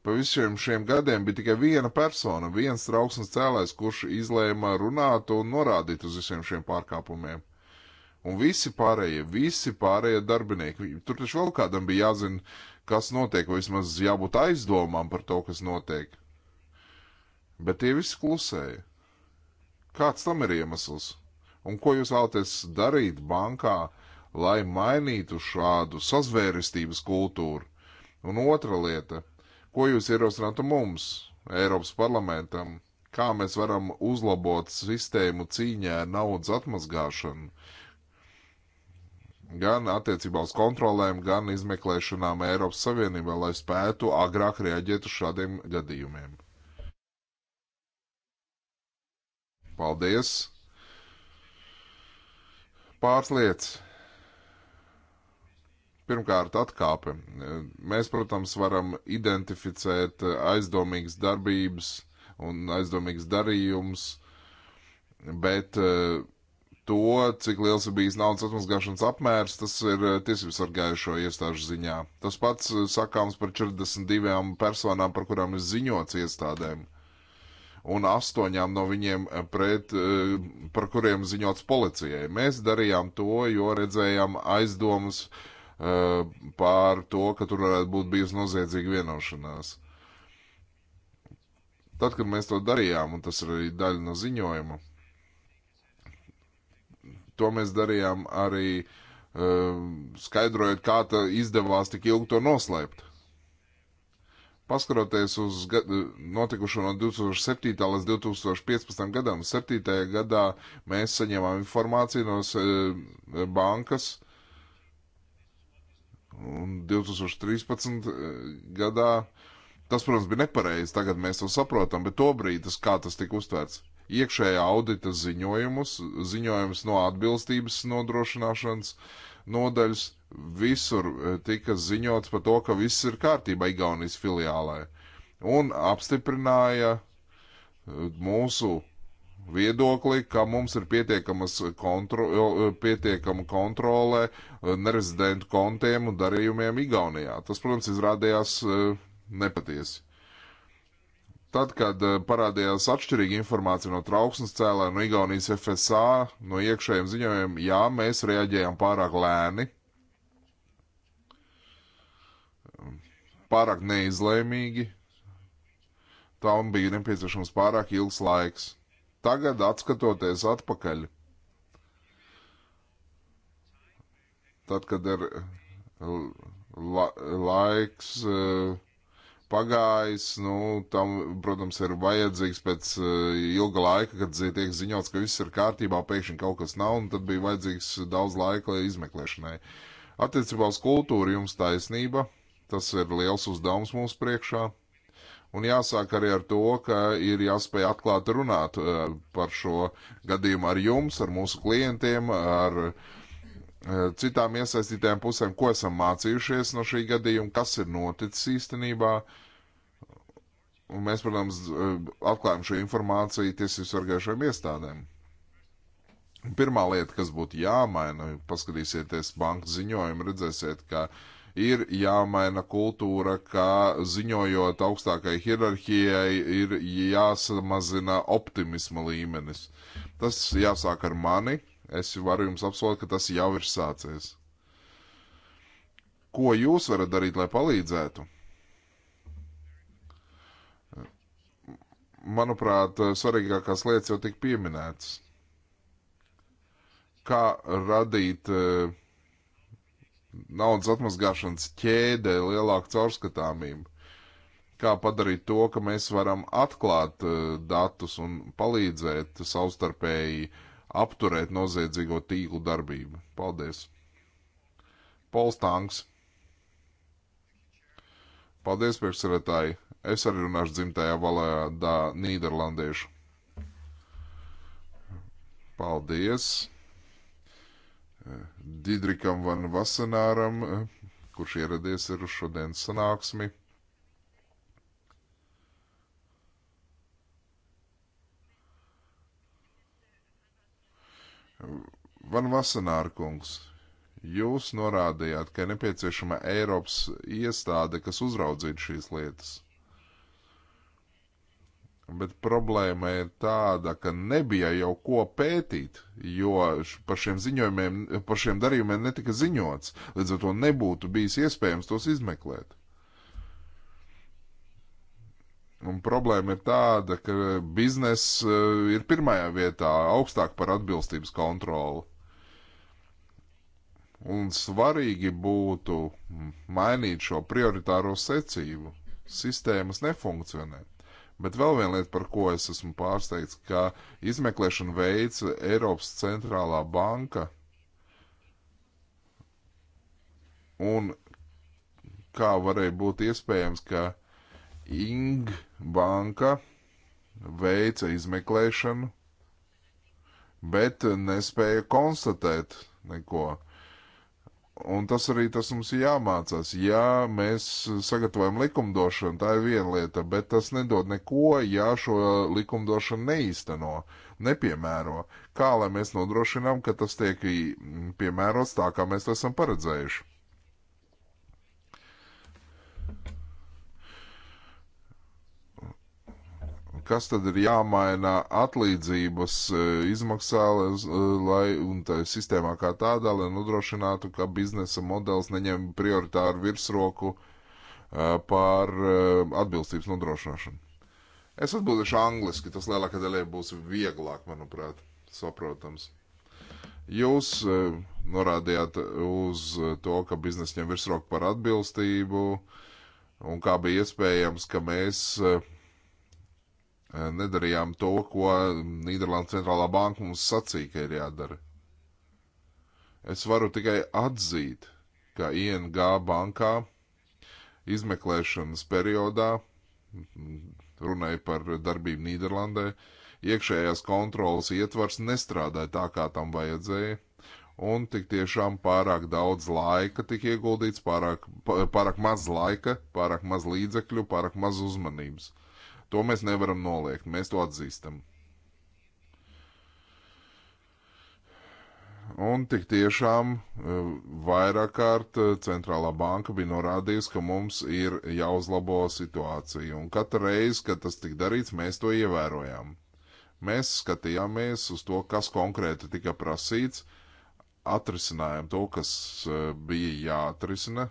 Pa visiem šiem gadiem bija tikai viena persona, viens trauksmes cēlājs, kurš izlēma runāt un norādīt uz visiem šiem pārkāpumiem. Un visi pārējie, visi pārējie darbinieki, tur taču vēl kādam bija jāzina, kas notiek, vai vismaz jābūt aizdomām par to, kas notiek. Bet tie visi klusēja. Kāds tam ir iemesls? Un ko jūs vēlaties darīt bankā, lai mainītu šādu sazvērestības kultūru? Un otra lieta, ko jūs ierosinātu mums, Eiropas parlamentam, kā mēs varam uzlabot sistēmu cīņā ar naudas atmazgāšanu, gan attiecībā uz kontrolēm, gan izmeklēšanām Eiropas Savienībā, lai spētu agrāk reaģēt uz šādiem gadījumiem. Paldies! Pāris lietas. Pirmkārt, atkāpe. Mēs, protams, varam identificēt aizdomīgas darbības un aizdomīgas darījumus, bet uh, to, cik liels ir bijis naudas atmazgāšanas apmērs, tas ir eh, tiesību sargājušo iestāžu ziņā. Tas pats eh, sakāms par 42 personām, par kurām ir ziņots iestādēm, un astoņām no viņiem, eh, pret, par kuriem ziņots policijai. Mēs darījām to, jo redzējām aizdomas pār to, ka tur varētu būt bijusi noziedzīga vienošanās. Tad, kad mēs to darījām, un tas ir arī daļa no ziņojuma, To mēs darījām arī um, skaidrojot, kā tā izdevās tik ilgi to noslēpt. Paskaroties uz notikušo no 2007. līdz 2015. gadam, 7. gadā mēs saņēmām informāciju no uh, bankas, un 2013. Eh, gadā Tas, protams, bija nepareizi, tagad mēs to saprotam, bet tobrīd tas kā tas tika uztvērts iekšējā audita ziņojumus, ziņojumus no atbilstības nodrošināšanas nodaļas. Visur e, tika ziņots par to, ka viss ir kārtībā Igaunijas filiālē. Un apstiprināja e, mūsu viedokli, ka mums ir kontro, e, pietiekama kontrole nerezidentu kontiem un darījumiem Igaunijā. Tas, protams, izrādījās nepatiesi. Tad, kad eh, parādījās atšķirīga informācija no trauksmes cēlā, no Igaunijas FSA, no iekšējiem ziņojumiem, jā, mēs reaģējām pārāk lēni, pārāk neizlēmīgi, tam bija nepieciešams pārāk ilgs laiks. Tagad, skatoties atpakaļ, tad, kad ir la laiks, uh, pagājis. Nu, tam, protams, ir vajadzīgs pēc eh, ilga laika, kad tiek ziņots, ka viss ir kārtībā, pēkšņi kaut kas nav, un tad bija vajadzīgs daudz laika izmeklēšanai. Attiecībā uz kultūru jums taisnība. Tas ir liels uzdevums mums priekšā. Un jāsāk arī ar to, ka ir jāspēj atklāt runāt eh, par šo gadījumu ar jums, ar mūsu klientiem, ar uh, Eh, citām iesaistītajām pusēm, ko esam mācījušies no šī gadījuma, kas ir noticis īstenībā. Un mēs, protams, eh, atklājam šo informāciju tiesību sargājušajām iestādēm. Pirmā lieta, kas būtu jāmaina, paskatīsieties bankas ziņojumu, redzēsiet, ka ir jāmaina kultūra, ka ziņojot augstākai hierarhijai ir jāsamazina optimisma līmenis. Tas jāsāk ar mani, Es varu jums apsolīt, ka tas jau ir sācies. Ko jūs varat darīt, lai palīdzētu? Manuprāt, svarīgākās lietas jau tik pieminētas. Kā radīt uh, naudas atmazgāšanas ķēdē lielāku caurskatāmību. Kā padarīt to, ka mēs varam atklāt uh, datus un palīdzēt savstarpēji uh, apturēt noziedzīgo tīklu darbību. Paldies! Polstāngs! Paldies, priekšsarētāji! Es arī runāšu dzimtajā valodā nīderlandiešu. Paldies! Didrikam Van Vasenāram, kurš ieradies ir uz šodienas sanāksmi. Van Vasanārkungs, jūs norādījāt, ka ir nepieciešama Eiropas iestāde, kas uzraudzītu šīs lietas. Bet problēma ir tāda, ka nebija jau ko pētīt, jo par šiem ziņojumiem, par šiem darījumiem netika ziņots, līdz ar to nebūtu bijis iespējams tos izmeklēt. Un problēma ir tāda, ka bizness eh, ir pirmajā vietā, augstāk par atbilstības kontroli. Un svarīgi būtu mainīt šo prioritāro secību. Sistēmas nefunkcionē. Bet vēl viena lieta, par ko es esmu pārsteigts, ka izmeklēšanu veids Eiropas centrālā banka un kā varēja būt iespējams, ka Ing banka veica izmeklēšanu, bet nespēja konstatēt neko. Un tas arī tas mums jāmācās. Ja mēs sagatavojam likumdošanu, tā ir viena lieta, bet tas nedod neko, ja šo likumdošanu neīsteno, nepiemēro. Kā lai mēs nodrošinām, ka tas tiek piemērots tā, kā mēs to esam paredzējuši? kas tad ir jāmaina atlīdzības e, izmaksā, e, lai un tā sistēmā kā tādā, lai nodrošinātu, ka biznesa modelis neņem prioritāru virsroku e, pār atbilstības nodrošināšanu. Es atbildēšu angliski, tas lielākā daļai būs vieglāk, manuprāt, saprotams. Jūs norādījāt uz to, ka biznesa ņem virsroku par atbilstību, un kā bija iespējams, ka mēs Eh, nedarījām to, ko Nīderlandes centrālā banka mums sacīja, ka ir jādara. Es varu tikai atzīt, ka ING bankā izmeklēšanas periodā, runāja par darbību Nīderlandē, iekšējās kontrolas ietvars nestrādāja tā, kā tam vajadzēja, un tik tiešām pārāk daudz laika tika ieguldīts, pārāk, pārāk maz laika, pārāk maz līdzekļu, pārāk maz uzmanības. Uh, To mēs nevaram noliegt, mēs to atzīstam. Un tik tiešām e, vairāk kārt e, centrālā banka bija norādījusi, ka mums ir jāuzlabo situācija. Un katru reizi, kad tas tika darīts, mēs to ievērojām. Mēs skatījāmies uz to, kas konkrēti tika prasīts, atrisinājām to, kas e, bija jāatrisina,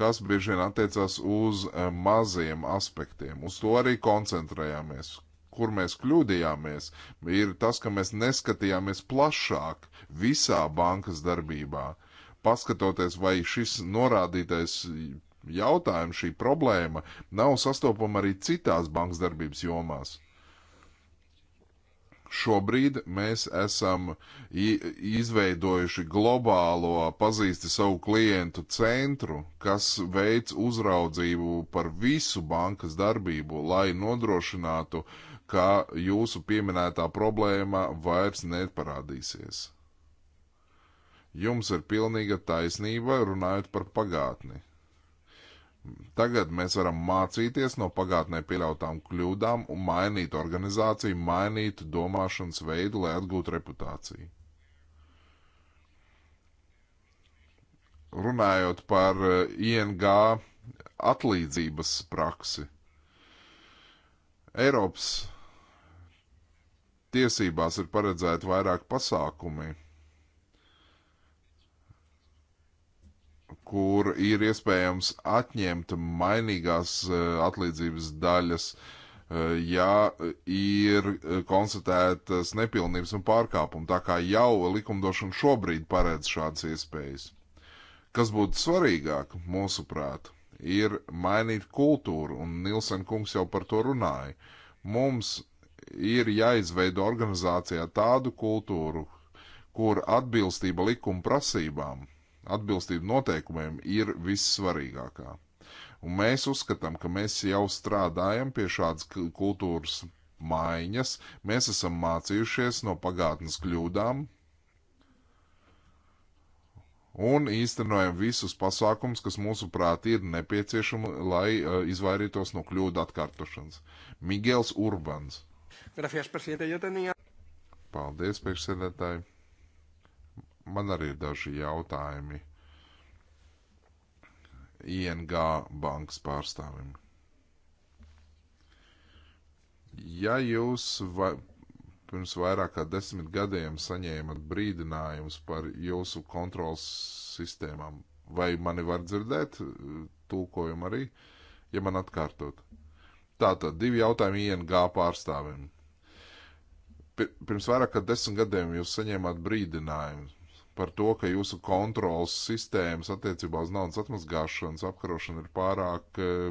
kas bieži vien attiecās uz eh, maziem aspektiem. Uz to arī koncentrējāmies. Kur mēs kļūdījāmies, ir tas, ka mēs neskatījāmies plašāk visā bankas darbībā. Paskatoties, vai šis norādītais jautājums, šī problēma nav sastopama arī citās bankas darbības jomās. Šobrīd mēs esam izveidojuši globālo pazīsti savu klientu centru, kas veic uzraudzību par visu bankas darbību, lai nodrošinātu, ka jūsu pieminētā problēma vairs neparādīsies. Jums ir pilnīga taisnība runājot par pagātni. Tagad mēs varam mācīties no pagātnē pieļautām kļūdām un mainīt organizāciju, mainīt domāšanas veidu, lai atgūtu reputāciju. Runājot par eh, ING atlīdzības praksi, Eiropas tiesībās ir paredzēti vairāk pasākumi kur ir iespējams atņemt mainīgās eh, atlīdzības daļas, eh, ja ir eh, konstatētas nepilnības un pārkāpumi. Tā kā jau likumdošana šobrīd paredz šādas iespējas. Kas būtu svarīgāk, mūsuprāt, ir mainīt kultūru, un Nilsen kungs jau par to runāja. Mums ir jāizveido organizācijā tādu kultūru, kur atbilstība likuma prasībām atbilstība noteikumiem ir vissvarīgākā. Un mēs uzskatām, ka mēs jau strādājam pie šādas kultūras maiņas, mēs esam mācījušies no pagātnes kļūdām un īstenojam visus pasākums, kas mūsuprāt ir nepieciešami, lai uh, izvairītos no kļūdu atkārtošanas. Migels Urbans. Gracias, Paldies, priekšsēdētāji! Man arī ir daži jautājumi ING bankas pārstāvim. Ja jūs va pirms vairāk kā desmit gadiem saņēmat brīdinājumus par jūsu kontrols sistēmām, vai mani var dzirdēt? Tūkojumu arī, ja man atkārtot. Tātad divi jautājumi ING pārstāvim pirms vairāk kā desmit gadiem jūs saņēmāt brīdinājumu par to, ka jūsu kontrols sistēmas attiecībā uz naudas atmazgāšanas apkarošanu ir pārāk eh,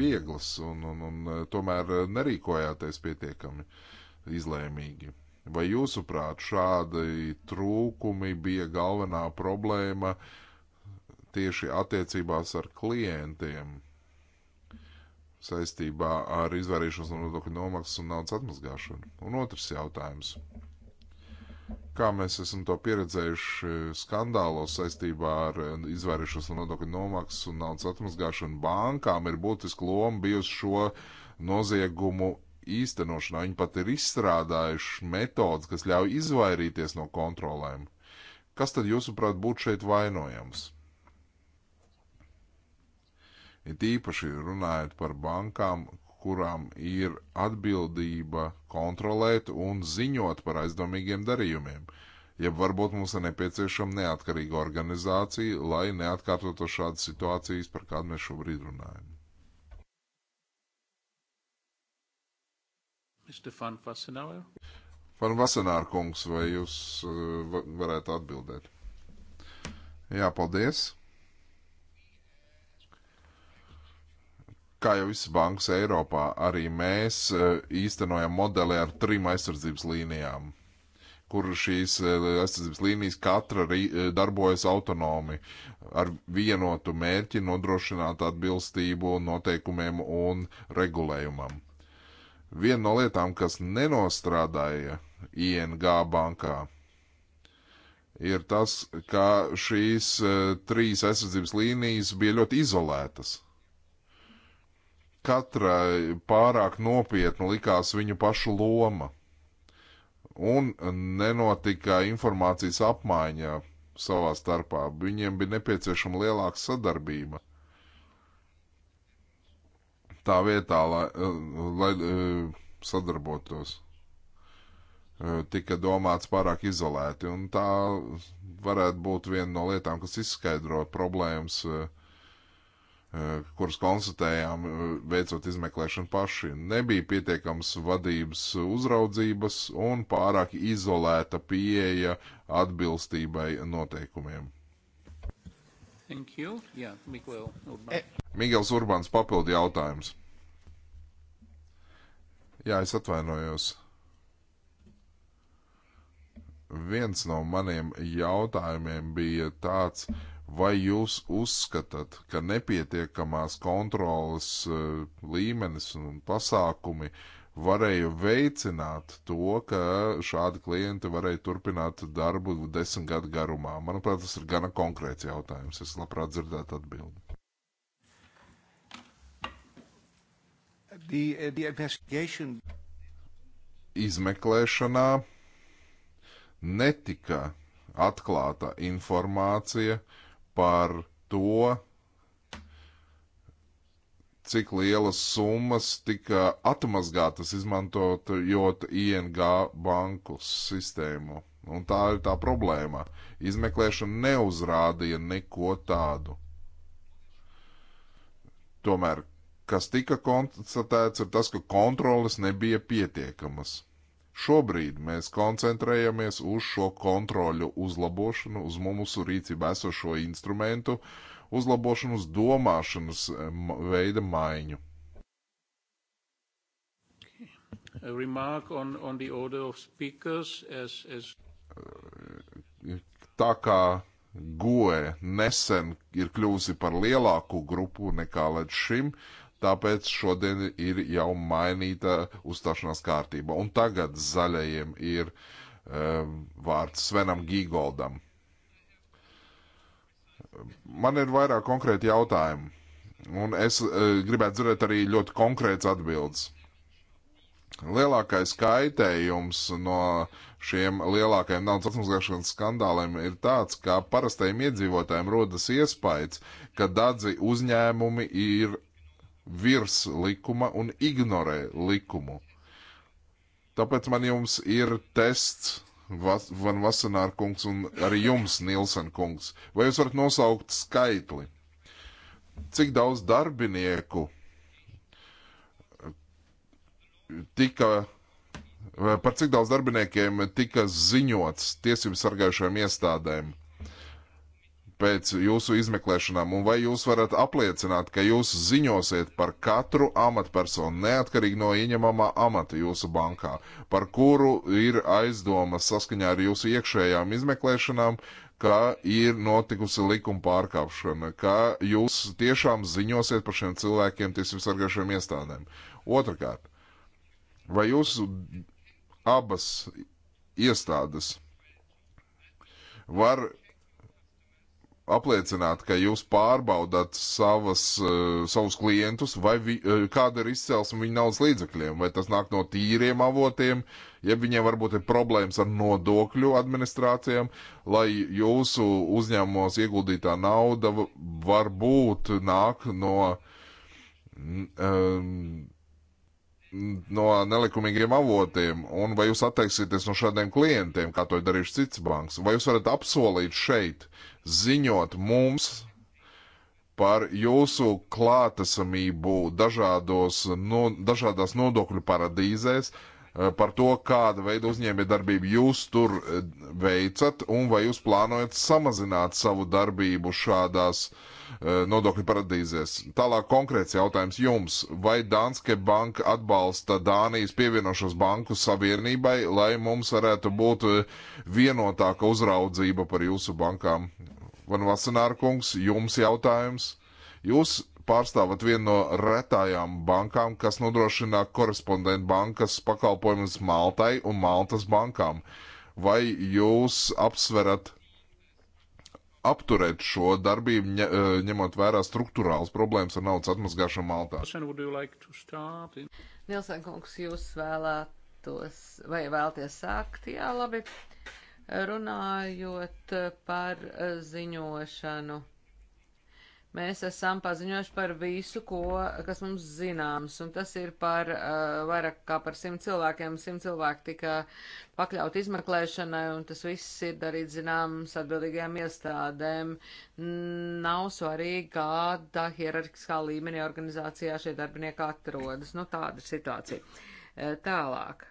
vieglas un, un, un eh, tomēr nerīkojāties pietiekami izlēmīgi. Vai jūsuprāt šādi trūkumi bija galvenā problēma tieši attiecībās ar klientiem saistībā ar izvairīšanos no nodokļu nomaksas un naudas atmazgāšanu? Un otrs jautājums kā mēs esam to pieredzējuši skandālos saistībā ar eh, izvairīšanos no nodokļu nomaksas un naudas atmazgāšanu, bankām ir būtiska loma bijusi šo noziegumu īstenošanā. Viņi pat ir izstrādājuši metodas, kas ļauj izvairīties no kontrolēm. Kas tad, jūsuprāt, būtu šeit vainojams? It īpaši runājot par bankām, kurām ir atbildība kontrolēt un ziņot par aizdomīgiem darījumiem. Ja varbūt mums ir nepieciešama neatkarīga organizācija, lai neatkārtotu šādas situācijas, par kādu mēs šobrīd runājam. Fan Vasenāra. Fan Vasenāra kungs, vai jūs eh, varētu atbildēt? Jā, paldies! kā jau visas bankas Eiropā, arī mēs eh, īstenojam modeli ar trim aizsardzības līnijām, kur šīs eh, aizsardzības līnijas katra eh, darbojas autonomi ar vienotu mērķi nodrošināt atbilstību noteikumiem un regulējumam. Viena no lietām, kas nenostrādāja ING bankā, ir tas, ka šīs uh, trīs aizsardzības līnijas bija ļoti izolētas katrai pārāk nopietna likās viņu pašu loma. Un nenotika informācijas apmaiņā savā starpā. Viņiem bija nepieciešama lielāka sadarbība. Tā vietā, lai, lai sadarbotos, tika domāts pārāk izolēti. Un tā varētu būt viena no lietām, kas izskaidro problēmas uh, Eh, kuras konstatējām, eh, veicot izmeklēšanu paši. Nebija pietiekams vadības uzraudzības un pārāk izolēta pieeja atbilstībai noteikumiem. Yeah, eh. Miguels Urbāns papildi jautājums. Jā, es atvainojos. Viens no maniem jautājumiem bija tāds, uh, Vai jūs uzskatāt, ka nepietiekamās kontrolas eh, līmenis un pasākumi varēja veicināt to, ka šādi klienti varēja turpināt darbu desmit gadu garumā? Manuprāt, tas ir gana konkrēts jautājums. Es labprāt dzirdētu atbildi. The, uh, the investigation... Izmeklēšanā netika atklāta informācija uh, par to, cik lielas summas tika atmazgātas izmantot jot ING banku sistēmu. Un tā ir tā problēma. Izmeklēšana neuzrādīja neko tādu. Tomēr, kas tika konstatēts, ir tas, ka kontroles nebija pietiekamas. Šobrīd mēs koncentrējamies uz šo kontroļu uzlabošanu, uz mūsu rīcībā esošo instrumentu uzlabošanu, uz domāšanas veida maiņu. On, on speakers, as, as... Tā kā GOE nesen ir kļuvusi par lielāku grupu nekā līdz šim, Tāpēc šodien ir jau mainīta uzstāšanās kārtība. Un tagad zaļajiem ir um, vārds Svenam Gīgoldam. Man ir vairāk konkrēti jautājumi, un es uh, gribētu dzirdēt arī ļoti konkrēts atbildes. Lielākais kaitējums no šiem lielākajiem naudas atmazgāšanas skandāliem ir tāds, ka parastajiem iedzīvotājiem rodas iespējas, ka dadzi uzņēmumi ir virs likuma un ignorē likumu. Tāpēc man jums ir tests, Van Vasanāra kungs un arī jums, Nilsen kungs. Vai jūs varat nosaukt skaitli? Cik daudz darbinieku eh, tika, eh, par cik daudz darbiniekiem tika ziņots tiesību sargājušajām iestādēm? pēc jūsu izmeklēšanām, un vai jūs varat apliecināt, ka jūs ziņosiet par katru amatpersonu, neatkarīgi no ieņemamā amata jūsu bankā, par kuru ir aizdomas saskaņā ar jūsu iekšējām izmeklēšanām, ka ir notikusi likuma pārkāpšana, ka jūs tiešām ziņosiet par šiem cilvēkiem tiesību sargājušiem iestādēm. Otrakārt, vai jūsu abas iestādes var apliecināt, ka jūs pārbaudat savas, eh, savus klientus, vai vi, eh, kāda ir izcelsme viņu naudas līdzekļiem, vai tas nāk no tīriem avotiem, ja viņiem varbūt ir problēmas ar nodokļu administrācijām, lai jūsu uzņēmumos ieguldītā nauda varbūt nāk no. Um, No nelikumīgiem avotiem, un vai jūs atteiksieties no šādiem klientiem, kā to ir darījuši cits banks, vai jūs varat apsolīt šeit, uh, ziņot mums par jūsu klātesamību dažādos, no, dažādās nodokļu paradīzēs, eh, par to, kāda veida uzņēmējdarbību jūs tur eh, veicat un vai jūs plānojat samazināt savu darbību šādās uh, Eh, nodokļu paradīzēs. Tālāk konkrēts jautājums jums. Vai Danske Bank atbalsta Dānijas pievienošos banku savienībai, lai mums varētu būt eh, vienotāka uzraudzība par jūsu bankām? Van Vasenārkungs, jums jautājums. Jūs pārstāvat vienu no retajām bankām, kas nodrošina korespondentu bankas pakalpojumus Maltai un Maltas bankām. Vai jūs apsverat apturēt šo darbību, e, ņemot vērā struktūrāls problēmas ar naudas atmazgāšanu Maltā. Nilsen kungs, jūs vēlētos vai vēlties sākt? Jā, labi. Runājot par ziņošanu Mēs esam paziņojuši par visu, ko, kas mums zināms, un tas ir par uh, vairāk kā par simt cilvēkiem. Simt cilvēki tika pakļaut izmeklēšanai, un tas viss ir darīts zināms atbildīgajām iestādēm. Nav svarīgi, kāda hierarkiskā līmenī organizācijā šie darbinieki atrodas. Nu, tāda ir situācija. Eh, tālāk.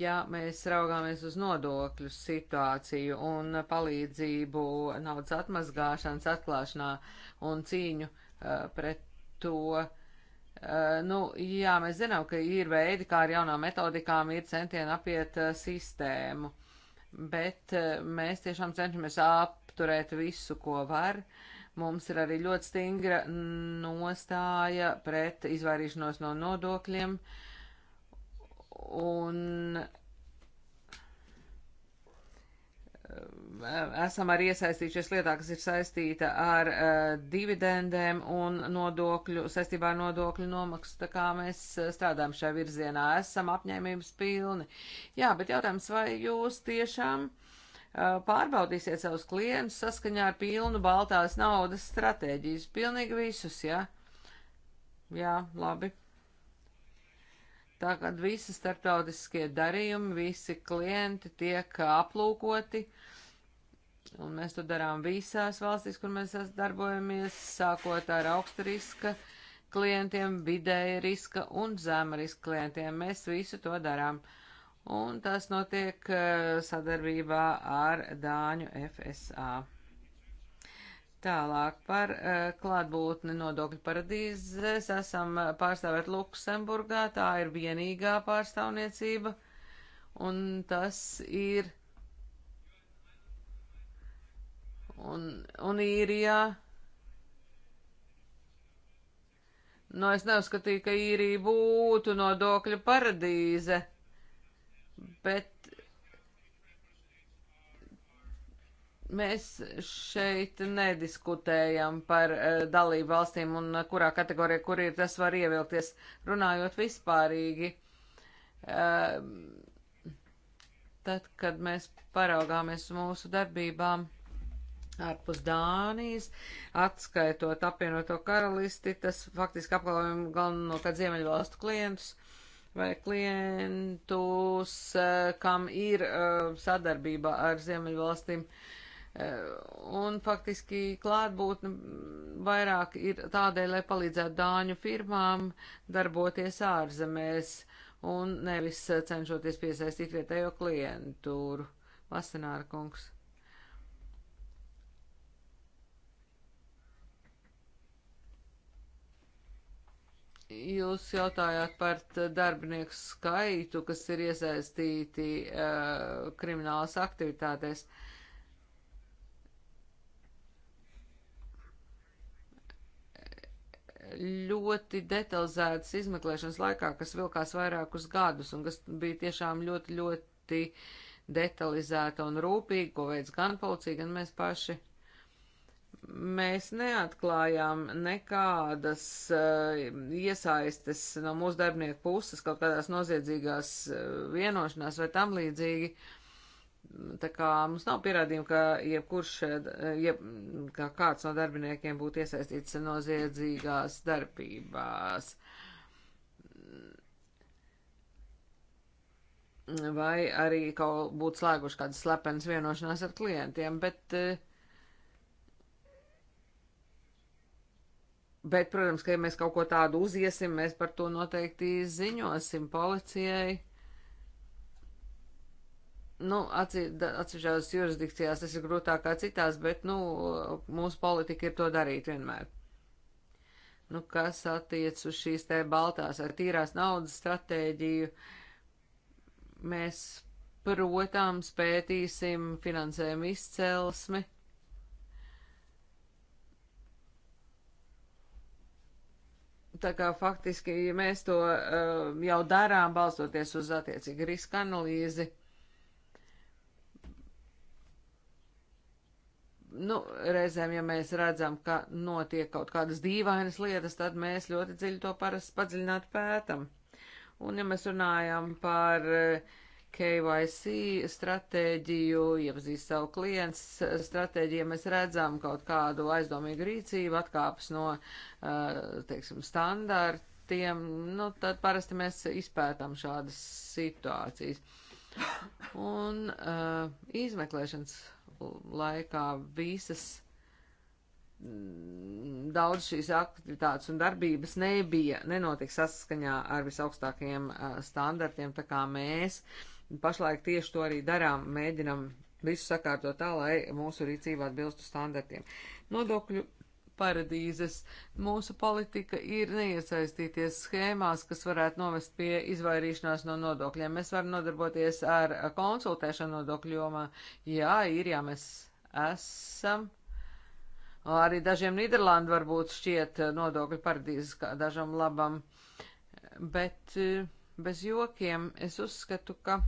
ja mēs raugāmies uz nodokļu situāciju un palīdzību naudas atmazgāšanas atklāšanā un cīņu uh, pret to, Uh, nu, jā, mēs zinām, ka ir veidi, kā ar jaunām metodikām ir centieni apiet uh, sistēmu, bet uh, mēs tiešām cenšamies apturēt visu, ko var. Mums ir arī ļoti stingra nostāja pret izvairīšanos no nodokļiem. Uh, un eh, esam arī iesaistījušies lietā, kas ir saistīta ar uh, dividendēm un nodokļu, saistībā ar nodokļu nomaksu, tā kā mēs eh, strādājam šajā virzienā, esam apņēmības pilni. Jā, bet jautājums, vai jūs tiešām uh, pārbaudīsiet savus klientus saskaņā ar pilnu baltās naudas stratēģijas? Pilnīgi visus, jā? Jā, labi. Tagad visi starptautiskie darījumi, visi klienti tiek aplūkoti, un mēs to darām visās valstīs, kur mēs darbojamies, sākot ar augsta riska klientiem, vidēja riska un zema riska klientiem. Mēs visu to darām, un tas notiek eh, sadarbībā ar Dāņu FSA. Tālāk par uh, klātbūtni nodokļu paradīzēs esam pārstāvēt Luksemburgā, tā ir vienīgā pārstāvniecība, un tas ir. Un, un īrijā. Nu, es neuzskatīju, ka īrija būtu nodokļu paradīze, bet Mēs šeit nediskutējam par uh, dalību valstīm un uh, kurā kategorijā, kur ir tas var ievilkties, runājot vispārīgi. Uh, tad, kad mēs paraugāmies mūsu darbībām ārpus Dānijas, atskaitot apvienoto karalisti, tas faktiski apkalpojam galvenokārt Ziemeļvalstu klientus vai klientus, kam ir sadarbība ar Ziemeļvalstīm. Uh, Eh, un faktiski klātbūtne vairāk ir tādēļ, lai palīdzētu dāņu firmām darboties ārzemēs un nevis eh, cenšoties piesaistīt vietējo klientūru. Vasenāra kungs. Jūs jautājāt par darbinieku skaitu, kas ir iesaistīti uh, kriminālas aktivitātēs. Uh, ļoti detalizētas izmeklēšanas laikā, kas vilkās vairākus gadus un kas bija tiešām ļoti, ļoti detalizēta un rūpīga, ko veids gan policija, gan mēs paši. Mēs neatklājām nekādas uh, iesaistes no mūsu darbinieku puses kaut kādās noziedzīgās uh, vienošanās vai tam līdzīgi. Uh, Tā kā mums nav pierādījumu, ka jebkurš, jeb, ka kāds no darbiniekiem būtu iesaistīts noziedzīgās darbībās. Vai arī kaut būtu slēguši kādas slepenas vienošanās ar klientiem, bet, bet, protams, ka ja mēs kaut ko tādu uziesim, mēs par to noteikti ziņosim policijai nu, atsevišķās jurisdikcijās tas ir grūtāk kā citās, bet, nu, mūsu politika ir to darīt vienmēr. Nu, kas attiec uz šīs te baltās ar tīrās naudas stratēģiju, mēs, protams, pētīsim finansējumu izcelsmi. Tā kā faktiski ja mēs to uh, jau darām, balstoties uz attiecīgi riska analīzi nu, reizēm, ja mēs redzam, ka notiek kaut kādas dīvainas lietas, tad mēs ļoti dziļi to parasti padziļināt pētam. Un, ja mēs runājam par eh, KYC stratēģiju, iepazīst savu klients eh, stratēģiju, ja mēs redzam kaut kādu aizdomīgu rīcību, atkāpes no, eh, teiksim, standartiem, nu, tad parasti mēs izpētam šādas situācijas. Un uh, izmeklēšanas laikā visas mm, daudz šīs aktivitātes un darbības nebija, nenotika saskaņā ar visaugstākajiem standartiem, tā kā mēs pašlaik tieši to arī darām, mēģinam visu sakārtot tā, lai mūsu rīcība atbilstu standartiem. Nodokļu paradīzes. Mūsu politika ir neiesaistīties schēmās, kas varētu novest pie izvairīšanās no nodokļiem. Mēs varam nodarboties ar konsultēšanu nodokļu jomā. Jā, ir, jā, mēs esam. Arī dažiem Nīderlandi varbūt šķiet nodokļu paradīzes kā dažam labam. Bet eh, bez jokiem es uzskatu, ka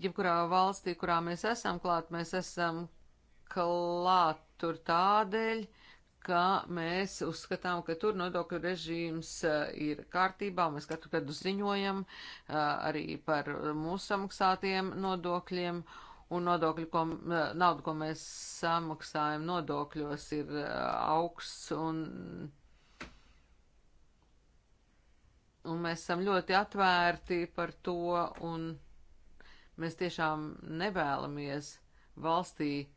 jebkurā valstī, kurā mēs esam klāt, mēs esam klāt tur tādēļ, ka mēs uzskatām, ka tur nodokļu režīms e, ir kārtībā. Mēs katru gadu ziņojam e, arī par mūsu samaksātiem nodokļiem. Un nodokļu, ko, e, naudu, ko mēs samaksājam nodokļos, ir augsts un, un mēs esam ļoti atvērti par to un mēs tiešām nevēlamies valstī uh,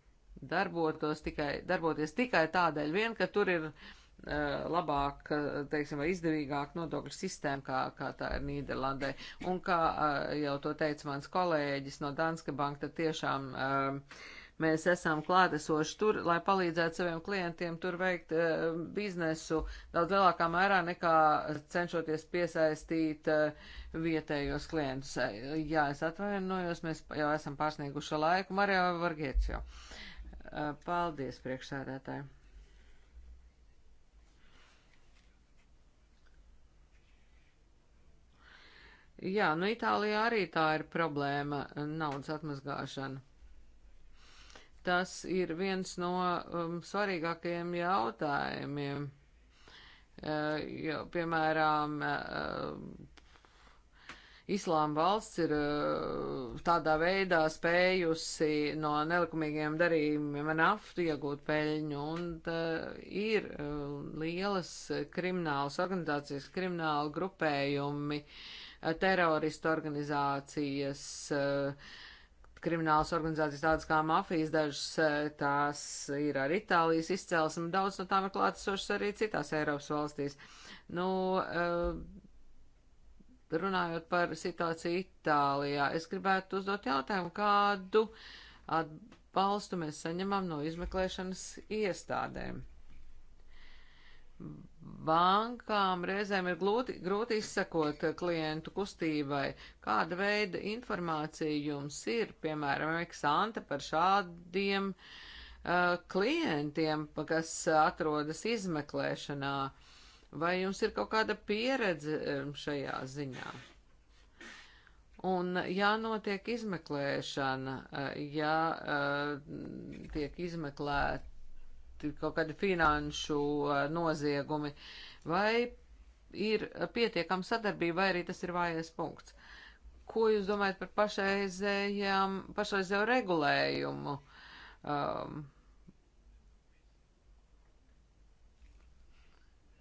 darbotos tikai, darboties tikai tādēļ vien, ka tur ir eh, labāk, eh, teiksim, vai izdevīgāk nodokļu sistēma, kā, kā tā ir Nīderlandē. Un kā eh, jau to teica mans kolēģis no Danske Banka, tad tiešām mēs esam klātesoši tur, lai palīdzētu saviem klientiem tur veikt biznesu daudz lielākā mērā nekā cenšoties piesaistīt vietējos klientus. Jā, es atvainojos, mēs jau esam pārsnieguši laiku. Marija Vargēts jau. Uh, Uh, paldies, priekšsēdētāji. Jā, nu Itālijā arī tā ir problēma - naudas atmazgāšana. Tas ir viens no um, svarīgākajiem jautājumiem. Uh, jo, piemēram, uh, Islāma valsts ir eh, tādā veidā spējusi no nelikumīgiem darījumiem naftu iegūt peļņu, un eh, ir eh, lielas kriminālas organizācijas, krimināla grupējumi, teroristu organizācijas, kriminālas organizācijas tādas kā mafijas, dažas tās ir ar Itālijas izcelsmi, daudz no tām ir klātesošas arī citās Eiropas valstīs. Nu, runājot par situāciju Itālijā, es gribētu uzdot jautājumu, kādu atbalstu mēs saņemam no izmeklēšanas iestādēm. Bankām reizēm ir glūti, grūti izsakot klientu kustībai, kāda veida informācija jums ir, piemēram, eksante par šādiem uh, klientiem, kas atrodas izmeklēšanā. Uh, Vai jums ir kaut kāda pieredze šajā ziņā? Un jānotiek izmeklēšana, eh, ja eh, tiek izmeklēti kaut kādi finanšu eh, noziegumi, vai ir pietiekama sadarbība, vai arī tas ir vājais punkts. Ko jūs domājat par pašreizējo regulējumu? Um,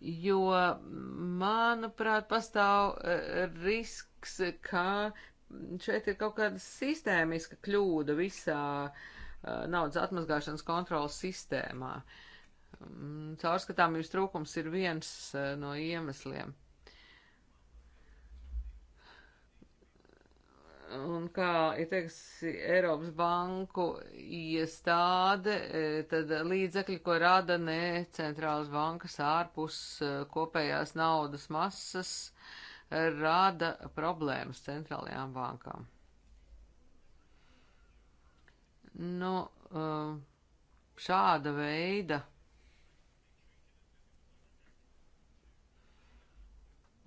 jo, manuprāt, pastāv eh, risks, ka šeit ir kaut kāda sistēmiska kļūda visā eh, naudas atmazgāšanas kontrolas sistēmā. Mm, caurskatāmības trūkums ir viens eh, no iemesliem. un kā ir teiks Eiropas banku iestāde, e, tad līdzekļi, ko rada ne centrālas bankas ārpus e, kopējās naudas masas, e, rada problēmas centrālajām bankām. Nu, šāda veida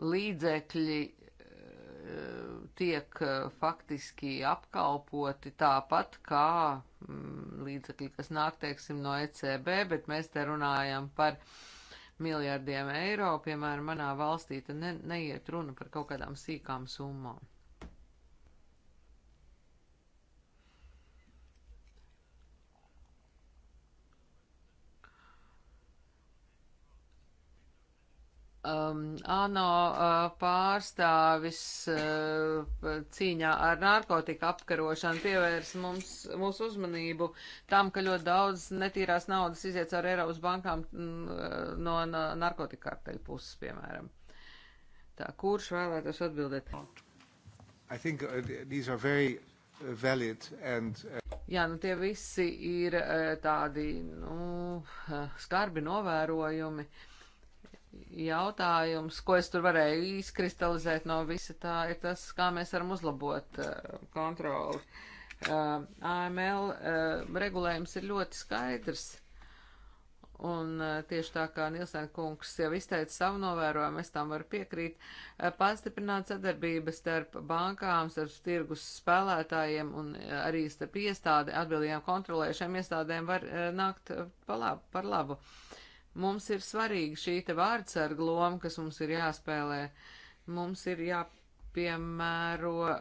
līdzekļi tiek eh, faktiski apkalpoti tāpat kā mm, līdzekļi, kas nāk, teiksim, no ECB, bet mēs te runājam par miljardiem eiro, piemēram, manā valstī, tad ne, neiet runa par kaut kādām sīkām summām. um, ANO uh, pārstāvis uh, cīņā ar narkotika apkarošanu pievērs mums, mūsu uzmanību tam, ka ļoti daudz netīrās naudas iziet caur Eiropas bankām mm, uh, no narkotika karteļu puses, piemēram. Tā, kurš vēlētos atbildēt? I think uh, these are very uh, valid and... Uh... Jā, nu tie visi ir uh, tādi, nu, uh, skarbi novērojumi. Uh, jautājums, ko es tur varēju izkristalizēt no visa tā, ir tas, kā mēs varam uzlabot uh, kontroli. Uh, eh, AML uh, eh, regulējums ir ļoti skaidrs. Un tieši tā kā Nilsēna kungs jau izteica savu novērojumu, es tam varu piekrīt, pastiprināt sadarbību starp bankām, starp tirgus spēlētājiem un arī starp iestādi atbildīgām kontrolējušiem iestādēm var nākt par labu. Par labu. Uh, Mums ir svarīga šī te vārdsarga loma, kas mums ir jāspēlē. Mums ir jāpiemēro uh,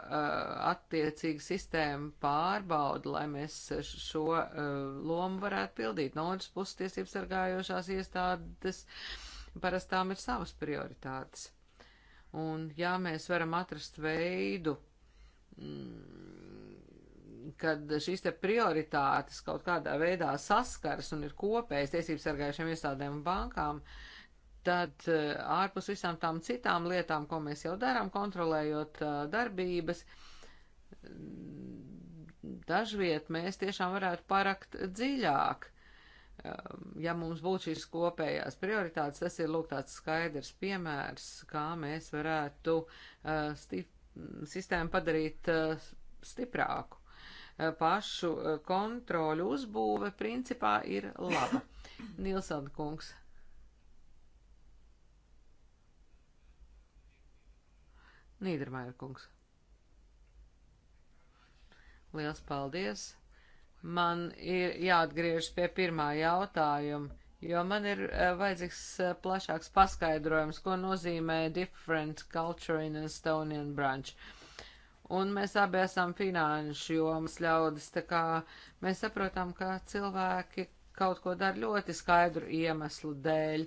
attiecīga sistēma pārbauda, lai mēs šo uh, lomu varētu pildīt. No otras puses, tiesības sargājošās iestādes parastām ir savas prioritātes. Un jā, mēs varam atrast veidu, mm, kad šīs te prioritātes kaut kādā veidā saskaras un ir kopējas tiesības sargājušiem iestādēm un bankām, tad eh, ārpus visām tām citām lietām, ko mēs jau darām, kontrolējot eh, darbības, dažviet mēs tiešām varētu parakt dziļāk. Eh, ja mums būtu šīs kopējās prioritātes, tas ir lūk tāds skaidrs piemērs, kā mēs varētu uh, stip, sistēmu padarīt uh, stiprāku. Eh, pašu eh, kontroļu uzbūve principā ir laba. Nilsona kungs. Nīdermaira kungs. Liels paldies! Man ir jāatgriežas pie pirmā jautājuma, jo man ir eh, vajadzīgs plašāks paskaidrojums, ko nozīmē different culture in Estonian branch. Uh, un mēs abi esam finanšu jomas ļaudis, tā kā mēs saprotam, ka cilvēki kaut ko dara ļoti skaidru iemeslu dēļ.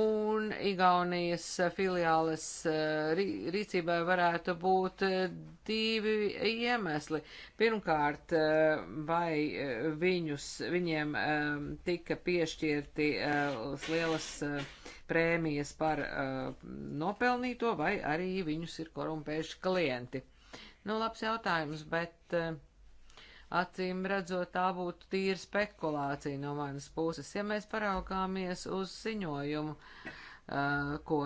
Un Igaunijas filiāles eh, rīcībai varētu būt eh, divi iemesli. Pirmkārt, eh, vai viņus, viņiem tika piešķirti lielas prēmijas par nopelnīto, vai arī viņus ir korumpējuši klienti. Nu, labs jautājums, bet eh, acīm redzot, tā būtu tīra spekulācija no manas puses. Ja mēs paraugāmies uz ziņojumu, eh, ko,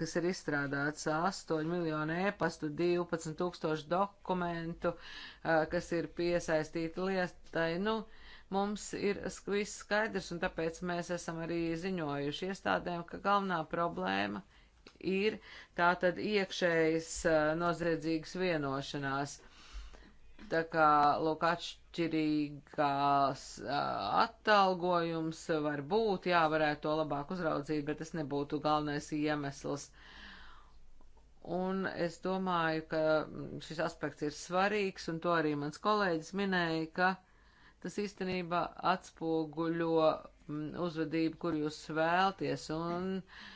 kas ir izstrādāts 8 miljonu ēpastu, 12 tūkstošu dokumentu, eh, kas ir piesaistīti lietai, nu, mums ir viss skaidrs, un tāpēc mēs esam arī ziņojuši iestādēm, ka galvenā problēma ir ir tātad iekšējas noziedzīgas vienošanās. Tā kā, lūk, atšķirīgās atalgojums var būt, jā, varētu to labāk uzraudzīt, bet tas nebūtu galvenais iemesls. Un es domāju, ka šis aspekts ir svarīgs, un to arī mans kolēģis minēja, ka tas īstenībā atspoguļo uzvedību, kur jūs vēlties, un uh,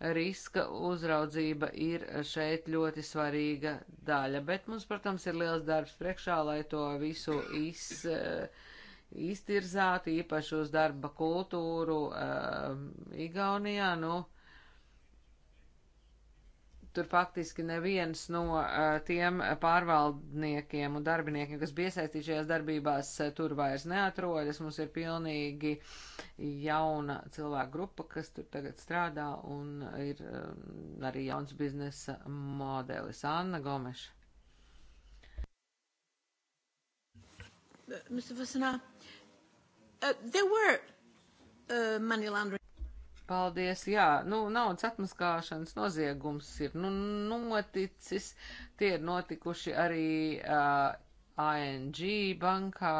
riska uzraudzība ir šeit ļoti svarīga daļa, bet mums, protams, ir liels darbs priekšā, lai to visu iz, eh, iztirzātu, īpaši uz darba kultūru eh, Igaunijā. Nu, tur faktiski neviens no uh, tiem pārvaldniekiem un darbiniekiem, kas bija iesaistīti šajās darbībās, uh, tur vairs neatrodas. Mums ir pilnīgi jauna cilvēku grupa, kas tur tagad strādā un ir uh, arī jauns biznesa modelis. Anna Gomeša. Mr. Vasana, uh, there were uh, money laundering. Paldies, jā, nu, naudas atmaskāšanas noziegums ir nu, noticis, tie ir notikuši arī uh, ANG bankā.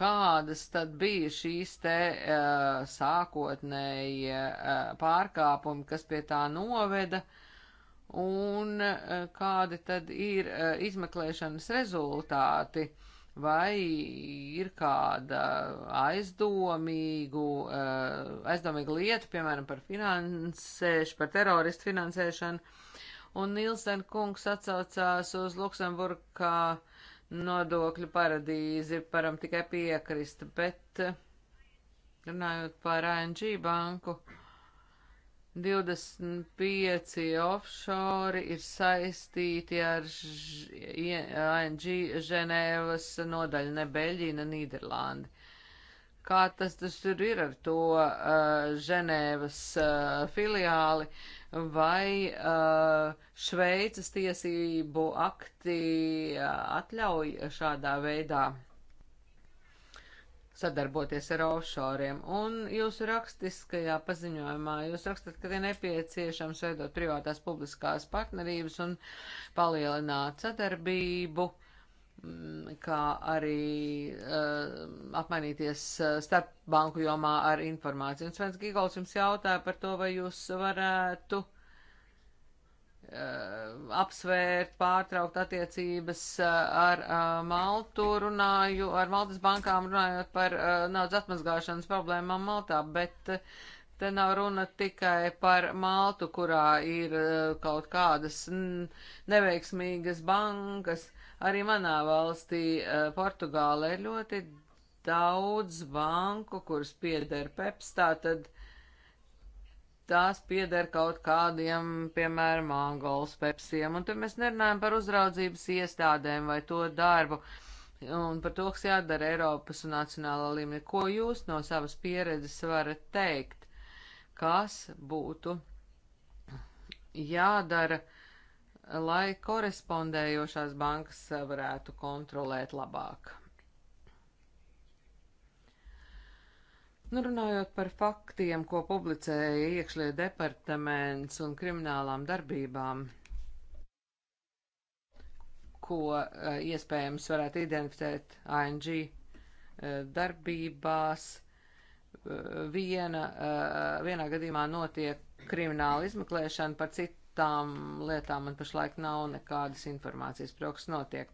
Kādas tad bija šīs te uh, sākotnēji uh, pārkāpumi, kas pie tā noveda, un uh, kādi tad ir uh, izmeklēšanas rezultāti? Uh, vai ir kāda aizdomīgu, eh, aizdomīga lieta, piemēram, par finansēšanu, par teroristu finansēšanu. Un Nilsen kungs atsaucās uz Luksemburgu kā nodokļu paradīzi, param tikai piekrist, bet eh, runājot par ANG banku. Uh, 25 offshore ir saistīti ar ANG Ženēvas nodaļu, ne Beļģija, ne Nīderlandi. Kā tas, tas tur ir ar to uh, Ženēvas uh, filiāli vai uh, Šveicas tiesību akti uh, atļauj šādā veidā sadarboties ar offshoriem. Un jūsu rakstiskajā paziņojumā jūs rakstat, ka ir nepieciešams veidot privātās publiskās partnerības un palielināt sadarbību, mm, kā arī uh, apmainīties eh, starp banku jomā ar informāciju. Un Svens Gigols jums jautāja par to, vai jūs varētu uh, Uh, apsvērt, pārtraukt attiecības uh, ar uh, Maltu, runāju ar Maltas bankām, runājot par naudas atmazgāšanas problēmām Maltā, bet te nav runa tikai par Maltu, kurā ir kaut kādas neveiksmīgas bankas. Arī manā valstī, Portugālē, ļoti daudz banku, kuras pieder PEPS, tātad tās pieder kaut kādiem, piemēram, angolu spepsiem, un te mēs nerunājam par uzraudzības iestādēm vai to darbu un par to, kas jādara Eiropas un nacionālā līmenī. Ko jūs no savas pieredzes varat teikt? Kas būtu jādara, lai korespondējošās bankas varētu kontrolēt labāk? Nu, runājot par faktiem, ko publicēja iekšļie departaments un kriminālām darbībām, ko eh, iespējams varētu identificēt ANG eh, darbībās, eh, viena, vienā gadījumā notiek krimināla izmeklēšana par citām lietām, un pašlaik nav nekādas informācijas par to, kas notiek.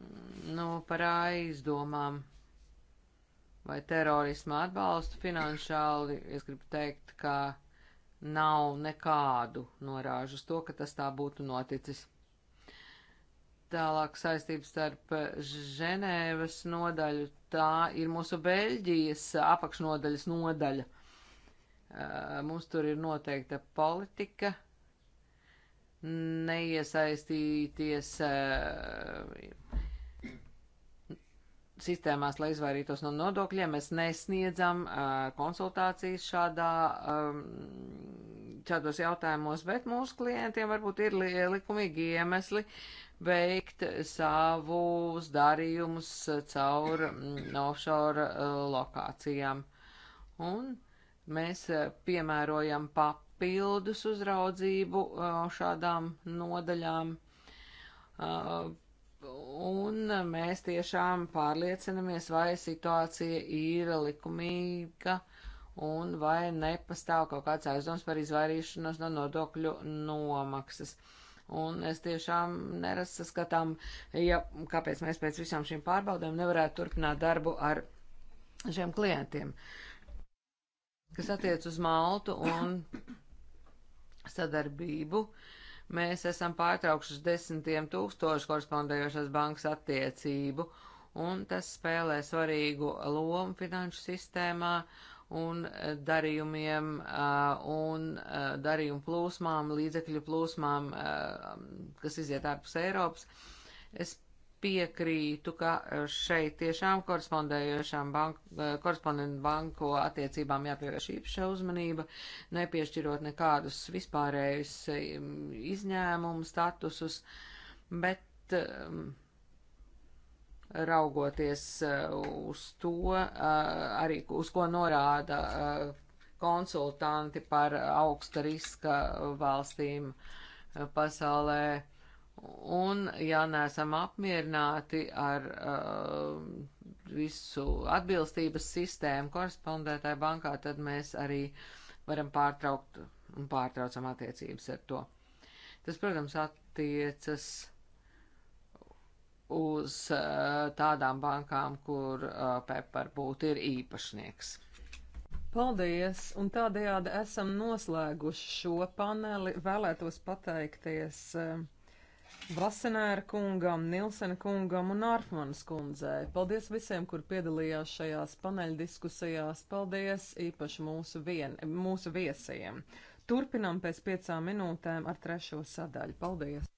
Mm, nu, par aizdomām vai terorisma atbalstu finanšāli, es gribu teikt, ka nav nekādu norāžu uz to, ka tas tā būtu noticis. Tālāk saistības starp Ženēvas nodaļu, tā ir mūsu Beļģijas apakšnodaļas nodaļa. Uh, mums tur ir noteikta politika, neiesaistīties uh, sistēmās, lai izvairītos no nodokļiem, mēs nesniedzam uh, konsultācijas šādā, um, šādos jautājumos, bet mūsu klientiem varbūt ir li likumīgi iemesli veikt savus darījumus caur mm, offshore uh, lokācijām. Un mēs uh, piemērojam papildus uzraudzību uh, šādām nodaļām. Uh, Un mēs tiešām pārliecinamies, vai situācija ir likumīga un vai nepastāv kaut kāds aizdoms par izvairīšanos no nodokļu nomaksas. Un es tiešām nerasti saskatām, ja, kāpēc mēs pēc visām šīm pārbaudēm nevarētu turpināt darbu ar šiem klientiem, kas attiec uz Maltu un sadarbību. Uh, Mēs esam pārtraukšus desmitiem tūkstošu korespondējošās bankas attiecību, un tas spēlē svarīgu lomu finanšu sistēmā un darījumiem un darījumu plūsmām, līdzekļu plūsmām, kas iziet ārpus Eiropas. Es piekrītu, ka eh, šeit tiešām korespondējošām banku, eh, korespondentu banku attiecībām jāpievērš īpaša uzmanība, nepiešķirot nekādus vispārējus izņēmumu statusus, bet raugoties eh, uz to, arī uz ko norāda konsultanti par augsta riska valstīm pasaulē Un, ja neesam apmierināti ar uh, visu atbilstības sistēmu korespondētāju bankā, tad mēs arī varam pārtraukt un pārtraucam attiecības ar to. Tas, protams, attiecas uz uh, tādām bankām, kur uh, Pepper būtu ir īpašnieks. Paldies! Un tādējādi esam noslēguši šo paneli. Vēlētos pateikties. Uh, Vasenēra kungam, Nilsena kungam un Ārfmanas kundzei. Paldies visiem, kur piedalījās šajās paneļdiskusijās. Paldies īpaši mūsu, vien, mūsu viesiem. Turpinām pēc piecām minūtēm ar trešo sadaļu. Paldies!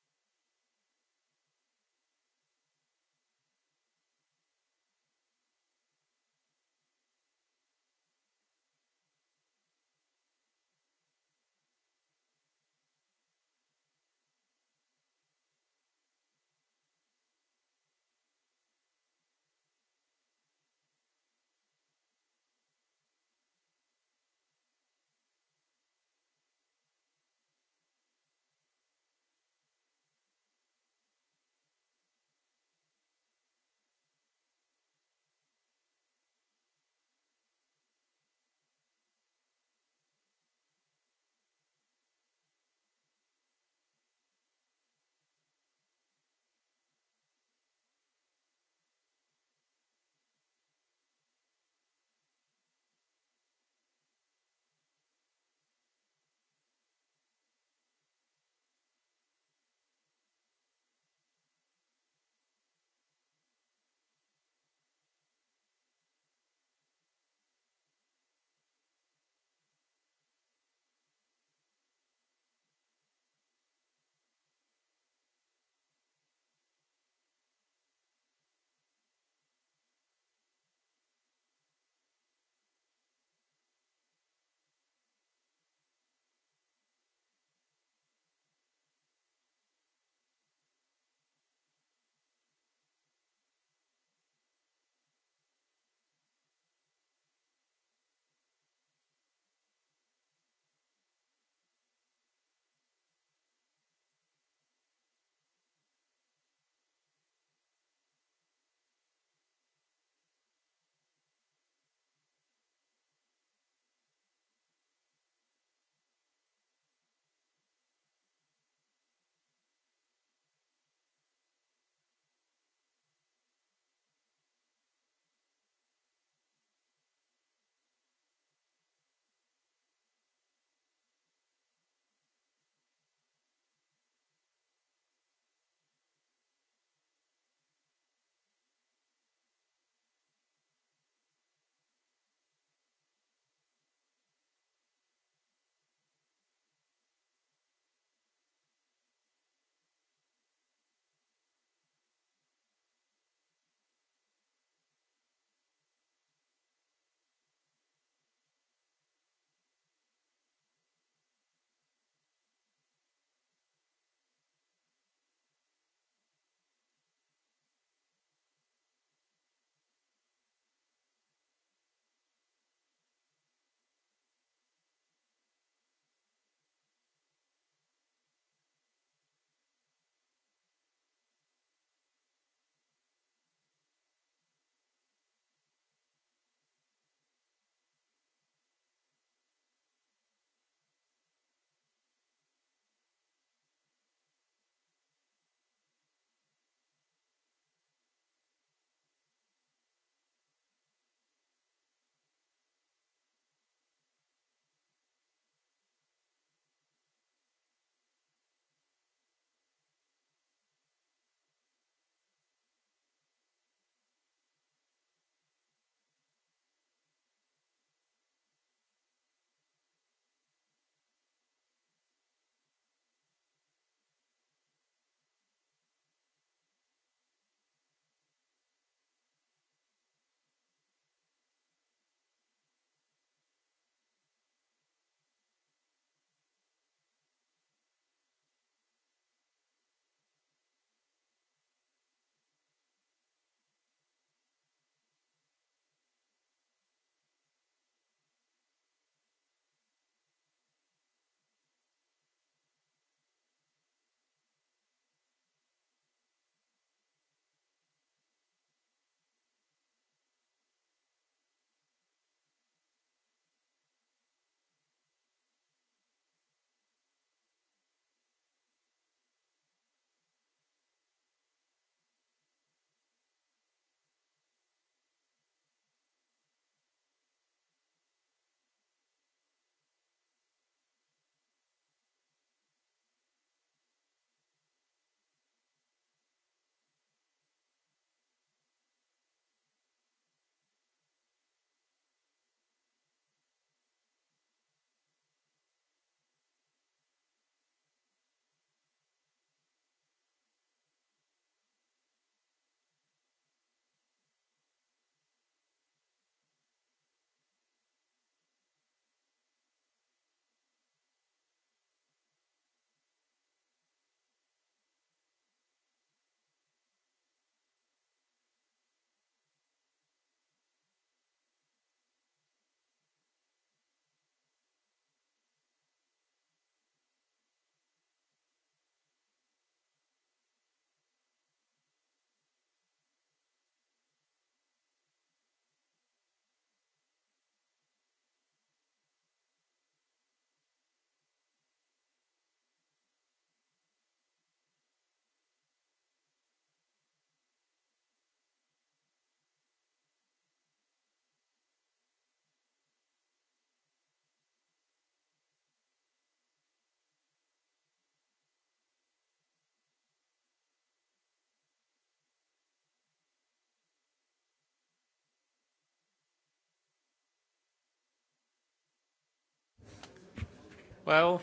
Well,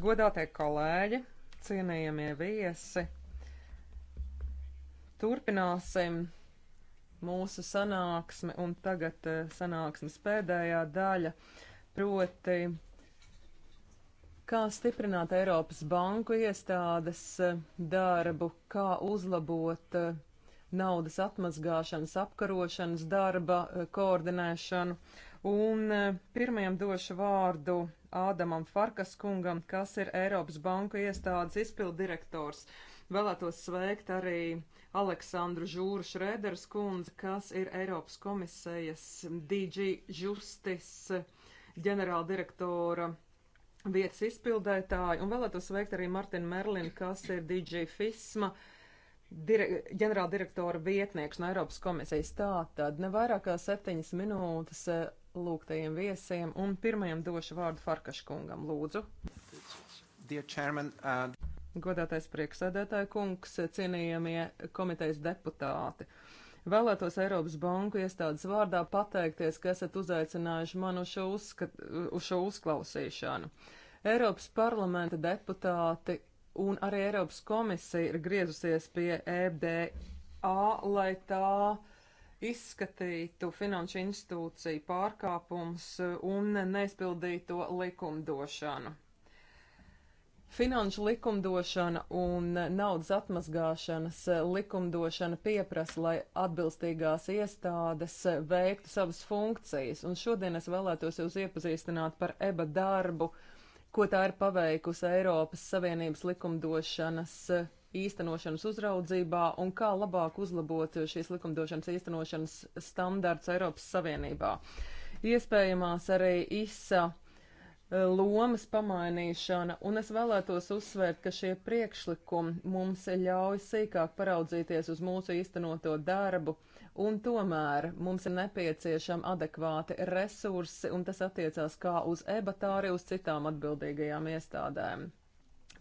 Godātie kolēģi, cienījamie viesi, turpināsim mūsu sanāksmi un tagad eh, sanāksmes pēdējā daļa, proti, kā stiprināt Eiropas banku iestādes eh, darbu, kā uzlabot eh, naudas atmazgāšanas, apkarošanas darba koordinēšanu. Un pirmajam došu vārdu Ādamam Farkaskungam, kas ir Eiropas Banku iestādes izpildirektors. Vēlētos sveikt arī Aleksandru Žūru Šrēderas kundzi, kas ir Eiropas komisijas DG Justice ģenerāldirektora vietas izpildētāji, un vēlētos sveikt arī Martinu Merlinu, kas ir DG Fisma direk ģenerāldirektora vietnieks no Eiropas komisijas. Tā tad nevairāk kā septiņas minūtes lūgtajiem viesiem, un pirmajam došu vārdu Farkaškungam, lūdzu. Chairman, uh... Godātais prieksēdētāja kungs, cienījamie komitejas deputāti. Vēlētos Eiropas Banku iestādes vārdā pateikties, ka esat uzaicinājuši manu šo uzskat, uz šo uzklausīšanu. Eiropas parlamenta deputāti un arī Eiropas komisija ir griezusies pie EBA, lai tā uh, izskatītu finanšu institūciju pārkāpums un neizpildīto likumdošanu. Finanšu likumdošana un naudas atmazgāšanas likumdošana pieprasa, lai atbilstīgās iestādes veiktu savas funkcijas, un šodien es vēlētos jūs iepazīstināt par EBA darbu, ko tā ir paveikusi Eiropas Savienības likumdošanas īstenošanas uzraudzībā un kā labāk uzlabot šīs likumdošanas īstenošanas standārts Eiropas Savienībā. Iespējamās arī ISA e, lomas pamainīšana, un es vēlētos uzsvērt, ka šie priekšlikumi mums ļauj sīkāk paraudzīties uz mūsu īstenoto darbu, un tomēr mums ir nepieciešami adekvāti resursi, un tas attiecās kā uz EBA, tā arī uz citām atbildīgajām iestādēm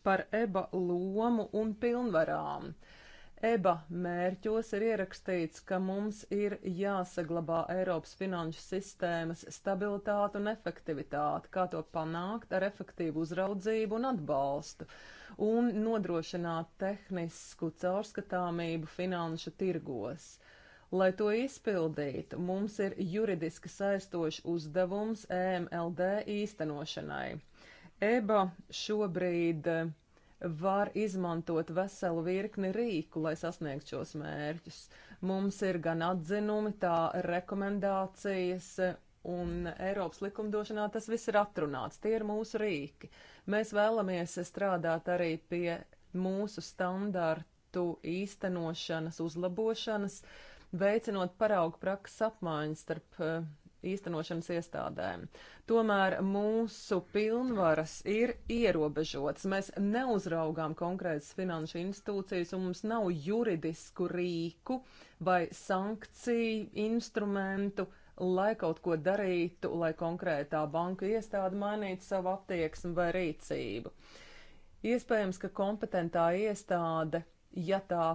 par EBA lomu un pilnvarām. EBA mērķos ir ierakstīts, ka mums ir jāsaglabā Eiropas finanšu sistēmas stabilitāte un efektivitāte, kā to panākt ar efektīvu uzraudzību un atbalstu, un nodrošināt tehnisku caurskatāmību finanšu tirgos. Lai to izpildītu, mums ir juridiski saistošs uzdevums EMLD īstenošanai. EBA šobrīd eh, var izmantot veselu virkni rīku, lai sasniegtu šos mērķus. Mums ir gan atzinumi, tā rekomendācijas, un Eiropas likumdošanā tas viss ir atrunāts. Tie ir mūsu rīki. Mēs vēlamies strādāt arī pie mūsu standartu īstenošanas, uzlabošanas, veicinot paraugu prakses apmaiņas starp uh, īstenošanas iestādēm. Tomēr mūsu pilnvaras ir ierobežotas. Mēs neuzraugām konkrētas finanšu institūcijas un mums nav juridisku rīku vai sankciju instrumentu, lai kaut ko darītu, lai konkrētā banka iestāde mainītu savu attieksmi vai rīcību. Iespējams, ka kompetentā iestāde, ja tā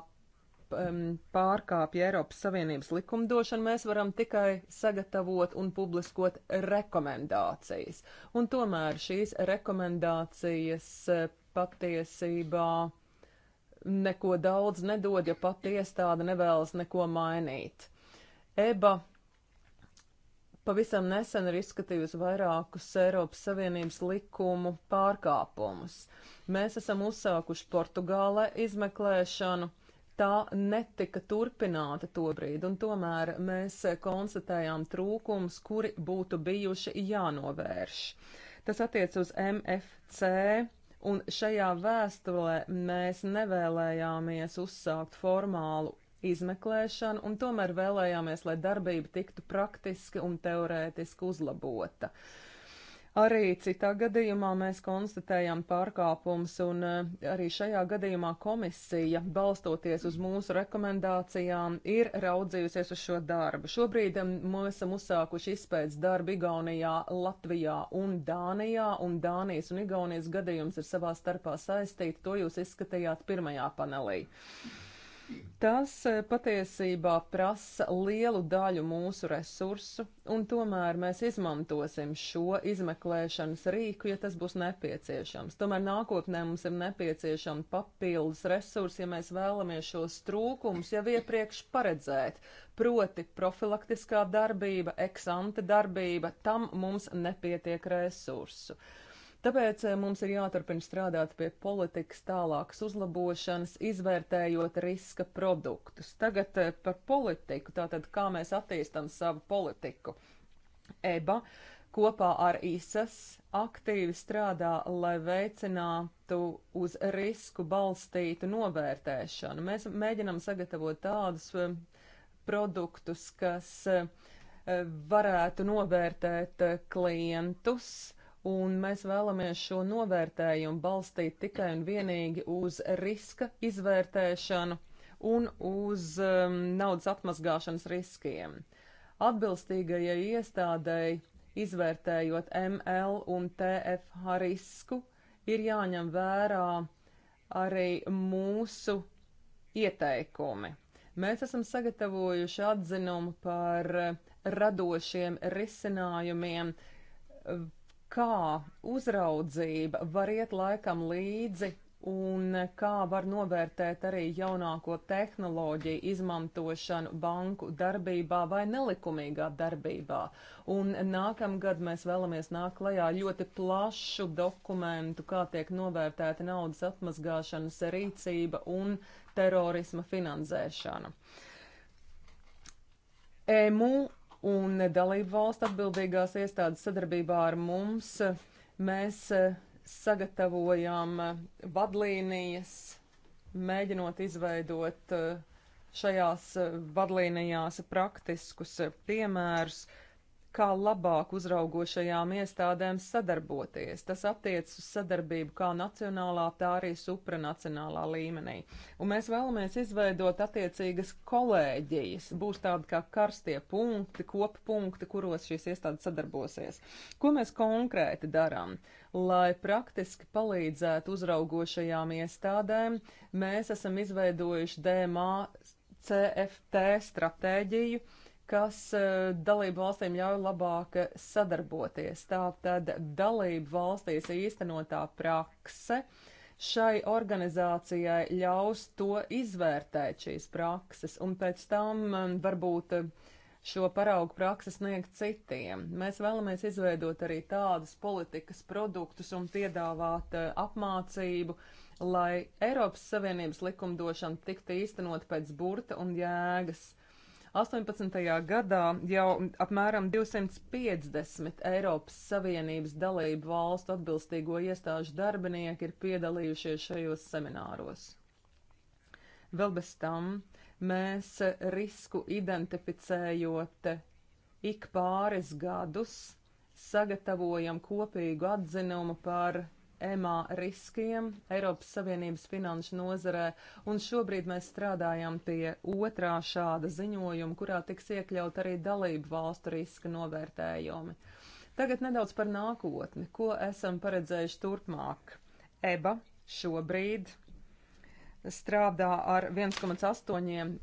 pārkāpja Eiropas Savienības likumdošanu, mēs varam tikai sagatavot un publiskot rekomendācijas. Un tomēr šīs rekomendācijas e, patiesībā neko daudz nedod, ja pati iestāde nevēlas neko mainīt. EBA pavisam nesen ir izskatījusi vairākus Eiropas Savienības likumu pārkāpumus. Mēs esam uzsākuši Portugālē izmeklēšanu, tā netika turpināta tobrīd, un tomēr mēs konstatējām trūkums, kuri būtu bijuši jānovērš. Tas attiec uz MFC, un šajā vēstulē mēs nevēlējāmies uzsākt formālu izmeklēšanu, un tomēr vēlējāmies, lai darbība tiktu praktiski un teorētiski uzlabota. Uh, Arī citā gadījumā mēs konstatējam pārkāpums, un eh, arī šajā gadījumā komisija, balstoties uz mūsu rekomendācijām, ir raudzījusies uz šo darbu. Šobrīd mēs esam uzsākuši izpētes darbu Igaunijā, Latvijā un Dānijā, un Dānijas un Igaunijas gadījums ir savā starpā saistīti. To jūs izskatījāt pirmajā panelī. Tas e, patiesībā prasa lielu daļu mūsu resursu, un tomēr mēs izmantosim šo izmeklēšanas rīku, ja tas būs nepieciešams. Tomēr nākotnē mums ir nepieciešama papildus resursi, ja mēs vēlamies šos trūkumus jau iepriekš paredzēt. Proti profilaktiskā darbība, eksante darbība, tam mums nepietiek resursu. Uh, Tāpēc eh, mums ir jāturpina strādāt pie politikas tālākas uzlabošanas, izvērtējot riska produktus. Tagad eh, par politiku, tātad kā mēs attīstam savu politiku. EBA kopā ar ISAS aktīvi strādā, lai veicinātu uz risku balstītu novērtēšanu. Mēs mēģinam sagatavot tādus eh, produktus, kas varētu novērtēt klientus, un mēs vēlamies šo novērtējumu balstīt tikai un vienīgi uz riska izvērtēšanu un uz um, naudas atmazgāšanas riskiem. Atbilstīgajai iestādēji, izvērtējot ML un TFH risku, ir jāņem vērā arī mūsu ieteikumi. Mēs esam sagatavojuši atzinumu par radošiem risinājumiem kā uzraudzība var iet laikam līdzi un kā var novērtēt arī jaunāko tehnoloģiju izmantošanu banku darbībā vai nelikumīgā darbībā. Un nākamgad mēs vēlamies nākt klajā ļoti plašu dokumentu, kā tiek novērtēta naudas atmazgāšanas rīcība un terorisma finansēšana. EMU un dalību valstu atbildīgās iestādes sadarbībā ar mums mēs eh, sagatavojām eh, vadlīnijas, mēģinot izveidot eh, šajās vadlīnijās praktiskus piemērus, kā labāk uzraugošajām iestādēm sadarboties. Tas attiecas uz sadarbību kā nacionālā, tā arī supranacionālā līmenī. Un mēs vēlamies izveidot attiecīgas kolēģijas. Būs tādi kā karstie punkti, koppunkti, kuros šīs iestādes sadarbosies. Ko mēs konkrēti darām? Lai praktiski palīdzētu uzraugošajām iestādēm, mēs esam izveidojuši DMA CFT stratēģiju, uh, kas eh, dalību valstīm ļauj labāk sadarboties. Tātad dalību valstīs īstenotā prakse šai organizācijai ļaus to izvērtēt šīs prakses un pēc tam mm, varbūt eh, šo paraugu praksi sniegt citiem. Mēs vēlamies izveidot arī tādus politikas produktus un piedāvāt uh, apmācību, lai Eiropas Savienības likumdošana tiktu īstenot pēc burta un jēgas. 18. gadā jau apmēram 250 Eiropas Savienības dalību valstu atbilstīgo iestāžu darbinieki ir piedalījušies šajos semināros. Vēl bez tam mēs risku identificējot ik pāris gadus sagatavojam kopīgu atzinumu par EMA riskiem Eiropas Savienības finanšu nozarē, un šobrīd mēs strādājam pie otrā šāda ziņojuma, kurā tiks iekļaut arī dalību valstu riska novērtējumi. Tagad nedaudz par nākotni, ko esam paredzējuši turpmāk. EBA šobrīd strādā ar 1,8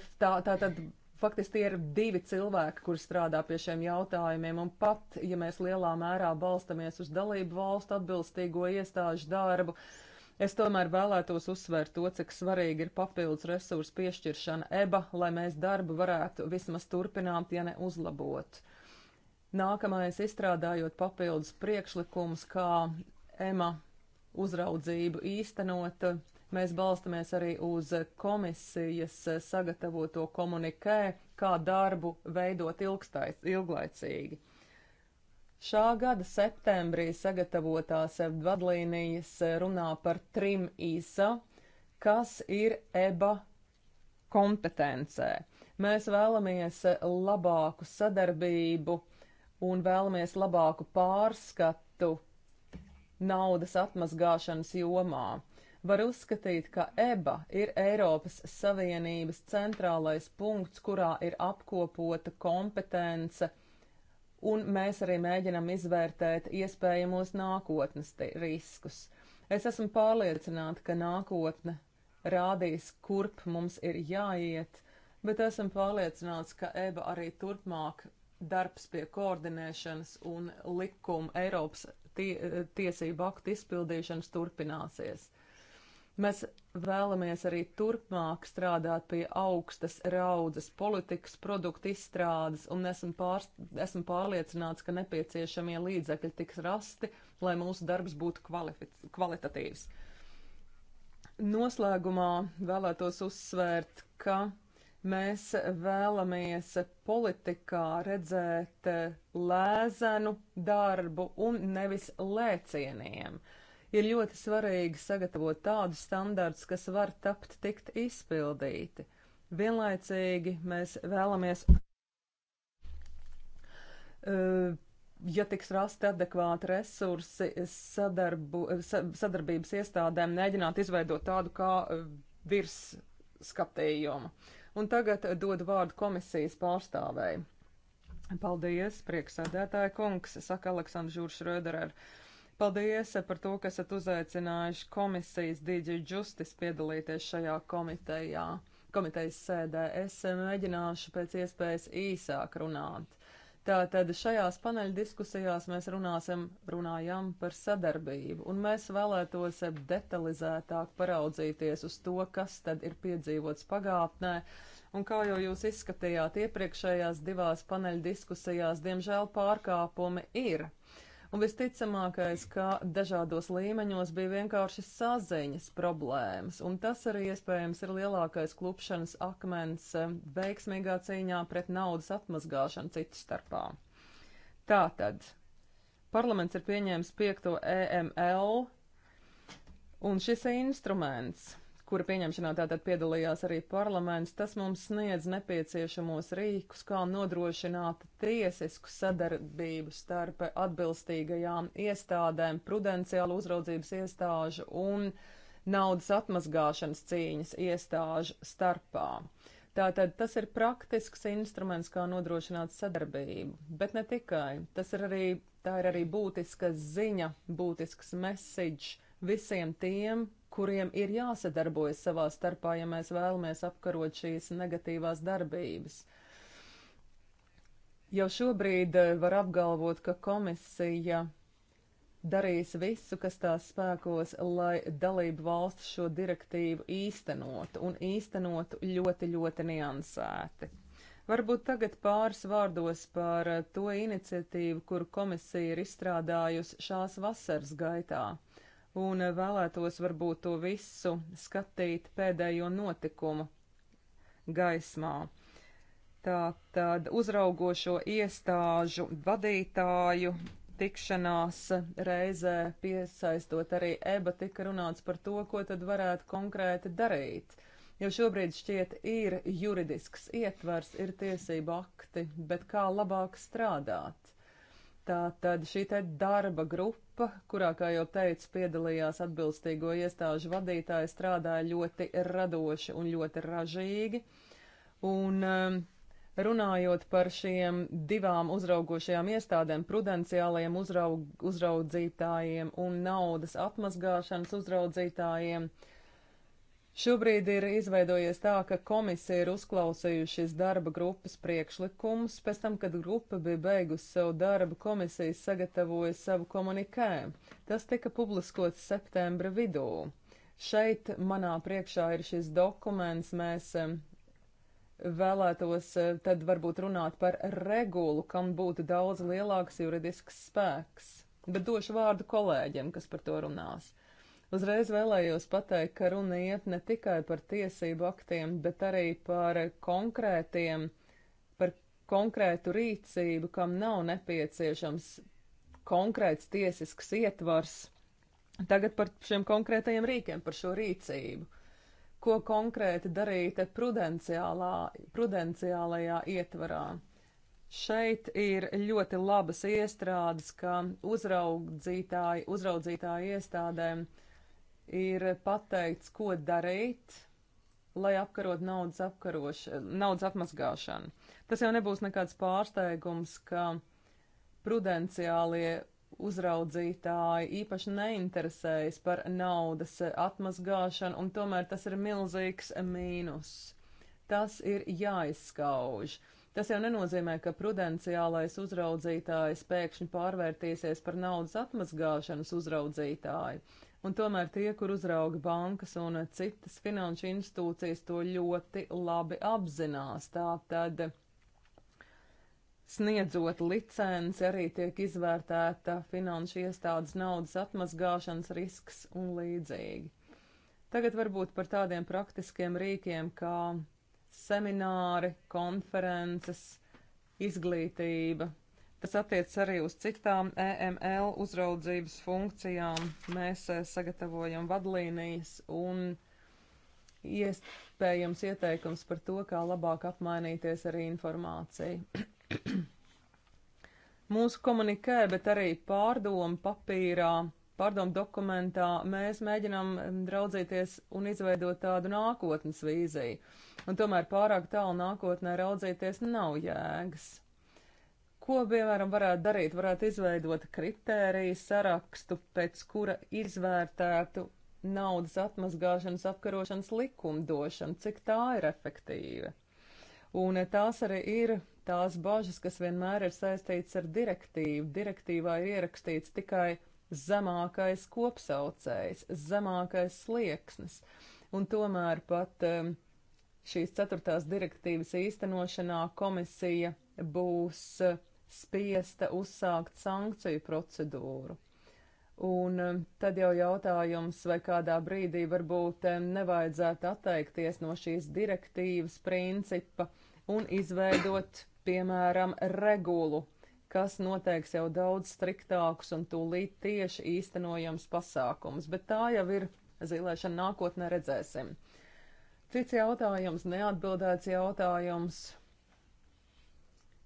F, tā, tā tad Faktiski tie ir divi cilvēki, kuri strādā pie šiem jautājumiem, un pat, ja mēs lielā mērā balstamies uz dalību valstu atbilstīgo iestāžu darbu, es tomēr vēlētos uzsvērt to, cik svarīgi ir papildus resursu piešķiršana EBA, lai mēs darbu varētu vismaz turpināt, ja ne uzlabot. Nākamais izstrādājot papildus priekšlikums, kā EMA uzraudzību īstenot, uh, Mēs balstamies arī uz komisijas sagatavoto komunikē, kā darbu veidot ilgstais, ilglaicīgi. Šā gada septembrī sagatavotās vadlīnijas runā par trim īsa, kas ir EBA kompetencē. Mēs vēlamies labāku sadarbību un vēlamies labāku pārskatu naudas atmazgāšanas jomā var uzskatīt, ka EBA ir Eiropas Savienības centrālais punkts, kurā ir apkopota kompetence, un mēs arī mēģinam izvērtēt iespējamos nākotnes riskus. Es esmu pārliecināta, ka nākotne rādīs, kurp mums ir jāiet, bet esmu pārliecināts, ka EBA arī turpmāk darbs pie koordinēšanas un likuma Eiropas tie, tiesību aktu izpildīšanas turpināsies. Mēs vēlamies arī turpmāk strādāt pie augstas raudzes politikas produktu izstrādes, un esmu, pār, esmu pārliecināts, ka nepieciešamie līdzekļi tiks rasti, lai mūsu darbs būtu kvalitatīvs. Noslēgumā vēlētos uzsvērt, ka mēs vēlamies politikā redzēt lēzenu darbu un nevis lēcieniem. Uh, ir ļoti svarīgi sagatavot tādus standartus, kas var tapt tikt izpildīti. Vienlaicīgi mēs vēlamies, e, ja tiks rasti adekvāti resursi, sadarbu, sadarbības iestādēm mēģināt izveidot tādu kā e, virsskatījumu. Un tagad dodu vārdu komisijas pārstāvēji. Paldies, prieksēdētāja kungs, saka Aleksandrs Žuršröderer. Paldies par to, ka esat uzaicinājuši komisijas DJ Justice piedalīties šajā komitejā. Komitejas sēdē es mēģināšu pēc iespējas īsāk runāt. Tātad šajās paneļa diskusijās mēs runāsim, runājam par sadarbību, un mēs vēlētos detalizētāk paraudzīties uz to, kas tad ir piedzīvots pagātnē, un kā jau jūs izskatījāt iepriekšējās divās paneļa diskusijās, diemžēl pārkāpumi ir. Uh, un visticamākais, ka dažādos līmeņos bija vienkārši saziņas problēmas, un tas arī iespējams ir lielākais klupšanas akmens eh, veiksmīgā cīņā pret naudas atmazgāšanu citu starpā. Tātad, parlaments ir pieņēmis piekto EML, un šis instruments kura pieņemšanā tātad piedalījās arī parlaments, tas mums sniedz nepieciešamos rīkus, kā nodrošināt tiesisku sadarbību starp atbilstīgajām iestādēm, prudenciālu uzraudzības iestāžu un naudas atmazgāšanas cīņas iestāžu starpā. Tātad tas ir praktisks instruments, kā nodrošināt sadarbību, bet ne tikai. Tas ir arī, tā ir arī būtiska ziņa, būtisks message visiem tiem, kuriem ir jāsadarbojas savā starpā, ja mēs vēlamies apkarot šīs negatīvās darbības. Jau šobrīd eh, var apgalvot, ka komisija darīs visu, kas tās spēkos, lai dalību valsts šo direktīvu īstenotu un īstenotu ļoti, ļoti niansēti. Varbūt tagad pāris vārdos par to iniciatīvu, kuru komisija ir izstrādājusi šās vasaras gaitā un vēlētos varbūt to visu skatīt pēdējo notikumu gaismā. Tātad uzraugošo iestāžu vadītāju tikšanās reizē piesaistot arī EBA tika runāts par to, ko tad varētu konkrēti darīt. Jo šobrīd šķiet ir juridisks ietvers, ir tiesība akti, bet kā labāk strādāt? Tā tad šī te darba grupa, kurā, kā jau teicu, piedalījās atbilstīgo iestāžu vadītāji, strādāja ļoti radoši un ļoti ražīgi. Un um, runājot par šiem divām uzraugošajām iestādēm, prudenciālajiem uzraug, uzraudzītājiem un naudas atmazgāšanas uzraudzītājiem, uh, Šobrīd ir izveidojies tā, ka komisija ir uzklausījušies darba grupas priekšlikumus, pēc tam, kad grupa bija beigusi savu darbu, komisija sagatavoja savu komunikē. Tas tika publiskots septembra vidū. Šeit manā priekšā ir šis dokuments, mēs vēlētos eh, tad varbūt runāt par regulu, kam būtu daudz lielāks juridisks spēks, bet došu vārdu kolēģiem, kas par to runās. Uzreiz vēlējos pateikt, ka runa iet ne tikai par tiesību aktiem, bet arī par konkrētiem, par konkrētu rīcību, kam nav nepieciešams konkrēts tiesisks ietvars. Tagad par šiem konkrētajiem rīkiem, par šo rīcību. Ko konkrēti darīt prudenciālajā ietvarā? Šeit ir ļoti labas iestrādes, ka uzraudzītāji, uzraudzītāji iestādēm uh, ir pateikts, ko darīt, lai apkarot naudas, apkaroš, naudas apmazgāšanu. Tas jau nebūs nekāds pārsteigums, ka prudenciālie uzraudzītāji īpaši neinteresējas par naudas atmazgāšanu, un tomēr tas ir milzīgs mīnus. Tas ir jāizskauž. Tas jau nenozīmē, ka prudenciālais uzraudzītājs pēkšņi pārvērtīsies par naudas atmazgāšanas uzraudzītāju un tomēr tie, kur uzrauga bankas un citas finanšu institūcijas, to ļoti labi apzinās. Tātad sniedzot licenci, arī tiek izvērtēta finanšu iestādes naudas atmazgāšanas risks un līdzīgi. Tagad varbūt par tādiem praktiskiem rīkiem kā semināri, konferences, izglītība, Tas attiec arī uz citām EML uzraudzības funkcijām. Mēs eh, sagatavojam vadlīnijas un iespējams ieteikums par to, kā labāk apmainīties ar informāciju. Mūsu komunikē, bet arī pārdomu papīrā pārdomu dokumentā mēs mēģinām raudzīties un izveidot tādu nākotnes vīziju. Un tomēr pārāk tālu nākotnē raudzīties nav jēgas. Ko, piemēram, varētu darīt? Varētu izveidot kritēriju sarakstu, pēc kura izvērtētu naudas atmazgāšanas apkarošanas likumdošanu, cik tā ir efektīva. Un tās arī ir tās bažas, kas vienmēr ir saistīts ar direktīvu. Direktīvā ir ierakstīts tikai zemākais kopsaucējs, zemākais slieksnis. Un tomēr pat um, šīs ceturtās direktīvas īstenošanā komisija būs uh, spiesta uzsākt sankciju procedūru. Un um, tad jau jautājums, vai kādā brīdī varbūt um, nevajadzētu atteikties no šīs direktīvas principa un izveidot, piemēram, regulu, kas noteiks jau daudz striktākus un tūlīt tieši īstenojams pasākums. Bet tā jau ir zilēšana nākotnē redzēsim. Cits jautājums, neatbildēts jautājums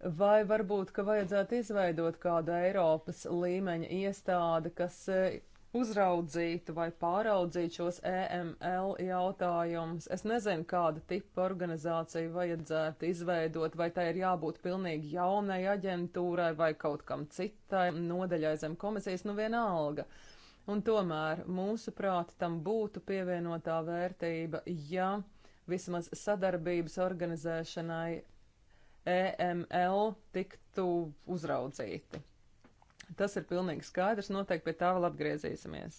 Vai varbūt, ka vajadzētu izveidot kādu Eiropas līmeņa iestādi, kas eh, uzraudzītu vai pāraudzītu šos EML jautājumus? Es nezinu, kāda tipa organizācija vajadzētu izveidot, vai tai ir jābūt pilnīgi jaunai aģentūrai vai kaut kam citai nodeļai zem komisijas, nu vienalga. Un tomēr, mūsuprāt, tam būtu pievienotā vērtība, ja vismaz sadarbības organizēšanai EML tiktu uzraudzīti. Tas ir pilnīgi skaidrs, noteikti pie tā vēl atgriezīsimies.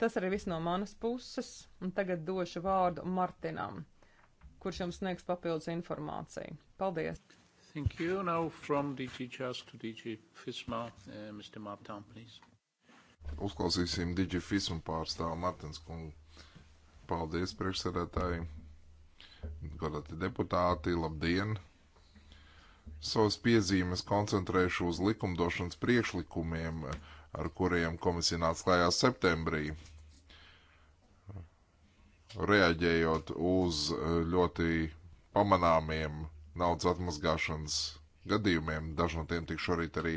Tas arī viss no manas puses, un tagad došu vārdu Martinam, kurš jums sniegs papildus informāciju. Paldies! Thank you. Now from DG Just to DG FISMA, uh, Mr. Martin, please. Uzklausīsim DG FISMA pārstāvu Martins kungu. Paldies priekšsēdētāji, godāti deputāti, labdien! savas piezīmes koncentrēšu uz likumdošanas priekšlikumiem, ar kuriem komisija nāca klājā septembrī, reaģējot uz ļoti pamanāmiem naudas atmazgāšanas gadījumiem, daži no tiem tik šorīt arī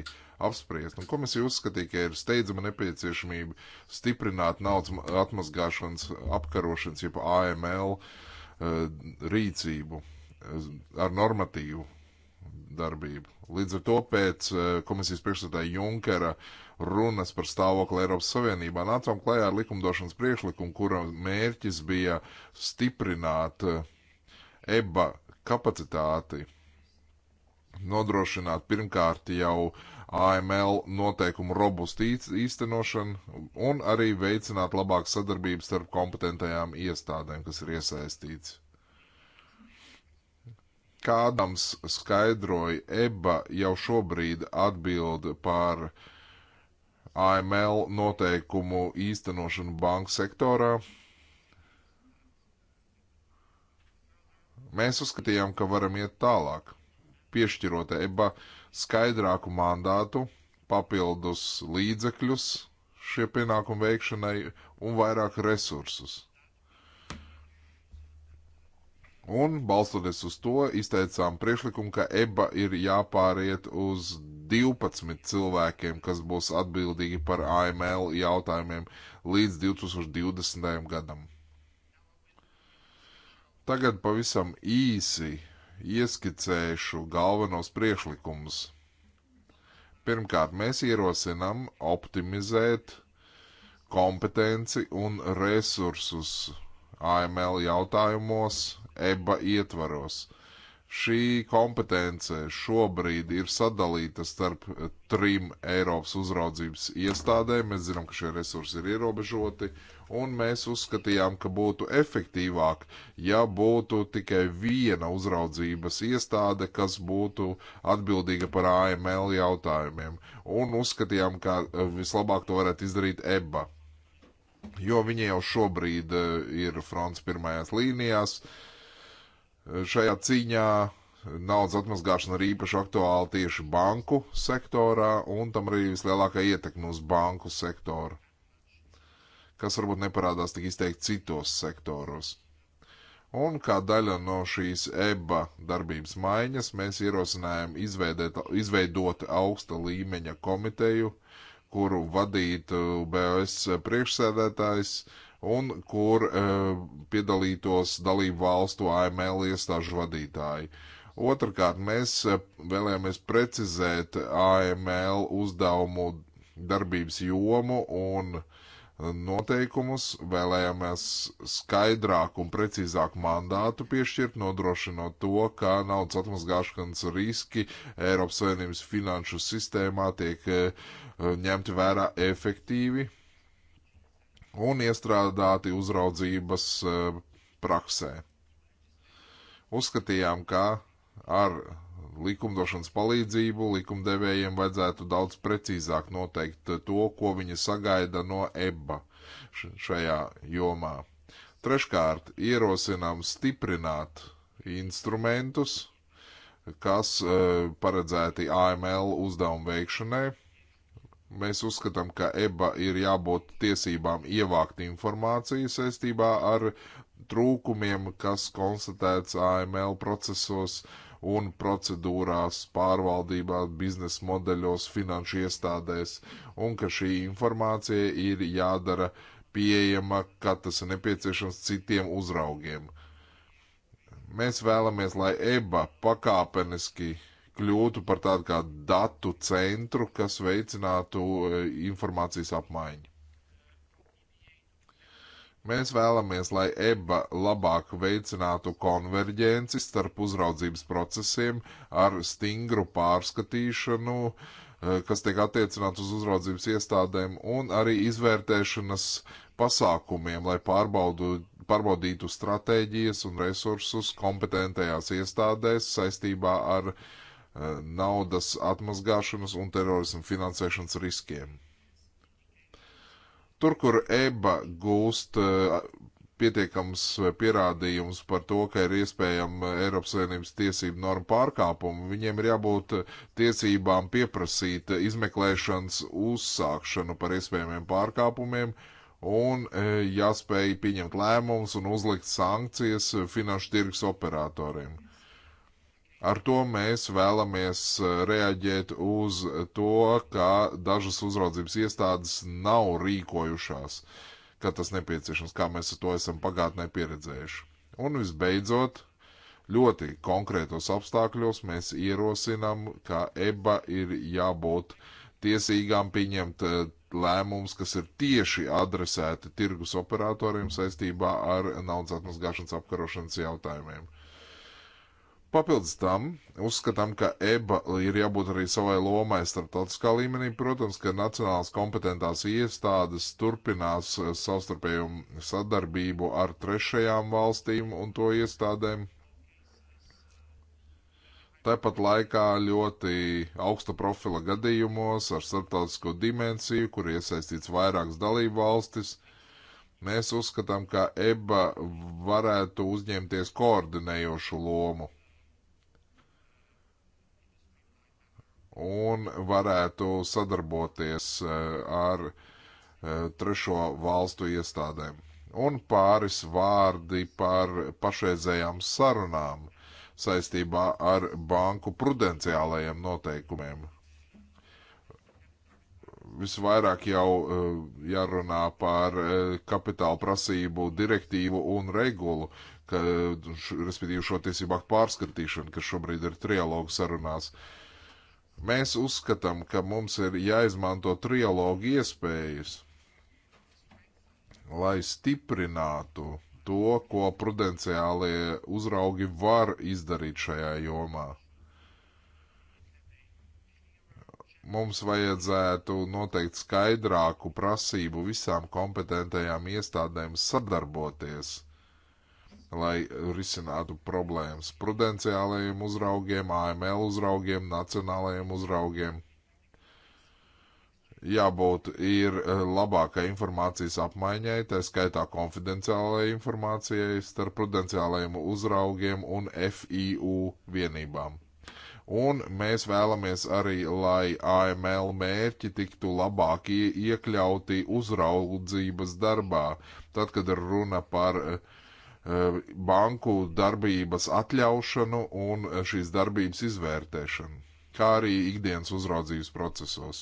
apspriest. Un komisija uzskatīja, ka ir steidzama nepieciešamība stiprināt naudas atmazgāšanas apkarošanas, jeb AML eh, rīcību eh, ar normatīvu darbību. Līdz ar to pēc eh, komisijas priekšsēdētāja Junkera runas par stāvokli Eiropas Savienībā nācām klajā ar likumdošanas priekšlikumu, kura mērķis bija stiprināt eh, EBA kapacitāti, nodrošināt pirmkārt jau AML noteikumu robustu īstenošanu un arī veicināt labāku sadarbību starp kompetentajām iestādēm, kas ir iesaistīts Kādams skaidroja, EBA jau šobrīd atbild par AML noteikumu īstenošanu banku sektorā. Mēs uzskatījām, ka varam iet tālāk, piešķirot EBA skaidrāku mandātu, papildus līdzekļus šie pienākumu veikšanai un vairāk resursus. Un, balstoties uz to, izteicām priekšlikumu, ka EBA ir jāpāriet uz 12 cilvēkiem, kas būs atbildīgi par AML jautājumiem līdz 2020. gadam. Tagad pavisam īsi ieskicēšu galvenos priekšlikumus. Pirmkārt, mēs ierosinām optimizēt kompetenci un resursus AML jautājumos EBA ietvaros. Šī kompetence šobrīd ir sadalīta starp trim Eiropas uzraudzības iestādēm. Mēs zinām, ka šie resursi ir ierobežoti, un mēs uzskatījām, ka būtu efektīvāk, ja būtu tikai viena uzraudzības iestāde, kas būtu atbildīga par AML jautājumiem, un uzskatījām, ka e, vislabāk to varētu izdarīt EBA, jo viņi jau šobrīd e, ir fronts pirmajās līnijās. Uh, Šajā cīņā naudas atmazgāšana ir īpaši aktuāla tieši banku sektorā, un tam arī vislielākā ietekme uz banku sektoru, kas varbūt neparādās tik izteikti citos sektoros. Un kā daļa no šīs EBA darbības maiņas mēs ierosinājām izveidēt, izveidot augsta līmeņa komiteju, kuru vadītu BOS priekšsēdētājs uh, un kur uh, piedalītos dalību valstu AML iestāžu vadītāji. Otrakārt, mēs eh, vēlējāmies precizēt AML uzdevumu darbības jomu un eh, noteikumus, vēlējāmies skaidrāku un precīzāku mandātu piešķirt, nodrošinot to, ka naudas atmazgāšanas riski Eiropas Savienības finanšu sistēmā tiek ņemti vērā efektīvi un iestrādāti uzraudzības eh, praksē. Uzskatījām, ka ar likumdošanas palīdzību likumdevējiem vajadzētu daudz precīzāk noteikt eh, to, ko viņi sagaida no EBA šajā jomā. Treškārt, ierosinām stiprināt instrumentus, kas uh, paredzēti AML uzdevumu veikšanai, Mēs uzskatām, ka EBA ir jābūt tiesībām ievākt informāciju saistībā ar trūkumiem, kas konstatēts AML procesos un procedūrās, pārvaldībā, biznesa modeļos, finanšu iestādēs, un ka šī informācija ir jādara pieejama, kad tas ir nepieciešams citiem uzraugiem. Mēs vēlamies, lai EBA pakāpeniski kļūtu par tādu kā datu centru, kas veicinātu e, informācijas apmaiņu. Mēs vēlamies, lai EBA labāk veicinātu konverģenci starp uzraudzības procesiem ar stingru pārskatīšanu, e, kas tiek attiecināts uz uzraudzības iestādēm, un arī izvērtēšanas pasākumiem, lai pārbaudu, pārbaudītu stratēģijas un resursus kompetentajās iestādēs saistībā ar uh, Eh, naudas atmazgāšanas un terorismu finansēšanas riskiem. Tur, kur EBA gūst eh, pietiekams eh, pierādījums par to, ka ir iespējama Eiropas Savienības tiesību norma pārkāpuma, viņiem ir jābūt tiesībām pieprasīt izmeklēšanas uzsākšanu par iespējamiem pārkāpumiem un jāspēj pieņemt lēmumus un uzlikt sankcijas finanšu tirgus operatoriem. Mm Ar to mēs vēlamies e, reaģēt uz to, ka dažas uzraudzības iestādes nav rīkojušās, ka tas nepieciešams, kā mēs to esam pagātnē pieredzējuši. Un visbeidzot, ļoti konkrētos apstākļos mēs ierosinam, ka EBA ir jābūt tiesīgām pieņemt e, lēmumus, kas ir tieši adresēti tirgus operatoriem saistībā ar naudas atmazgāšanas apkarošanas jautājumiem. Papildus tam uzskatām, ka EBA ir jābūt arī savai lomai starptautiskā līmenī. Protams, ka nacionālās kompetentās iestādes turpinās savstarpēju sadarbību ar trešajām valstīm un to iestādēm. Tāpat laikā ļoti augsta profila gadījumos ar starptautisko dimensiju, kur iesaistīts vairākas dalību valstis, mēs uzskatām, ka EBA varētu uzņemties koordinējošu lomu. un varētu sadarboties eh, ar eh, trešo valstu iestādēm. Un pāris vārdi par pašreizējām sarunām saistībā ar banku prudenciālajiem noteikumiem. Visvairāk jau eh, jārunā par kapitāla prasību direktīvu un regulu, ka, respektīvi šo tiesību aktu pārskatīšanu, kas šobrīd ir trialogu sarunās. Uh, Mēs uzskatām, ka mums ir jāizmanto trialogu iespējas, lai stiprinātu to, ko prudenciālie uzraugi var izdarīt šajā jomā. Mums vajadzētu noteikt skaidrāku prasību visām kompetentajām iestādēm sadarboties lai risinātu problēmas prudenciālajiem uzraugiem, AML uzraugiem, nacionālajiem uzraugiem. Jābūt ir eh, labākai informācijas apmaiņai, tā skaitā konfidenciālajai informācijai starp prudenciālajiem uzraugiem un FIU vienībām. Un mēs vēlamies arī, lai AML mērķi tiktu labāk iekļauti uzraudzības darbā, tad, kad runa par uh, Um, banku darbības atļaušanu un uh, šīs darbības izvērtēšanu, kā arī ikdienas uzraudzības procesos.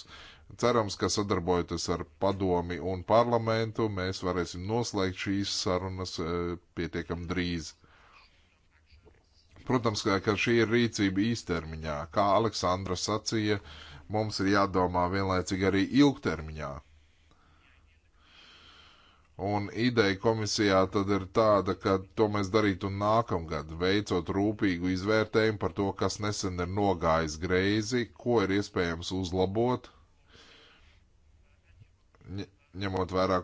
Cerams, ka sadarbojoties ar padomi un parlamentu, mēs varēsim noslēgt šīs sarunas uh, pietiekam drīz. Protams, ka šī ir rīcība īstermiņā. Kā Aleksandra sacīja, mums ir jādomā vienlaicīgi arī ilgtermiņā Un ideja komisijā tad ir tāda, ka to mēs darītu nākamgad, veicot rūpīgu izvērtējumu par to, kas nesen ir nogājis greizi, ko ir iespējams uzlabot, ņemot vērā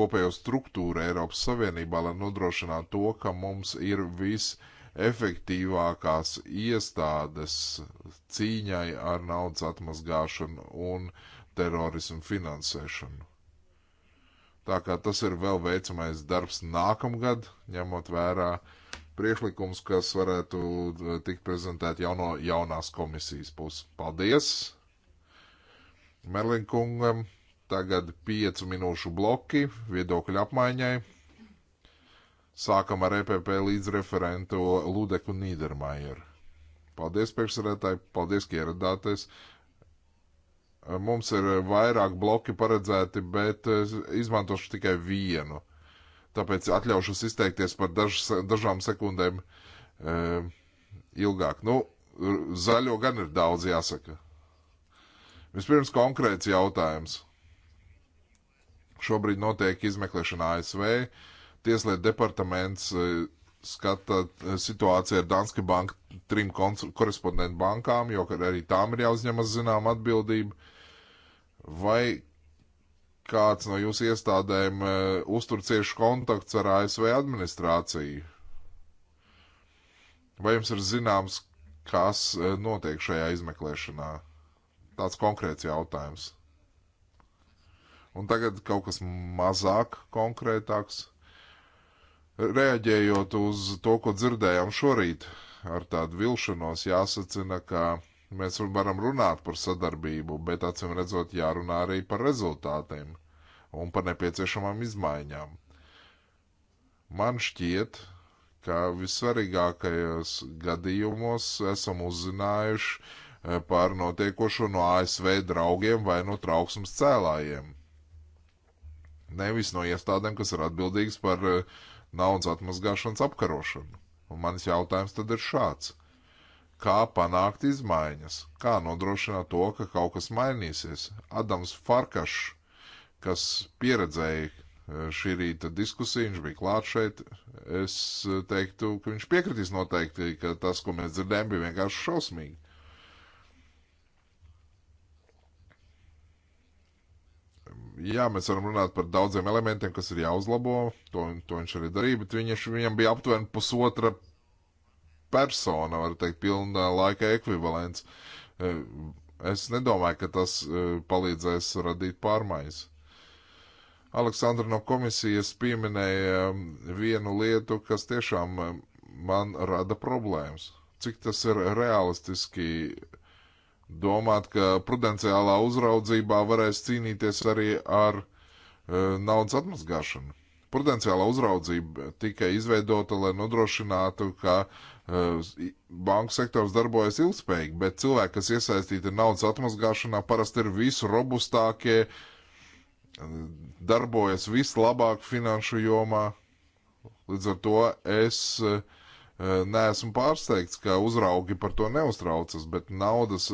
kopējo struktūru Eiropas Savienībā, lai nodrošinātu to, ka mums ir visefektīvākās iestādes cīņai ar naudas atmazgāšanu un terorismu finansēšanu. Tā kā tas ir vēl veicamais darbs nākamgad, ņemot vērā priekšlikums, kas varētu uh, tikt prezentēt jauno, jaunās komisijas puses. Paldies Merlinkungam! Tagad piecu minūšu bloki viedokļu apmaiņai. Sākam ar EPP līdzreferentu Ludeku Nīdermajeru. Paldies, priekšsarētāji, paldies, ka ieradāties. Mums ir eh, vairāk bloki paredzēti, bet eh, izmantošu tikai vienu. Tāpēc atļaušos izteikties par daž, dažām sekundēm e, ilgāk. Nu, zaļo gan ir daudz jāsaka. Vispirms konkrēts jautājums. Šobrīd notiek izmeklēšana ASV. Tieslietu departaments skata situāciju ar Danske banku trim korespondentu bankām, jo arī tām ir jāuzņemas zinām atbildība. Vai kāds no jūsu iestādēm uh, uztur ciešu kontakts ar ASV administrāciju? Vai jums ir zināms, kas uh, notiek šajā izmeklēšanā? Tāds konkrēts jautājums. Un tagad kaut kas mazāk konkrētāks. Reaģējot uz to, ko dzirdējām šorīt, ar tādu vilšanos jāsacina, ka Mēs varam runāt par sadarbību, bet acīm redzot, jārunā arī par rezultātiem un par nepieciešamām izmaiņām. Man šķiet, ka vissvarīgākajos gadījumos esam uzzinājuši eh, par notiekošo no ASV draugiem vai no trauksmes cēlājiem. Nevis no iestādēm, kas ir atbildīgas par eh, naudas atmazgāšanas apkarošanu. Un mans jautājums tad ir šāds kā panākt izmaiņas, kā nodrošināt to, ka kaut kas mainīsies. Adams Farkašs, kas pieredzēja eh, šī rīta diskusiju, viņš bija klāt šeit, es eh, teiktu, ka viņš piekritīs noteikti, ka tas, ko mēs dzirdējām, bija vienkārši šausmīgi. Jā, mēs varam runāt par daudziem elementiem, kas ir jāuzlabo, to, to viņš arī darīja, bet viņš, viņam bija aptuveni pusotra persona, var teikt, pilnā laika ekvivalents. E, es nedomāju, ka tas e, palīdzēs radīt pārmaiņas. Aleksandra no komisijas pieminēja vienu lietu, kas tiešām man rada problēmas. Cik tas ir realistiski domāt, ka prudenciālā uzraudzībā varēs cīnīties arī ar uh, naudas atmazgāšanu? Prudenciālā uzraudzība tika izveidota, lai nodrošinātu, ka uh, Eh, banku sektors darbojas ilgspējīgi, bet cilvēki, kas iesaistīti naudas atmazgāšanā, parasti ir visrobustākie, eh, darbojas vislabāk finanšu jomā. Līdz ar to es eh, neesmu pārsteigts, ka uzraugi par to neuztraucas, bet naudas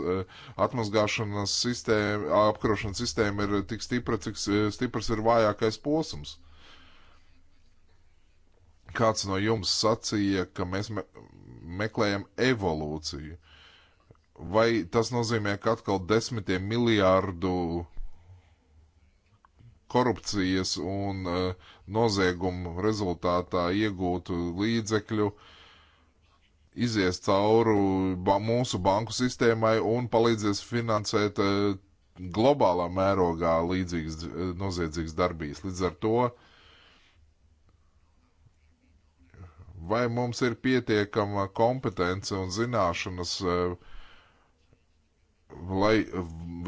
atmazgāšanas sistēma, apkarošanas sistēma ir tik stipra, cik stiprs ir vājākais posms. Kāds no jums sacīja, ka mēs me meklējam evolūciju. Vai tas nozīmē, ka atkal desmitiem miljārdu korupcijas un uh, noziegumu rezultātā iegūtu līdzekļu izies cauri ba mūsu banku sistēmai un palīdzēs finansēt uh, globālā mērogā līdzīgas uh, noziedzīgas darbības. Līdz ar to vai mums ir pietiekama kompetence un zināšanas, eh, lai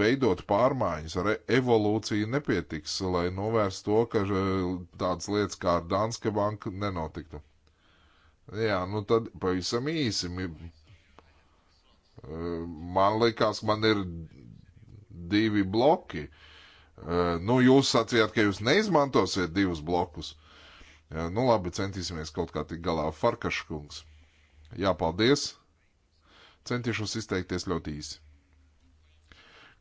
veidot pārmaiņas, ar evolūciju nepietiks, lai novērst to, ka eh, tādas lietas kā ar Danske banku nenotiktu. Jā, nu tad pavisam īsi. Eh, man liekas, man ir divi bloki. Nu, jūs sacījāt, ka jūs neizmantosiet divus blokus. Ja, nu labi, centīsimies kaut kā tik galā. Farkaškungs. Jā, paldies. Centīšos izteikties ļoti īsi.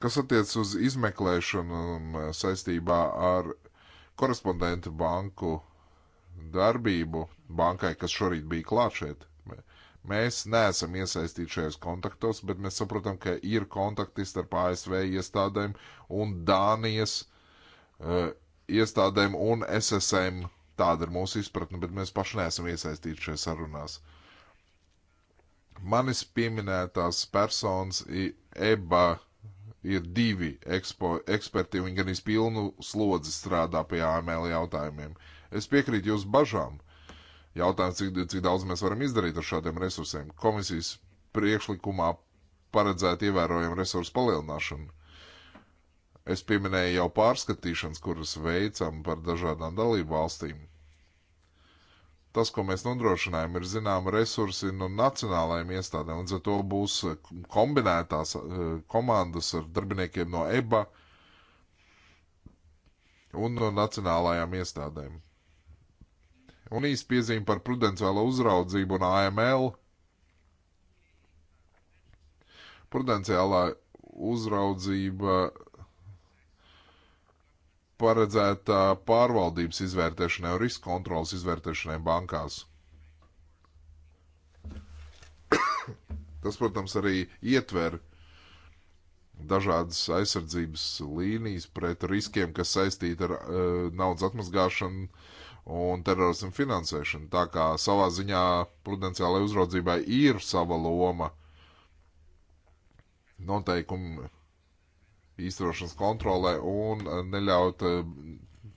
Kas attiec uz izmeklēšanu eh, saistībā ar korespondentu banku darbību bankai, kas šorīt bija klāt šeit. Mēs neesam iesaistīti šajos kontaktos, bet mēs saprotam, ka ir kontakti starp ASV iestādēm un Dānijas uh, iestādēm un SSM Tāda ir mūsu izpratne, bet mēs paši neesam iesaistīti šajās sarunās. Manis pieminētās personas EBA ir divi ekspo, eksperti, viņi gan izpilnu slodzi strādā pie AML jautājumiem. Es piekrītu jūsu bažām. Jautājums, cik, cik daudz mēs varam izdarīt ar šādiem resursiem. Komisijas priekšlikumā paredzēt ievērojumu resursu palielināšanu. Es pieminēju jau pārskatīšanas, kuras veicam par dažādām dalību valstīm. Tas, ko mēs nodrošinājam, ir zinām resursi no nacionālajiem iestādēm, un ar to būs kombinētās eh, komandas ar darbiniekiem no EBA un no nacionālajām iestādēm. Un īsti piezīme par prudenciālo uzraudzību un AML. Prudenciālā uzraudzība paredzēta pārvaldības izvērtēšanai un riska kontrolas izvērtēšanai bankās. Tas, protams, arī ietver dažādas aizsardzības līnijas pret riskiem, kas saistīti ar uh, naudas atmazgāšanu un terorismu finansēšanu. Tā kā savā ziņā prudenciālajai uzraudzībai ir sava loma noteikumu īstenošanas kontrolē un eh, neļaut eh,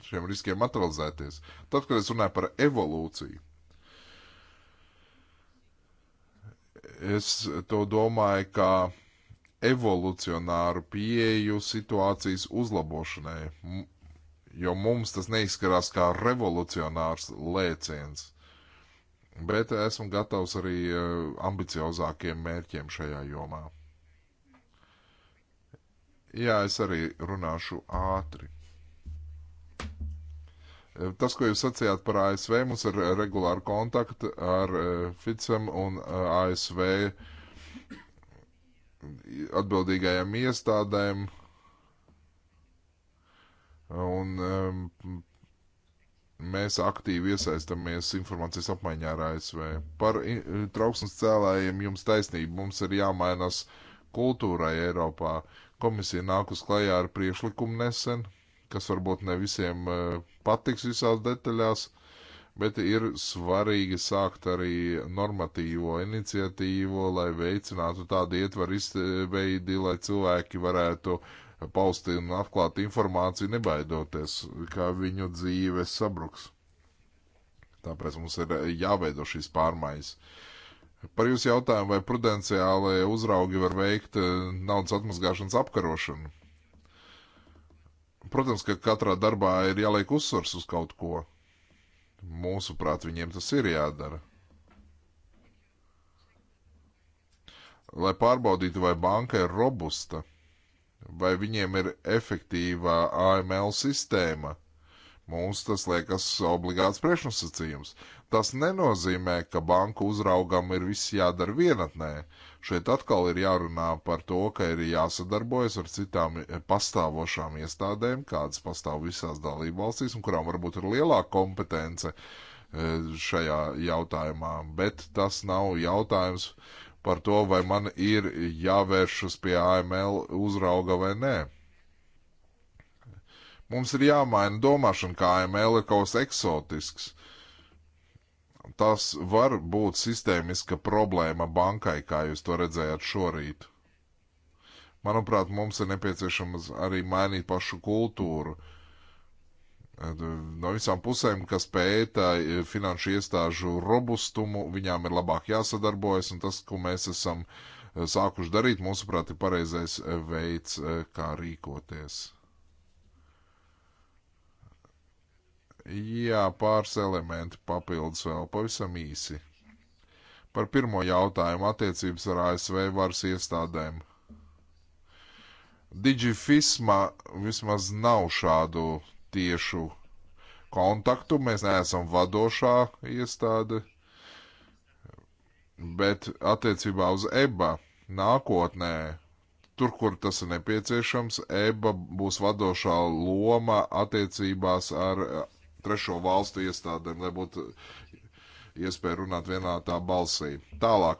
šiem riskiem materializēties. Tad, kad es runāju par evolūciju, es to domāju kā evolucionāru pieeju situācijas uzlabošanai, jo mums tas neizskatās kā revolucionārs lēciens. Bet esmu gatavs arī eh, ambiciozākiem mērķiem šajā jomā. Jā, es arī runāšu ātri. Ehm, tas, ko jūs sacījāt par ASV, mums ir regulāri kontakti ar e, FICEM un e, ASV atbildīgajām iestādēm. Un um, mēs aktīvi iesaistamies informācijas apmaiņā ar ASV. Par e, trauksmes cēlājiem jums taisnība, mums ir jāmainās kultūrai Eiropā. Uh, Komisija nākus klajā ar priekšlikumu nesen, kas varbūt ne visiem eh, patiks visās detaļās, bet ir svarīgi sākt arī normatīvo iniciatīvu, lai veicinātu tādu ietvaru izveidi, lai cilvēki varētu paust un atklāt informāciju, nebaidoties, ka viņu dzīve sabruks. Tāpēc mums ir jāveido šīs pārmaiņas. Uh, Par jūsu jautājumu, vai prudenciālajie uzraugi var veikt eh, naudas atmazgāšanas apkarošanu? Protams, ka katrā darbā ir jāliek uzsvars uz kaut ko. Mūsuprāt, viņiem tas ir jādara. Lai pārbaudītu, vai banka ir robusta, vai viņiem ir efektīva AML sistēma, Mums tas liekas obligāts priekšnosacījums. Tas nenozīmē, ka banku uzraugam ir viss jādara vienatnē. Šeit atkal ir jārunā par to, ka ir jāsadarbojas ar citām pastāvošām iestādēm, kādas pastāv visās dalību valstīs un kurām varbūt ir lielāka kompetence e, šajā jautājumā, bet tas nav jautājums par to, vai man ir jāvēršas pie AML uzrauga vai nē. Mums ir jāmaina domāšana, kā AML ir kaut kas eksotisks. Tas var būt sistēmiska problēma bankai, kā jūs to redzējāt šorīt. Manuprāt, mums ir nepieciešams arī mainīt pašu kultūru. Eh, no visām pusēm, kas pēta eh, finanšu iestāžu robustumu, viņām ir labāk jāsadarbojas, un tas, ko mēs esam eh, sākuši darīt, mūsuprāt, ir pareizais veids, kā rīkoties. Jā, pāris elementi papildus vēl pavisam īsi. Par pirmo jautājumu attiecības ar ASV varas iestādēm. Digifisma vismaz nav šādu tiešu kontaktu. Mēs neesam vadošā iestāde, bet attiecībā uz EBA nākotnē, tur, kur tas ir nepieciešams, EBA būs vadošā loma attiecībās ar trešo valstu iestādēm, lai būtu iespēja runāt vienā tā balsī. Tālāk,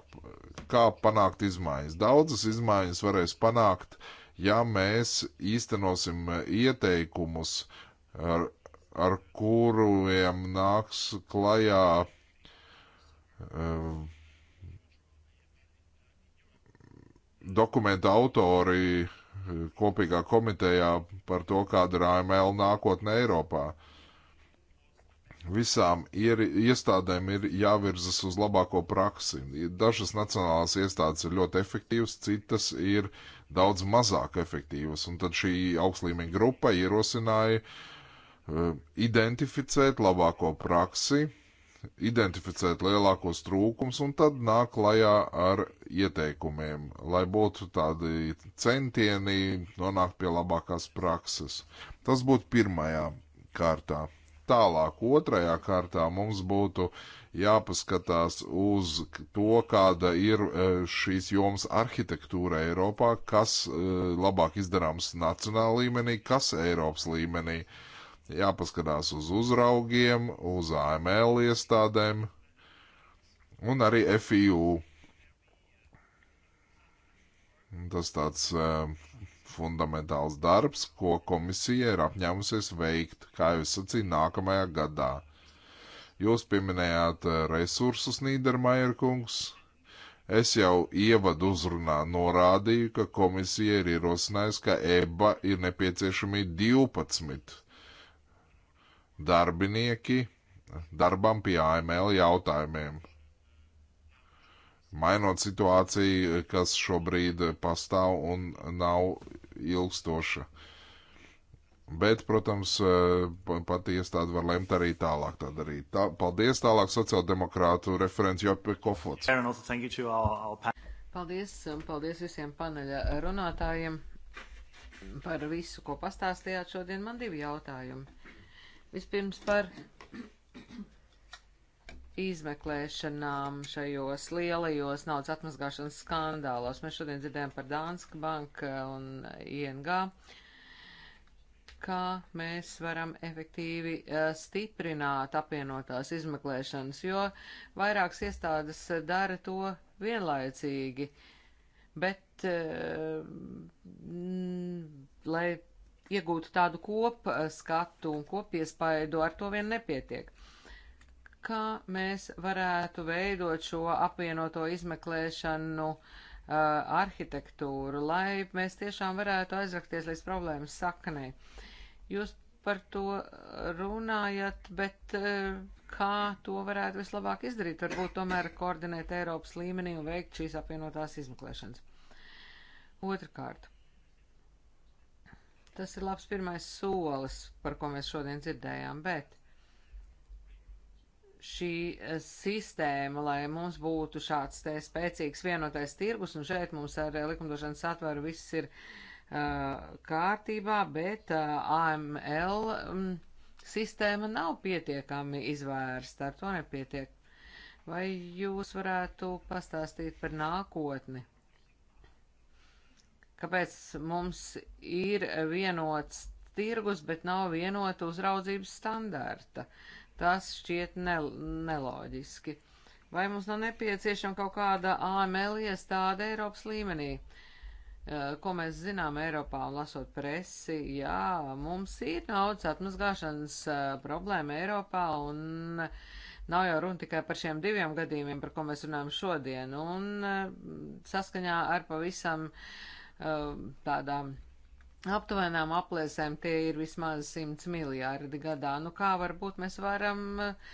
kā panākt izmaiņas? Daudzas izmaiņas varēs panākt, ja mēs īstenosim ieteikumus, ar, ar kuriem nāks klajā um, uh, dokumenta autori kopīgā komitejā par to, kāda ir AML nākotne Eiropā. Uh, Visām ir, iestādēm ir jāvirzas uz labāko praksi. Dažas nacionālās iestādes ir ļoti efektīvas, citas ir daudz mazāk efektīvas. Un tad šī augstlīmeņa grupa ierosināja uh, identificēt labāko praksi, identificēt lielākos trūkums un tad nāk klajā ar ieteikumiem, lai būtu tādi centieni nonākt pie labākās prakses. Tas būtu pirmajā kārtā. Tālāk, otrajā kārtā mums būtu jāpaskatās uz to, kāda ir e, šīs jomas arhitektūra Eiropā, kas e, labāk izdarāms nacionāla līmenī, kas Eiropas līmenī. Jāpaskatās uz uzraugiem, uz AML iestādēm un arī FIU. Tas tāds e, fundamentāls darbs, ko komisija ir apņēmusies veikt, kā jau es sacīju, nākamajā gadā. Jūs pieminējāt eh, resursus, Nīdermajerkungs. Es jau ievadu uzrunā norādīju, ka komisija ir ierosinājusi, ka EBA ir nepieciešami 12 darbinieki darbam pie AML jautājumiem mainot situāciju, kas šobrīd pastāv un nav ilgstoša. Bet, protams, eh, pati iestāde var lemt arī tālāk tā darīt. Tā, paldies tālāk sociāldemokrātu referents Jopi Kofots. Paldies, um, paldies visiem paneļa runātājiem par visu, ko pastāstījāt šodien. Man divi jautājumi. Vispirms par izmeklēšanām šajos lielajos naudas atmazgāšanas skandālos. Mēs šodien dzirdējām par Dānska banka un ING. Kā mēs varam efektīvi eh, stiprināt apvienotās izmeklēšanas, jo vairākas iestādes eh, dara to vienlaicīgi, bet, eh, lai iegūtu tādu kopskatu un kopiespaidu, ar to vien nepietiek kā mēs varētu veidot šo apvienoto izmeklēšanu uh, arhitektūru, lai mēs tiešām varētu aizrakties līdz problēmas saknei. Jūs par to runājat, bet uh, kā to varētu vislabāk izdarīt? Varbūt tomēr koordinēt Eiropas līmenī un veikt šīs apvienotās izmeklēšanas. Otrakārt. Tas ir labs pirmais solis, par ko mēs šodien dzirdējām, bet šī eh, sistēma, lai mums būtu šāds te spēcīgs vienotais tirgus, un šeit mums ar eh, likumdošanas atvaru viss ir uh, kārtībā, bet uh, AML um, mm, sistēma nav pietiekami izvērsta, ar to nepietiek. Vai jūs varētu pastāstīt par nākotni? Kāpēc mums ir vienots tirgus, bet nav vienota uzraudzības standarta? Uh, Tas šķiet nel neloģiski. Vai mums nav nepieciešama kaut kāda AML iestāde Eiropas līmenī? Eh, ko mēs zinām Eiropā un lasot presi, jā, mums ir naudas atmazgāšanas eh, problēma Eiropā un nav jau runa tikai par šiem diviem gadījumiem, par ko mēs runājam šodien. Un eh, saskaņā ar pavisam tādām Aptuvenām aplēsēm tie ir vismaz 100 miljārdi gadā. Nu kā varbūt mēs varam eh,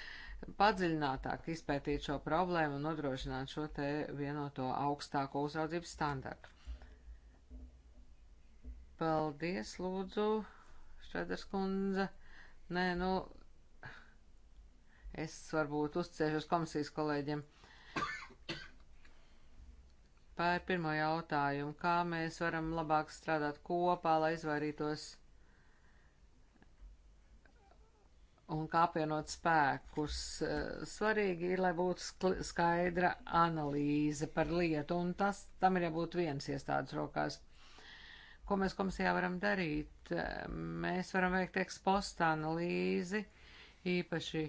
padziļinātāk izpētīt šo problēmu un nodrošināt šo te vienoto augstāko uzraudzības standartu? Paldies, lūdzu, Šreders kundze. Nē, nu, es varbūt uzticēšos komisijas kolēģiem. Uh, par pirmo jautājumu, kā mēs varam labāk strādāt kopā, lai izvairītos un kā apvienot spēkus. Eh, svarīgi ir, lai būtu skaidra analīze par lietu, un tas tam ir jābūt viens iestādes rokās. Ko mēs komisijā varam darīt? Eh, mēs varam veikt ekspostu analīzi, īpaši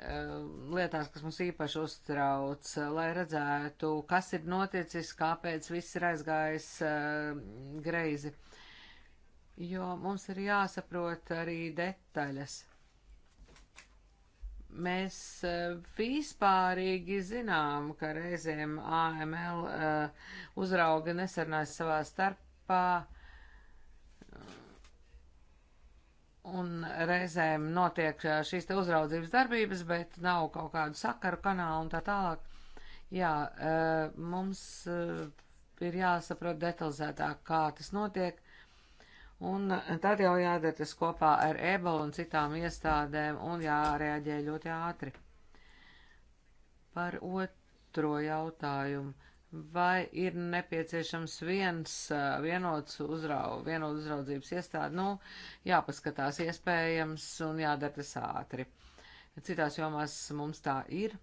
Um, lietās, kas mums īpaši uztrauc, lai redzētu, kas ir noticis, kāpēc viss ir aizgājis uh, greizi. Jo mums ir jāsaprot arī detaļas. Mēs uh, vispārīgi zinām, ka reizēm AML uh, uzrauga nesarunājas savā starpā un reizēm notiek uh, šīs te uzraudzības darbības, bet nav kaut kādu sakaru kanālu un tā tālāk. Jā, uh, mums uh, ir jāsaprot detalizētāk, kā tas notiek, un tad jau jādara tas kopā ar EBAL un citām iestādēm un jārēģē ļoti ātri. Par otro jautājumu vai ir nepieciešams viens vienots uzraudzības, vienot uzraudzības iestāde, nu, jāpaskatās iespējams un jādara tas ātri. Citās jomās mums tā ir.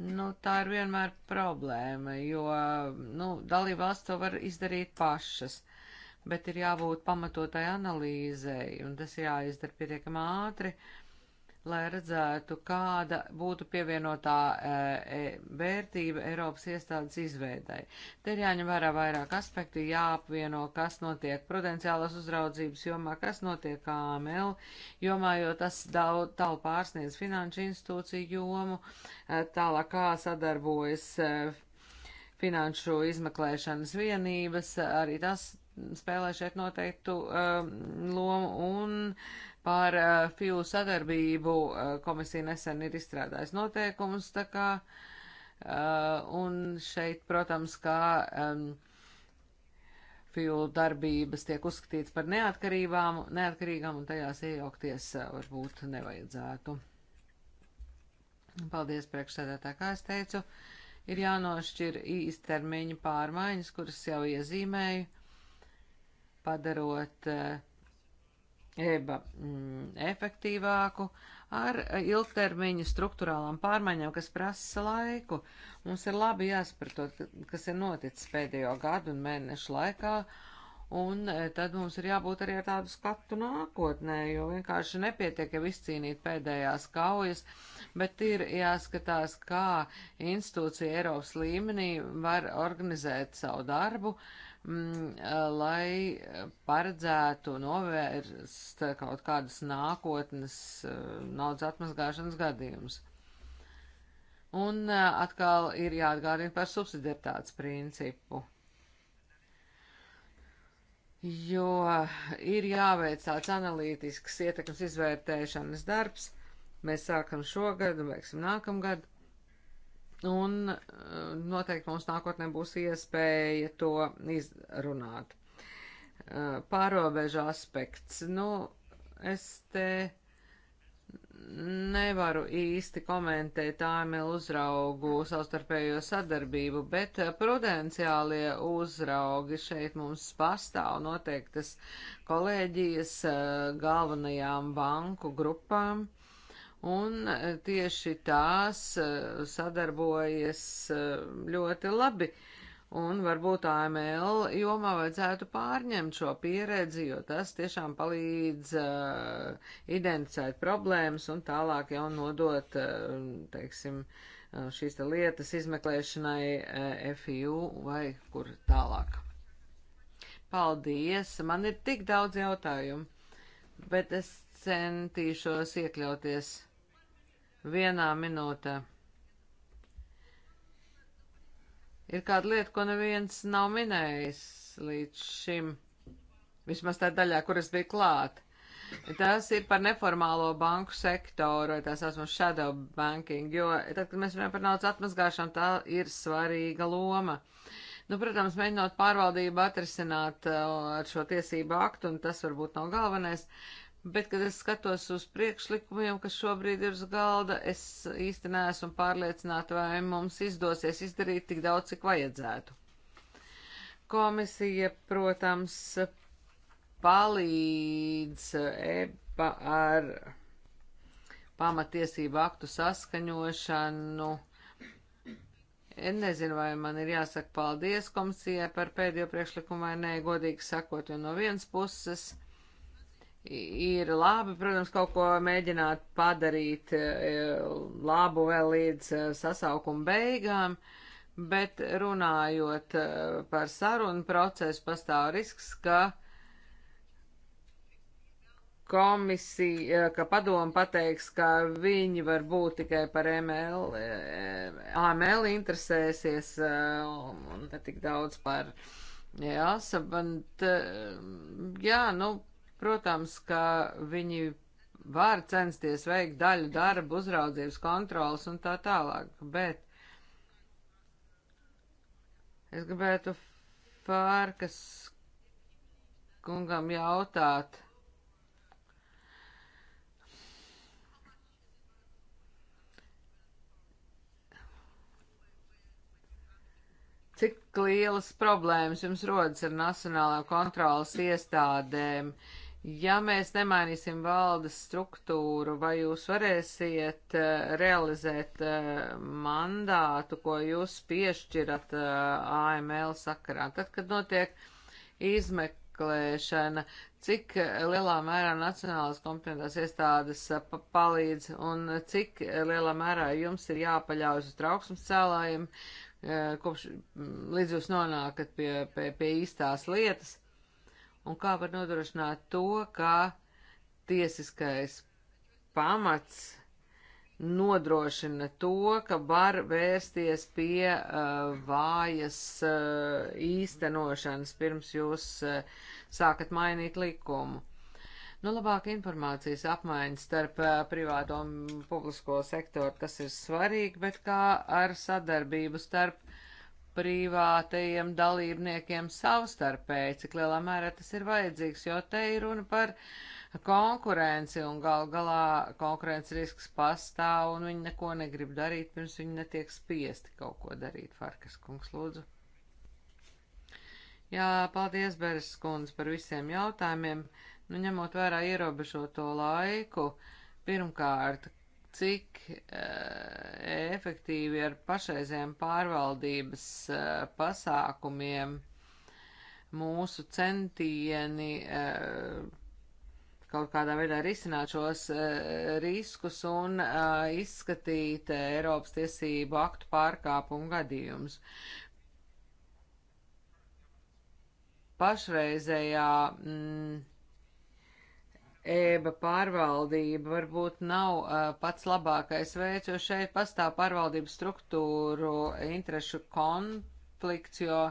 Nu, tā ir vienmēr problēma, jo, nu, dalībvalsts to var izdarīt pašas, bet ir jābūt pamatotai analīzei, un tas jāizdara pietiekami ātri. Uh, lai redzētu, kāda būtu pievienotā eh, e, vērtība Eiropas iestādes izveidai. Te ir jāņem vērā vairāk aspekti, jāapvieno, kas notiek prudenciālas uzraudzības jomā, kas notiek AML jomā, jo tas daudz tālu pārsniedz finanšu institūciju jomu, e, tālāk kā sadarbojas e, finanšu izmeklēšanas vienības, arī tas spēlē šeit noteiktu um, lomu un uh, Par uh, eh, FIU sadarbību uh, komisija nesen ir izstrādājusi noteikumus, tā kā, uh, un šeit, protams, kā um, FIU darbības tiek uzskatīts par neatkarībām, neatkarīgām, un tajās iejaukties uh, varbūt nevajadzētu. Paldies, priekšsēdētā, kā es teicu, ir jānošķir īstermiņa pārmaiņas, kuras jau iezīmēju, padarot uh, EBA mm, efektīvāku ar ilgtermiņu struktūrālām pārmaiņām, kas prasa laiku. Mums ir labi jāsapratot, kas ir noticis pēdējo gadu un mēnešu laikā, un e, tad mums ir jābūt arī ar tādu skatu nākotnē, jo vienkārši nepietiek jau izcīnīt pēdējās kaujas, bet ir jāskatās, kā institūcija Eiropas līmenī var organizēt savu darbu, uh, m, mm, eh, lai paredzētu novērst kaut kādus nākotnes eh, naudas atmazgāšanas gadījumus. Un eh, atkal ir jāatgādina par subsidiaritātes principu. Jo ir jāveic tāds analītisks ietekmes izvērtēšanas darbs. Mēs sākam šogad un veiksim nākamgad un eh, noteikti mums nākotnē būs iespēja to izrunāt. Eh, Pārobežu aspekts. Nu, es te nevaru īsti komentēt āmelu uzraugu savstarpējo sadarbību, bet eh, prudenciālie uzraugi šeit mums pastāv noteiktas kolēģijas galvenajām banku grupām un e, tieši tās e, sadarbojas e, ļoti labi. Un varbūt AML jomā vajadzētu pārņemt šo pieredzi, jo tas tiešām palīdz uh, identificēt problēmas un tālāk jau nodot, uh, teiksim, šīs te lietas izmeklēšanai uh, FIU vai kur tālāk. Paldies! Man ir tik daudz jautājumu, bet es centīšos iekļauties vienā minūtē. Ir kāda lieta, ko neviens nav minējis līdz šim, vismaz tā daļā, kur es biju klāt. Tas ir par neformālo banku sektoru, vai tās esmu shadow banking, jo tad, kad mēs runājam par naudas atmazgāšanu, tā ir svarīga loma. Nu, protams, mēģinot pārvaldību atrisināt uh, ar šo tiesību aktu, un tas varbūt nav galvenais, Bet, kad es skatos uz priekšlikumiem, kas šobrīd ir uz galda, es īsti neesmu pārliecināta, vai mums izdosies izdarīt tik daudz, cik vajadzētu. Komisija, protams, palīdz EBA ar pamatiesību aktu saskaņošanu. Es nezinu, vai man ir jāsaka paldies komisijai par pēdējo priekšlikumu vai nē, godīgi sakot, jo no vienas puses ir labi, protams, kaut ko mēģināt padarīt e, labu vēl līdz e, sasaukuma beigām, bet runājot e, par sarunu procesu, pastāv risks, ka komisija, ka padoma pateiks, ka viņi var būt tikai par ML, AML interesēsies un ne tik daudz par. Jā, sabant, jā, nu, Protams, ka viņi var censties veikt daļu darbu, uzraudzības kontrolas un tā tālāk, bet es gribētu Fārkas kungam jautāt. Cik lielas problēmas jums rodas ar nacionālajām kontrolas iestādēm? Uh, Ja mēs nemainīsim valdes struktūru, vai jūs varēsiet uh, realizēt uh, mandātu, ko jūs piešķirat uh, eh, AML sakarā, tad, kad notiek izmeklēšana, cik lielā mērā Nacionālās kompetentās iestādes palīdz un cik lielā mērā jums ir jāpaļaujas uz trauksmes cēlājiem, kopš mm, līdz jūs nonākat pie, pie, pie īstās lietas? un kā var nodrošināt to, ka tiesiskais pamats nodrošina to, ka var vērsties pie uh, vājas uh, īstenošanas pirms jūs uh, sākat mainīt likumu. Nu, labāka informācijas apmaiņa starp uh, privāto un publisko sektoru, tas ir svarīgi, bet kā ar sadarbību starp privātajiem dalībniekiem savstarpēji, cik lielā mērā tas ir vajadzīgs, jo te ir runa par konkurenci un gal galā konkurences risks pastāv un viņi neko negrib darīt, pirms viņi netiek spiesti kaut ko darīt. Farkas kungs, lūdzu. Jā, paldies, Beres kundze, par visiem jautājumiem. Nu, ņemot vērā ierobežoto laiku, pirmkārt, cik e, efektīvi ar pašreizējiem pārvaldības e, pasākumiem mūsu centieni e, kaut kādā veidā risināt šos riskus un izskatīt Eiropas tiesību aktu pārkāpumu gadījumus. Pašreizējā mm, EBA pārvaldība varbūt nav uh, pats labākais veids, jo šeit pastāv pārvaldības struktūru interešu konflikts konflikts, jo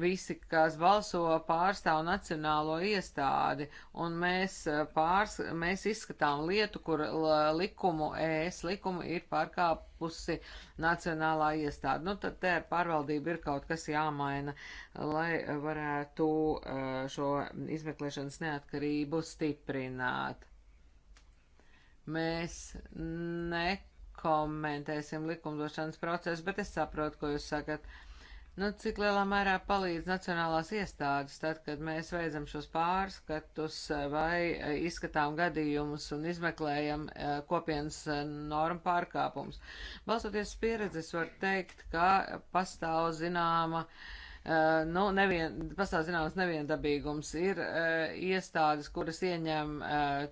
visi, kas balso, pārstāv nacionālo iestādi, un mēs, eh, pārs, mēs izskatām lietu, kur likumu, ES likumu ir pārkāpusi nacionālā iestāde. Nu, tad te ar pārvaldību ir kaut kas jāmaina, lai varētu eh, šo izmeklēšanas neatkarību stiprināt. Mēs ne komentēsim likumdošanas procesu, bet es saprotu, ko jūs sakat. Nu, cik lielā mērā palīdz nacionālās iestādes, tad, kad mēs veicam šos pārskatus eh, vai eh, izskatām gadījumus un izmeklējam eh, kopienas normu pārkāpumus. Balstoties pieredzes, var teikt, ka pastāv zināma. Nu, nevien, pastāv zināms neviendabīgums. Ir iestādes, kuras ieņem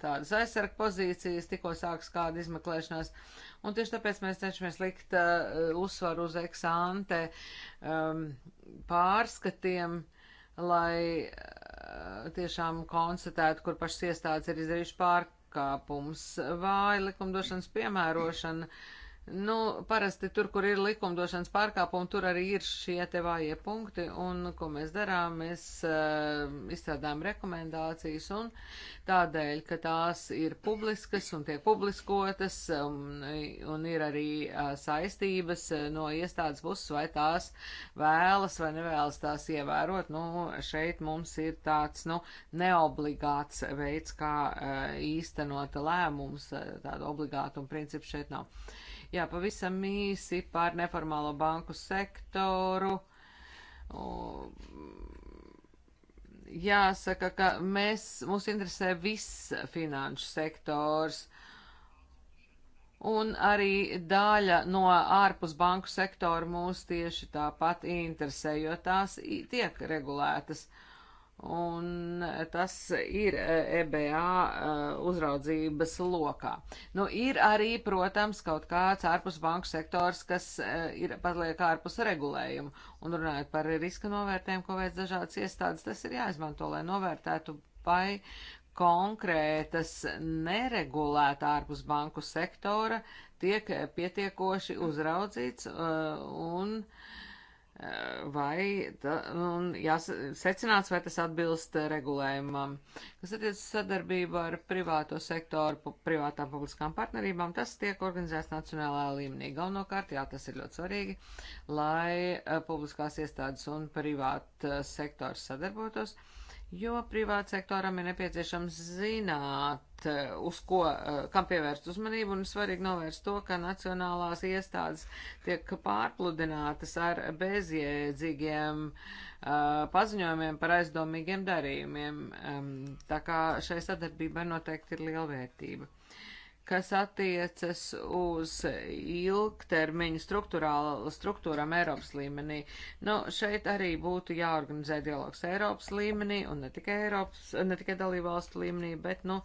tādas aizsarga pozīcijas, tikko sāks kāda izmeklēšanās, un tieši tāpēc mēs cenšamies likt uh, uzsvaru uz eksante um, pārskatiem, lai uh, tiešām konstatētu, kur pašas iestādes ir izdarījuši pārkāpumus. Vāja likumdošanas piemērošana. Uh, Nu, parasti tur, kur ir likumdošanas pārkāpumi, tur arī ir šie te vājie punkti, un ko mēs darām, mēs uh, izstrādājam rekomendācijas, un tādēļ, ka tās ir publiskas un tiek publiskotas, um, un ir arī uh, saistības uh, no iestādes puses, vai tās vēlas vai nevēlas tās ievērot, nu, šeit mums ir tāds, nu, neobligāts veids, kā uh, īstenot lēmums, uh, tādu obligātu un principu šeit nav. Uh, Jā, pavisam īsi par neformālo banku sektoru. Jāsaka, ka mēs, mūs interesē viss finanšu sektors un arī daļa no ārpus banku sektora mūs tieši tāpat interesē, jo tās tiek regulētas. Uh, un tas ir EBA e e, uzraudzības lokā. Nu, ir arī, protams, kaut kāds ārpus banku sektors, kas e, ir paliek ārpus regulējumu, un runājot par riska novērtējumu, ko veids dažādas iestādes, tas ir jāizmanto, lai novērtētu, vai konkrētas neregulēta ārpus banku sektora tiek pietiekoši uzraudzīts un uh, vai ta, un jāsecināts, vai tas atbilst regulējumam. Kas attiec sadarbību ar privāto sektoru, pu, privātām publiskām partnerībām, tas tiek organizēts nacionālā līmenī. Galvenokārt, jā, tas ir ļoti svarīgi, lai eh, publiskās iestādes un privāta eh, sektors sadarbotos. Uh, jo privāta sektoram ir nepieciešams zināt, eh, uz ko, eh, kam pievērst uzmanību, un svarīgi novērst to, ka nacionālās iestādes tiek pārpludinātas ar bezjēdzīgiem uh, paziņojumiem par aizdomīgiem darījumiem. Um, tā kā šai sadarbībai noteikti ir liela vērtība kas attiecas uz ilgtermiņu struktūrām Eiropas līmenī. Nu, šeit arī būtu jāorganizē dialogs Eiropas līmenī un ne tikai, Eiropas, ne tikai dalībvalstu līmenī, bet, nu,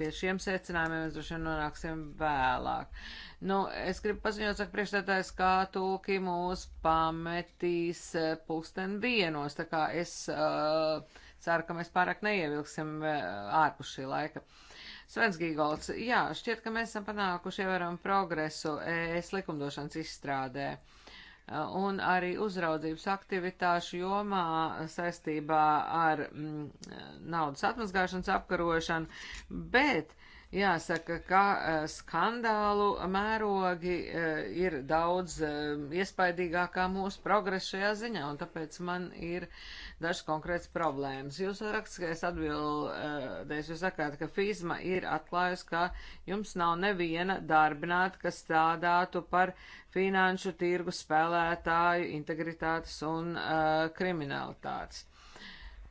pie šiem secinājumiem mēs droši vien nonāksim vēlāk. Nu, es gribu paziņot, saka priekšstādājs, kā tulki mūs pametīs eh, pulksten vienos, tā kā es uh, ceru, ka mēs pārāk neievilksim eh, ārpus šī laika. Uh, Svens Gīgolds, jā, šķiet, ka mēs esam panākuši ievēram progresu ES likumdošanas izstrādē uh, un arī uzraudzības aktivitāšu jomā saistībā ar mm, naudas atmazgāšanas apkarošanu, bet uh, Jāsaka, ka eh, skandālu mērogi eh, ir daudz eh, iespaidīgākā mūsu progresa šajā ziņā, un tāpēc man ir dažs konkrēts problēmas. Jūs rakstiskais atbildēs, jūs sakāt, ka FIZMA ir atklājusi, ka jums nav neviena darbināta, kas strādātu par finanšu tirgu spēlētāju integritātes un uh, kriminalitātes.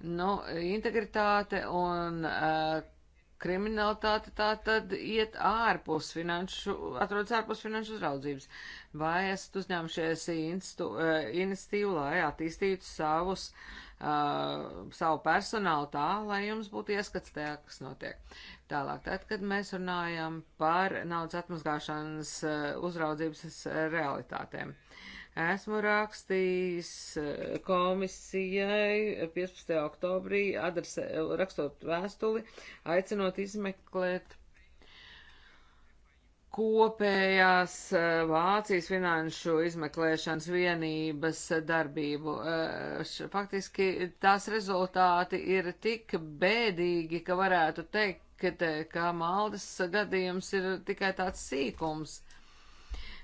Nu, integritāte un uh, kriminalitāte tā tad iet ārpus finanšu, atrodas ārpus finanšu uzraudzības. Vai esat uzņēmušies eh, iniciatīvu, lai attīstītu savus, uh, savu personālu tā, lai jums būtu ieskats tajā, kas notiek. Tālāk, tad, kad mēs runājam par naudas atmazgāšanas uh, uzraudzības realitātēm. Uh, Esmu rakstījis eh, komisijai 15. oktobrī, adrese, rakstot vēstuli, aicinot izmeklēt kopējās eh, Vācijas finanšu izmeklēšanas vienības darbību. Eh, faktiski tās rezultāti ir tik bēdīgi, ka varētu teikt, ka, ka Maldas gadījums ir tikai tāds sīkums.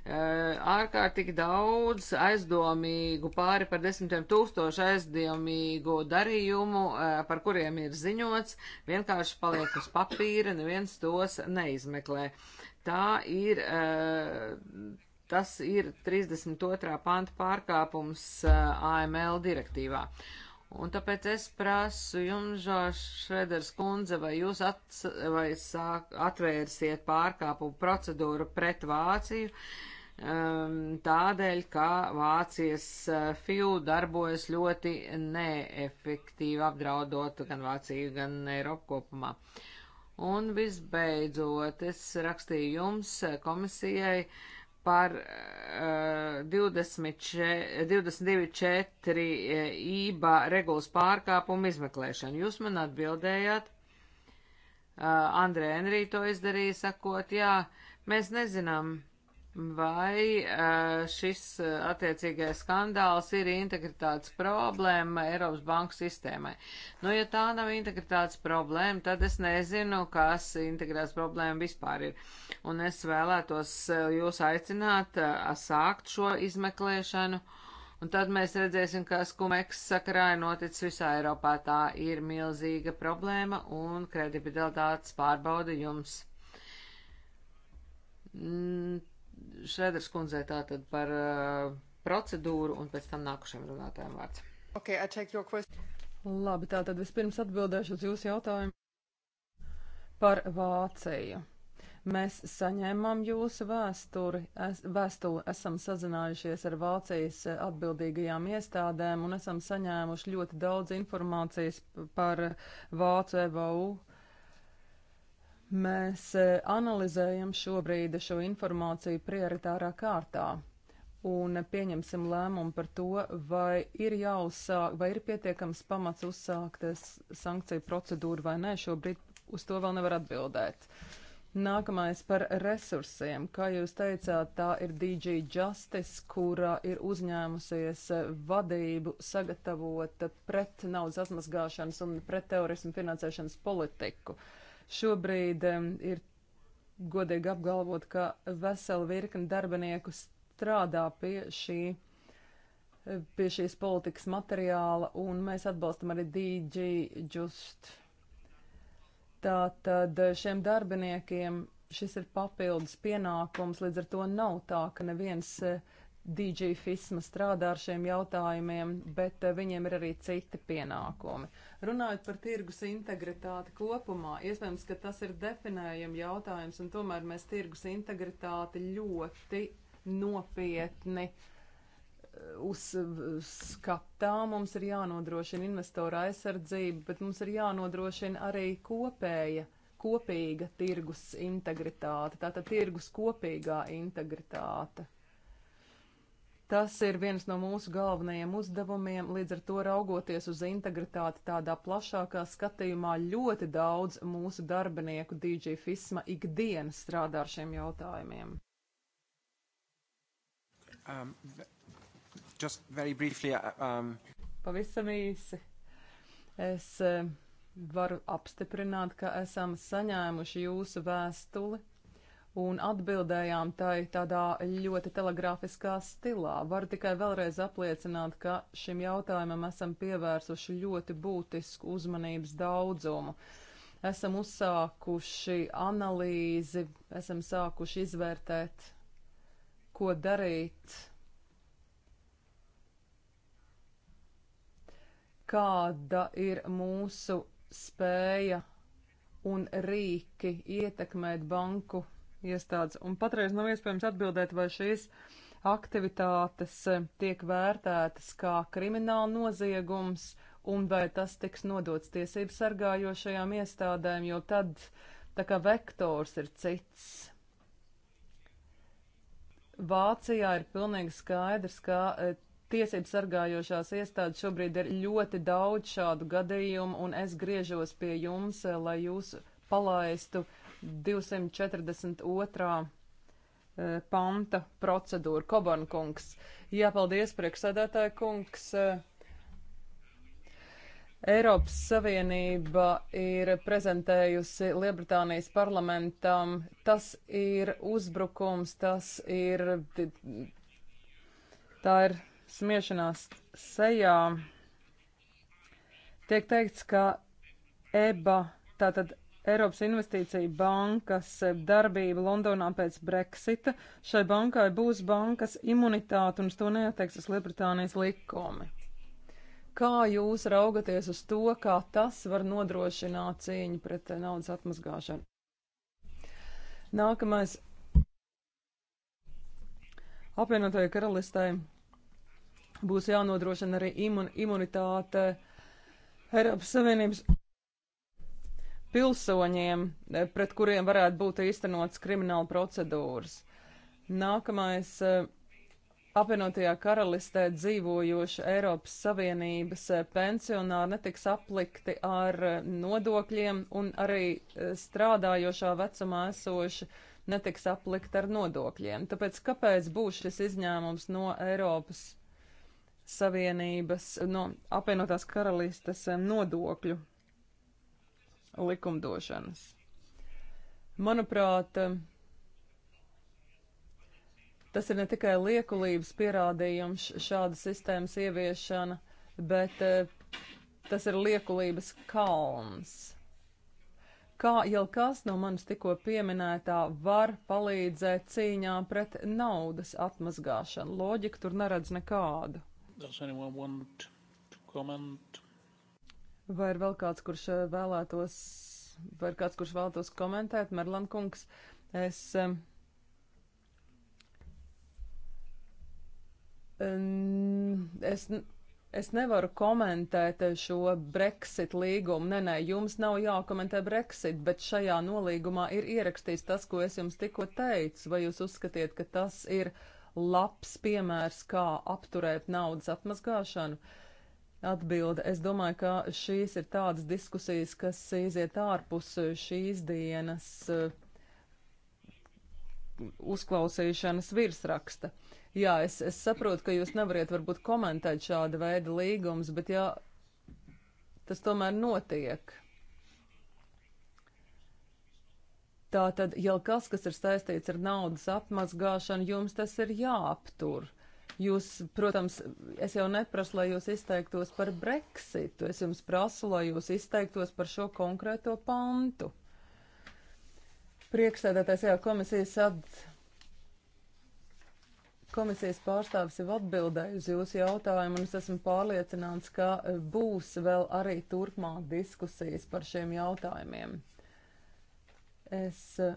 Eh, ārkārtīgi daudz aizdomīgu, pāri par desmitiem tūkstošu aizdomīgu darījumu, eh, par kuriem ir ziņots, vienkārši paliek uz papīra, neviens tos neizmeklē. Tā ir, eh, tas ir 32. panta pārkāpums AML direktīvā. Un tāpēc es prasu jums, Šreders kundze, vai jūs ats, vai sāk, atvērsiet pārkāpumu procedūru pret Vāciju, uh, Um, tādēļ, ka Vācijas uh, FIU darbojas ļoti neefektīvi apdraudot gan Vāciju, gan Eiropu kopumā. Un visbeidzot, es rakstīju jums uh, komisijai par uh, 22.4 ība uh, regulas pārkāpumu izmeklēšanu. Jūs man atbildējāt, uh, Andrē Enrī to izdarīja, sakot, jā, mēs nezinām, uh, Vai eh, šis eh, attiecīgais skandāls ir integritātes problēma Eiropas banku sistēmai? Nu, ja tā nav integritātes problēma, tad es nezinu, kas integritātes problēma vispār ir. Un es vēlētos eh, jūs aicināt sākt šo izmeklēšanu, un tad mēs redzēsim, kas kumeks sakarā ir noticis visā Eiropā. Tā ir milzīga problēma un kredibilitātes pārbauda jums. Mm Šreders kundzē tātad par uh, procedūru un pēc tam nākušiem runātājiem vārds. Okay, I take your question. Labi, tātad vispirms atbildēšu uz jūsu jautājumu par Vāciju. Mēs saņēmām jūsu vēsturi, es, vēstuli, esam sazinājušies ar Vācijas atbildīgajām iestādēm un esam saņēmuši ļoti daudz informācijas par Vācu EVU Mēs e, analizējam šobrīd šo informāciju prioritārā kārtā un pieņemsim lēmumu par to, vai ir jāuzsāk, vai ir pietiekams pamats uzsākt e, sankciju procedūru vai nē. Šobrīd uz to vēl nevar atbildēt. Nākamais par resursiem. Kā jūs teicāt, tā ir DG Justice, kura ir uzņēmusies e, vadību sagatavot pret naudas atmazgāšanas un pret terorismu finansēšanas politiku. Uh, Šobrīd ir godīgi apgalvot, ka vesela virkni darbinieku strādā pie šī eh, pie šīs politikas materiāla, un mēs atbalstam arī DJ Just. Tātad eh, šiem darbiniekiem šis ir papildus pienākums, līdz ar to nav tā, ka neviens uh, DJ Fisma strādā ar šiem jautājumiem, bet eh, viņiem ir arī citi pienākumi. Runājot par tirgus integritāti kopumā, iespējams, ka tas ir definējama jautājums, un tomēr mēs tirgus integritāti ļoti nopietni eh, uzskatām. Mums ir jānodrošina investora aizsardzība, bet mums ir jānodrošina arī kopēja kopīga tirgus integritāte, tātad tirgus kopīgā integritāte. Tas ir viens no mūsu galvenajiem uzdevumiem, līdz ar to raugoties uz integritāti tādā plašākā skatījumā, ļoti daudz mūsu darbinieku DJ Fisma ikdienas strādā ar šiem jautājumiem. Um, briefly, uh, um... Pavisam īsi. Es eh, varu apstiprināt, ka esam saņēmuši jūsu vēstuli un atbildējām tai tādā ļoti telegrāfiskā stilā. Varu tikai vēlreiz apliecināt, ka šim jautājumam esam pievērsuši ļoti būtisku uzmanības daudzumu. Esam uzsākuši analīzi, esam sākuši izvērtēt, ko darīt, kāda ir mūsu spēja un rīki ietekmēt banku iestādes, un patreiz nav iespējams atbildēt, vai šīs aktivitātes eh, tiek vērtētas kā krimināla noziegums, un vai tas tiks nodots tiesību sargājošajām iestādēm, jo tad tā kā vektors ir cits. Vācijā ir pilnīgi skaidrs, ka e, tiesību sargājošās iestādes šobrīd ir ļoti daudz šādu gadījumu, un es griežos pie jums, e, lai jūs palaistu uh, 242. E, panta procedūra. Koban kungs. Jā, paldies, priekšsēdētāja kungs. E, Eiropas Savienība ir prezentējusi Lielbritānijas parlamentam. Tas ir uzbrukums, tas ir. Tā ir smiešanās sejā tiek teikts, ka EBA, tātad Eiropas Investīcija bankas darbība Londonā pēc Brexita. Šai bankai būs bankas imunitāte un uz to neateiksies Lielbritānijas likumi. Kā jūs raugaties uz to, kā tas var nodrošināt cīņu pret naudas atmazgāšanu? Nākamais. Apvienotajai karalistei būs jānodrošina arī imun imunitāte Eiropas Savienības pilsoņiem, e, pret kuriem varētu būt īstenots krimināla procedūras. Nākamais e, apvienotajā karalistē dzīvojoši Eiropas Savienības e, pensionāri netiks aplikti ar nodokļiem un arī strādājošā vecumā esoši netiks aplikt ar nodokļiem. Tāpēc kāpēc būs šis izņēmums no Eiropas Savienības, no apvienotās karalistes nodokļu likumdošanas. Manuprāt, tas ir ne tikai liekulības pierādījums šāda sistēmas ieviešana, bet eh, tas ir liekulības kalns. Kā jau kas no manis tikko pieminētā var palīdzēt cīņā pret naudas atmazgāšanu, loģika tur neredz nekādu. Does anyone want to comment? Vai ir vēl kāds, kurš eh, vēlētos, vai ir kāds, kurš vēlētos komentēt? Merlan kungs, es. Eh, es, es nevaru komentēt šo Brexit līgumu. Nē, nē, jums nav jākomentē Brexit, bet šajā nolīgumā ir ierakstīts tas, ko es jums tikko teicu. Vai jūs uzskatiet, ka tas ir labs piemērs, kā apturēt naudas atmazgāšanu? Uh, atbilde. Es domāju, ka šīs ir tādas diskusijas, kas iziet ārpus šīs dienas eh, uzklausīšanas virsraksta. Jā, es, es saprotu, ka jūs nevariet varbūt komentēt šāda veida līgumus, bet jā, tas tomēr notiek. Tātad jau kas, kas ir saistīts ar naudas apmazgāšanu, jums tas ir jāaptur. Uh, Jūs, protams, es jau neprasu, lai jūs izteiktos par Brexitu, es jums prasu, lai jūs izteiktos par šo konkrēto pantu. Priekšsēdētājs jau komisijas at... Komisijas pārstāvis jau atbildēja uz jūsu jautājumu, un es esmu pārliecināts, ka e, būs vēl arī turpmāk diskusijas par šiem jautājumiem. Es e,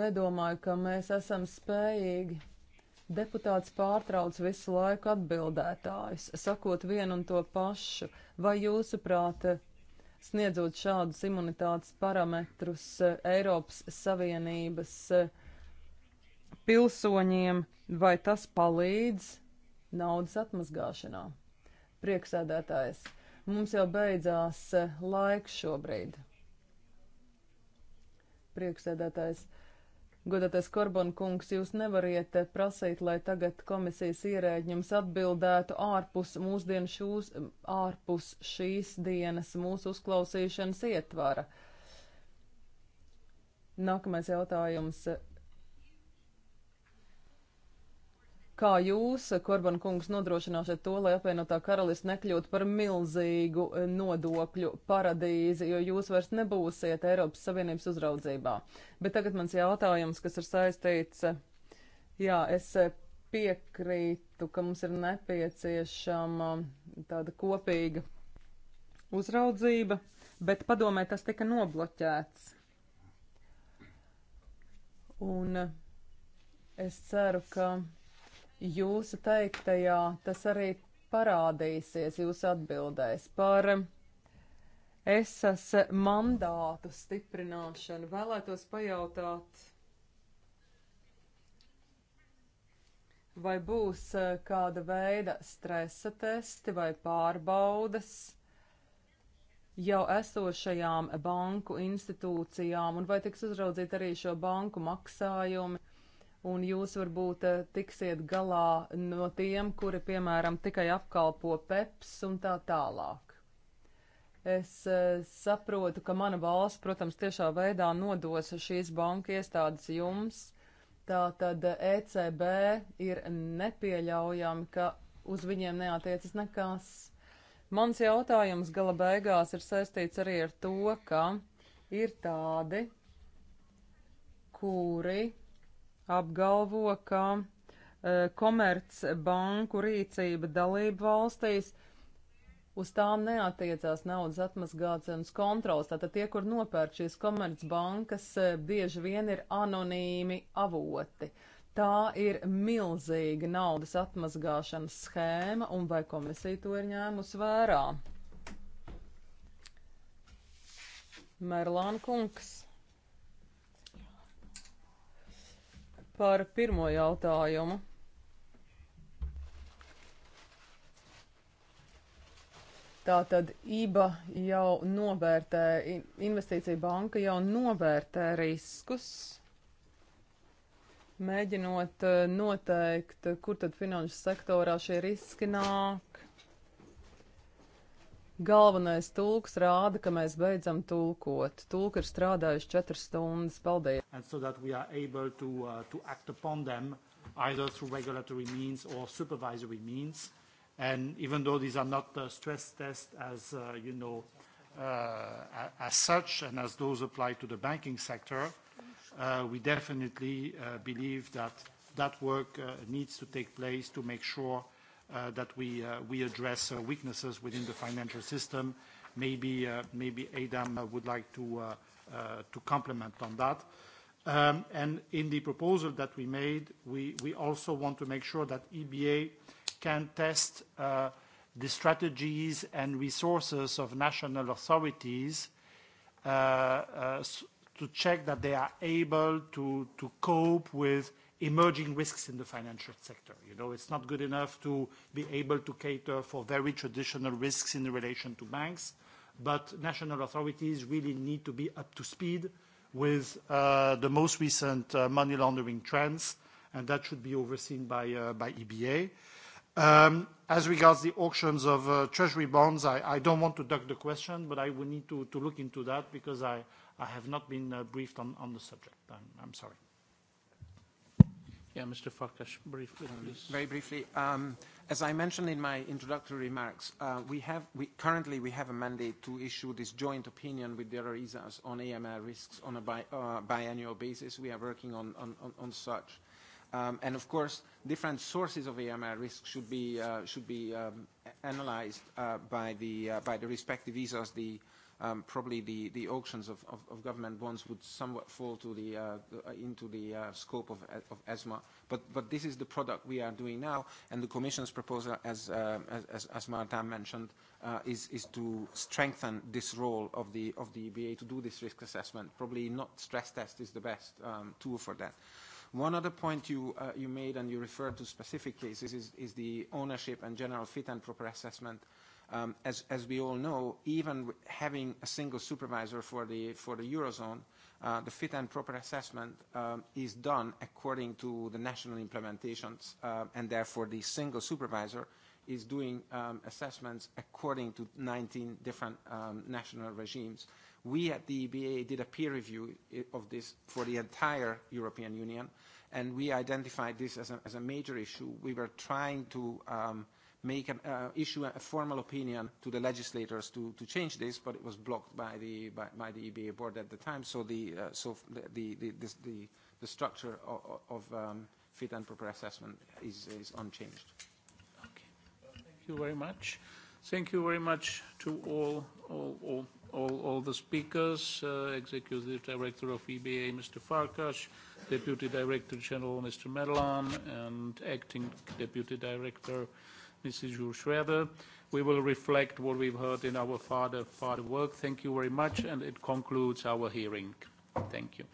nedomāju, ka mēs esam spējīgi Deputāts pārtrauc visu laiku atbildētājus, sakot vienu un to pašu. Vai jūsuprāt, sniedzot šādus imunitātes parametrus Eiropas Savienības pilsoņiem, vai tas palīdz naudas atmazgāšanā? Prieksēdētājs, mums jau beidzās laiks šobrīd. Prieksēdētājs. Godātais Korbon kungs, jūs nevariet eh, prasīt, lai tagad komisijas ierēģi jums atbildētu ārpus mūsdienu šūs, ārpus šīs dienas mūsu uzklausīšanas ietvara. Nākamais jautājums. Eh, Kā jūs, Korban kungs, nodrošināsiet to, lai apvienotā karalista nekļūtu par milzīgu eh, nodokļu paradīzi, jo jūs vairs nebūsiet Eiropas Savienības uzraudzībā? Bet tagad mans jautājums, kas ir saistīts, eh, jā, es eh, piekrītu, ka mums ir nepieciešama tāda kopīga uzraudzība, bet padomē tas tika nobloķēts. Un es ceru, ka jūsu teiktajā tas arī parādīsies jūsu atbildēs par esas mandātu stiprināšanu. Vēlētos pajautāt, vai būs eh, kāda veida stresa testi vai pārbaudas jau esošajām banku institūcijām, un vai tiks uzraudzīti arī šo banku maksājumi un jūs varbūt eh, tiksiet galā no tiem, kuri, piemēram, tikai apkalpo peps un tā tālāk. Es eh, saprotu, ka mana valsts, protams, tiešā veidā nodos šīs banka iestādes jums. Tātad ECB ir nepieļaujami, ka uz viņiem neatiecas nekas. Mans jautājums gala beigās ir saistīts arī ar to, ka ir tādi, kuri apgalvo, ka e, komercbanku rīcība dalību valstīs uz tām neatiecās naudas atmazgāšanas kontrols. Tātad tie, kur nopērk šīs komercbankas, e, bieži vien ir anonīmi avoti. Tā ir milzīga naudas atmazgāšanas schēma, un vai komisija to ir ņēmusi vērā? Merlāna kungs. par pirmo jautājumu. Tātad IBA jau novērtē, investīcija banka jau novērtē riskus, mēģinot eh, noteikt, kur tad finanšu sektorā šie riski nāk. Galvenais tulks rāda, ka mēs beidzam tulkot. Tulki ir strādājuši četras stundas. Paldies! And so that we are able to, uh, to act upon them either through regulatory means or supervisory means. And even though these are not uh, stress tests as, uh, you know, uh, as such and as those apply to the banking sector, uh, we definitely uh, believe that that work uh, needs to take place to make sure uh, uh, that we, uh, we address uh, weaknesses within the financial system. Maybe, uh, maybe Adam uh, would like to, uh, to complement on that. Um, and in the proposal that we made, we, we also want to make sure that EBA can test the strategies and resources of national authorities to check that they are able to, to cope with emerging risks in the financial sector. You know, it's not good enough to be able to cater for very traditional risks in relation to banks, but national authorities really need to be up to speed with uh, the most recent uh, money laundering trends, and that should be overseen by, uh, by EBA. Um, as regards the auctions of uh, treasury bonds, I, I don't want to duck the question, but I will need to, to look into that because I, I have not been uh, briefed on, on the subject. I'm, I'm sorry. Yeah, Mr. Farkas, briefly, please. Very briefly. Um, as I mentioned in my introductory remarks, uh, we have, we, currently we have a mandate to issue this joint opinion with the other ESAs on AML risks on a bi, uh, biannual basis. We are working on, on, on, on such. Um, and of course, different sources of AML risk should be, uh, should be um, analyzed uh, by the, uh, by the respective ESAs. The um, probably the, the auctions of, of, of government bonds would somewhat fall to the, uh, into the uh, scope of, uh, of ESMA. But, but this is the product we are doing now, and the Commission's proposal, as, uh, as, as Martin mentioned, uh, is, is to strengthen this role of the, of the EBA to do this risk assessment. Probably not stress test is the best um, tool for that. One other point you, uh, you made, and you referred to specific cases, is, is the ownership and general fit and proper assessment uh, Um, as, as we all know, even having a single supervisor for the, for the Eurozone, uh, the fit and proper assessment um, is done according to the national implementations, uh, and therefore the single supervisor is doing um, assessments according to 19 different um, national regimes. We at the EBA did a peer review eh, of this for the entire European Union, and we identified this as a, as a major issue. We were trying to um, – make an, uh, issue a formal opinion to the legislators to, to change this, but it was blocked by the, by, by the EBA board at the time. So the, uh, so the, the, the, the, the structure of, of um, fit and proper assessment is, is unchanged. Okay. Well, thank you very much. Thank you very much to all, all, all, all, all the speakers, uh, Executive Director of EBA, Mr. Farkas, Deputy Director General, Mr. Medlan, and Acting Deputy Director, uh, Mrs. Jules Schroeder. We will reflect what we've heard in our further work. Thank you very much, and it concludes our hearing. Thank you.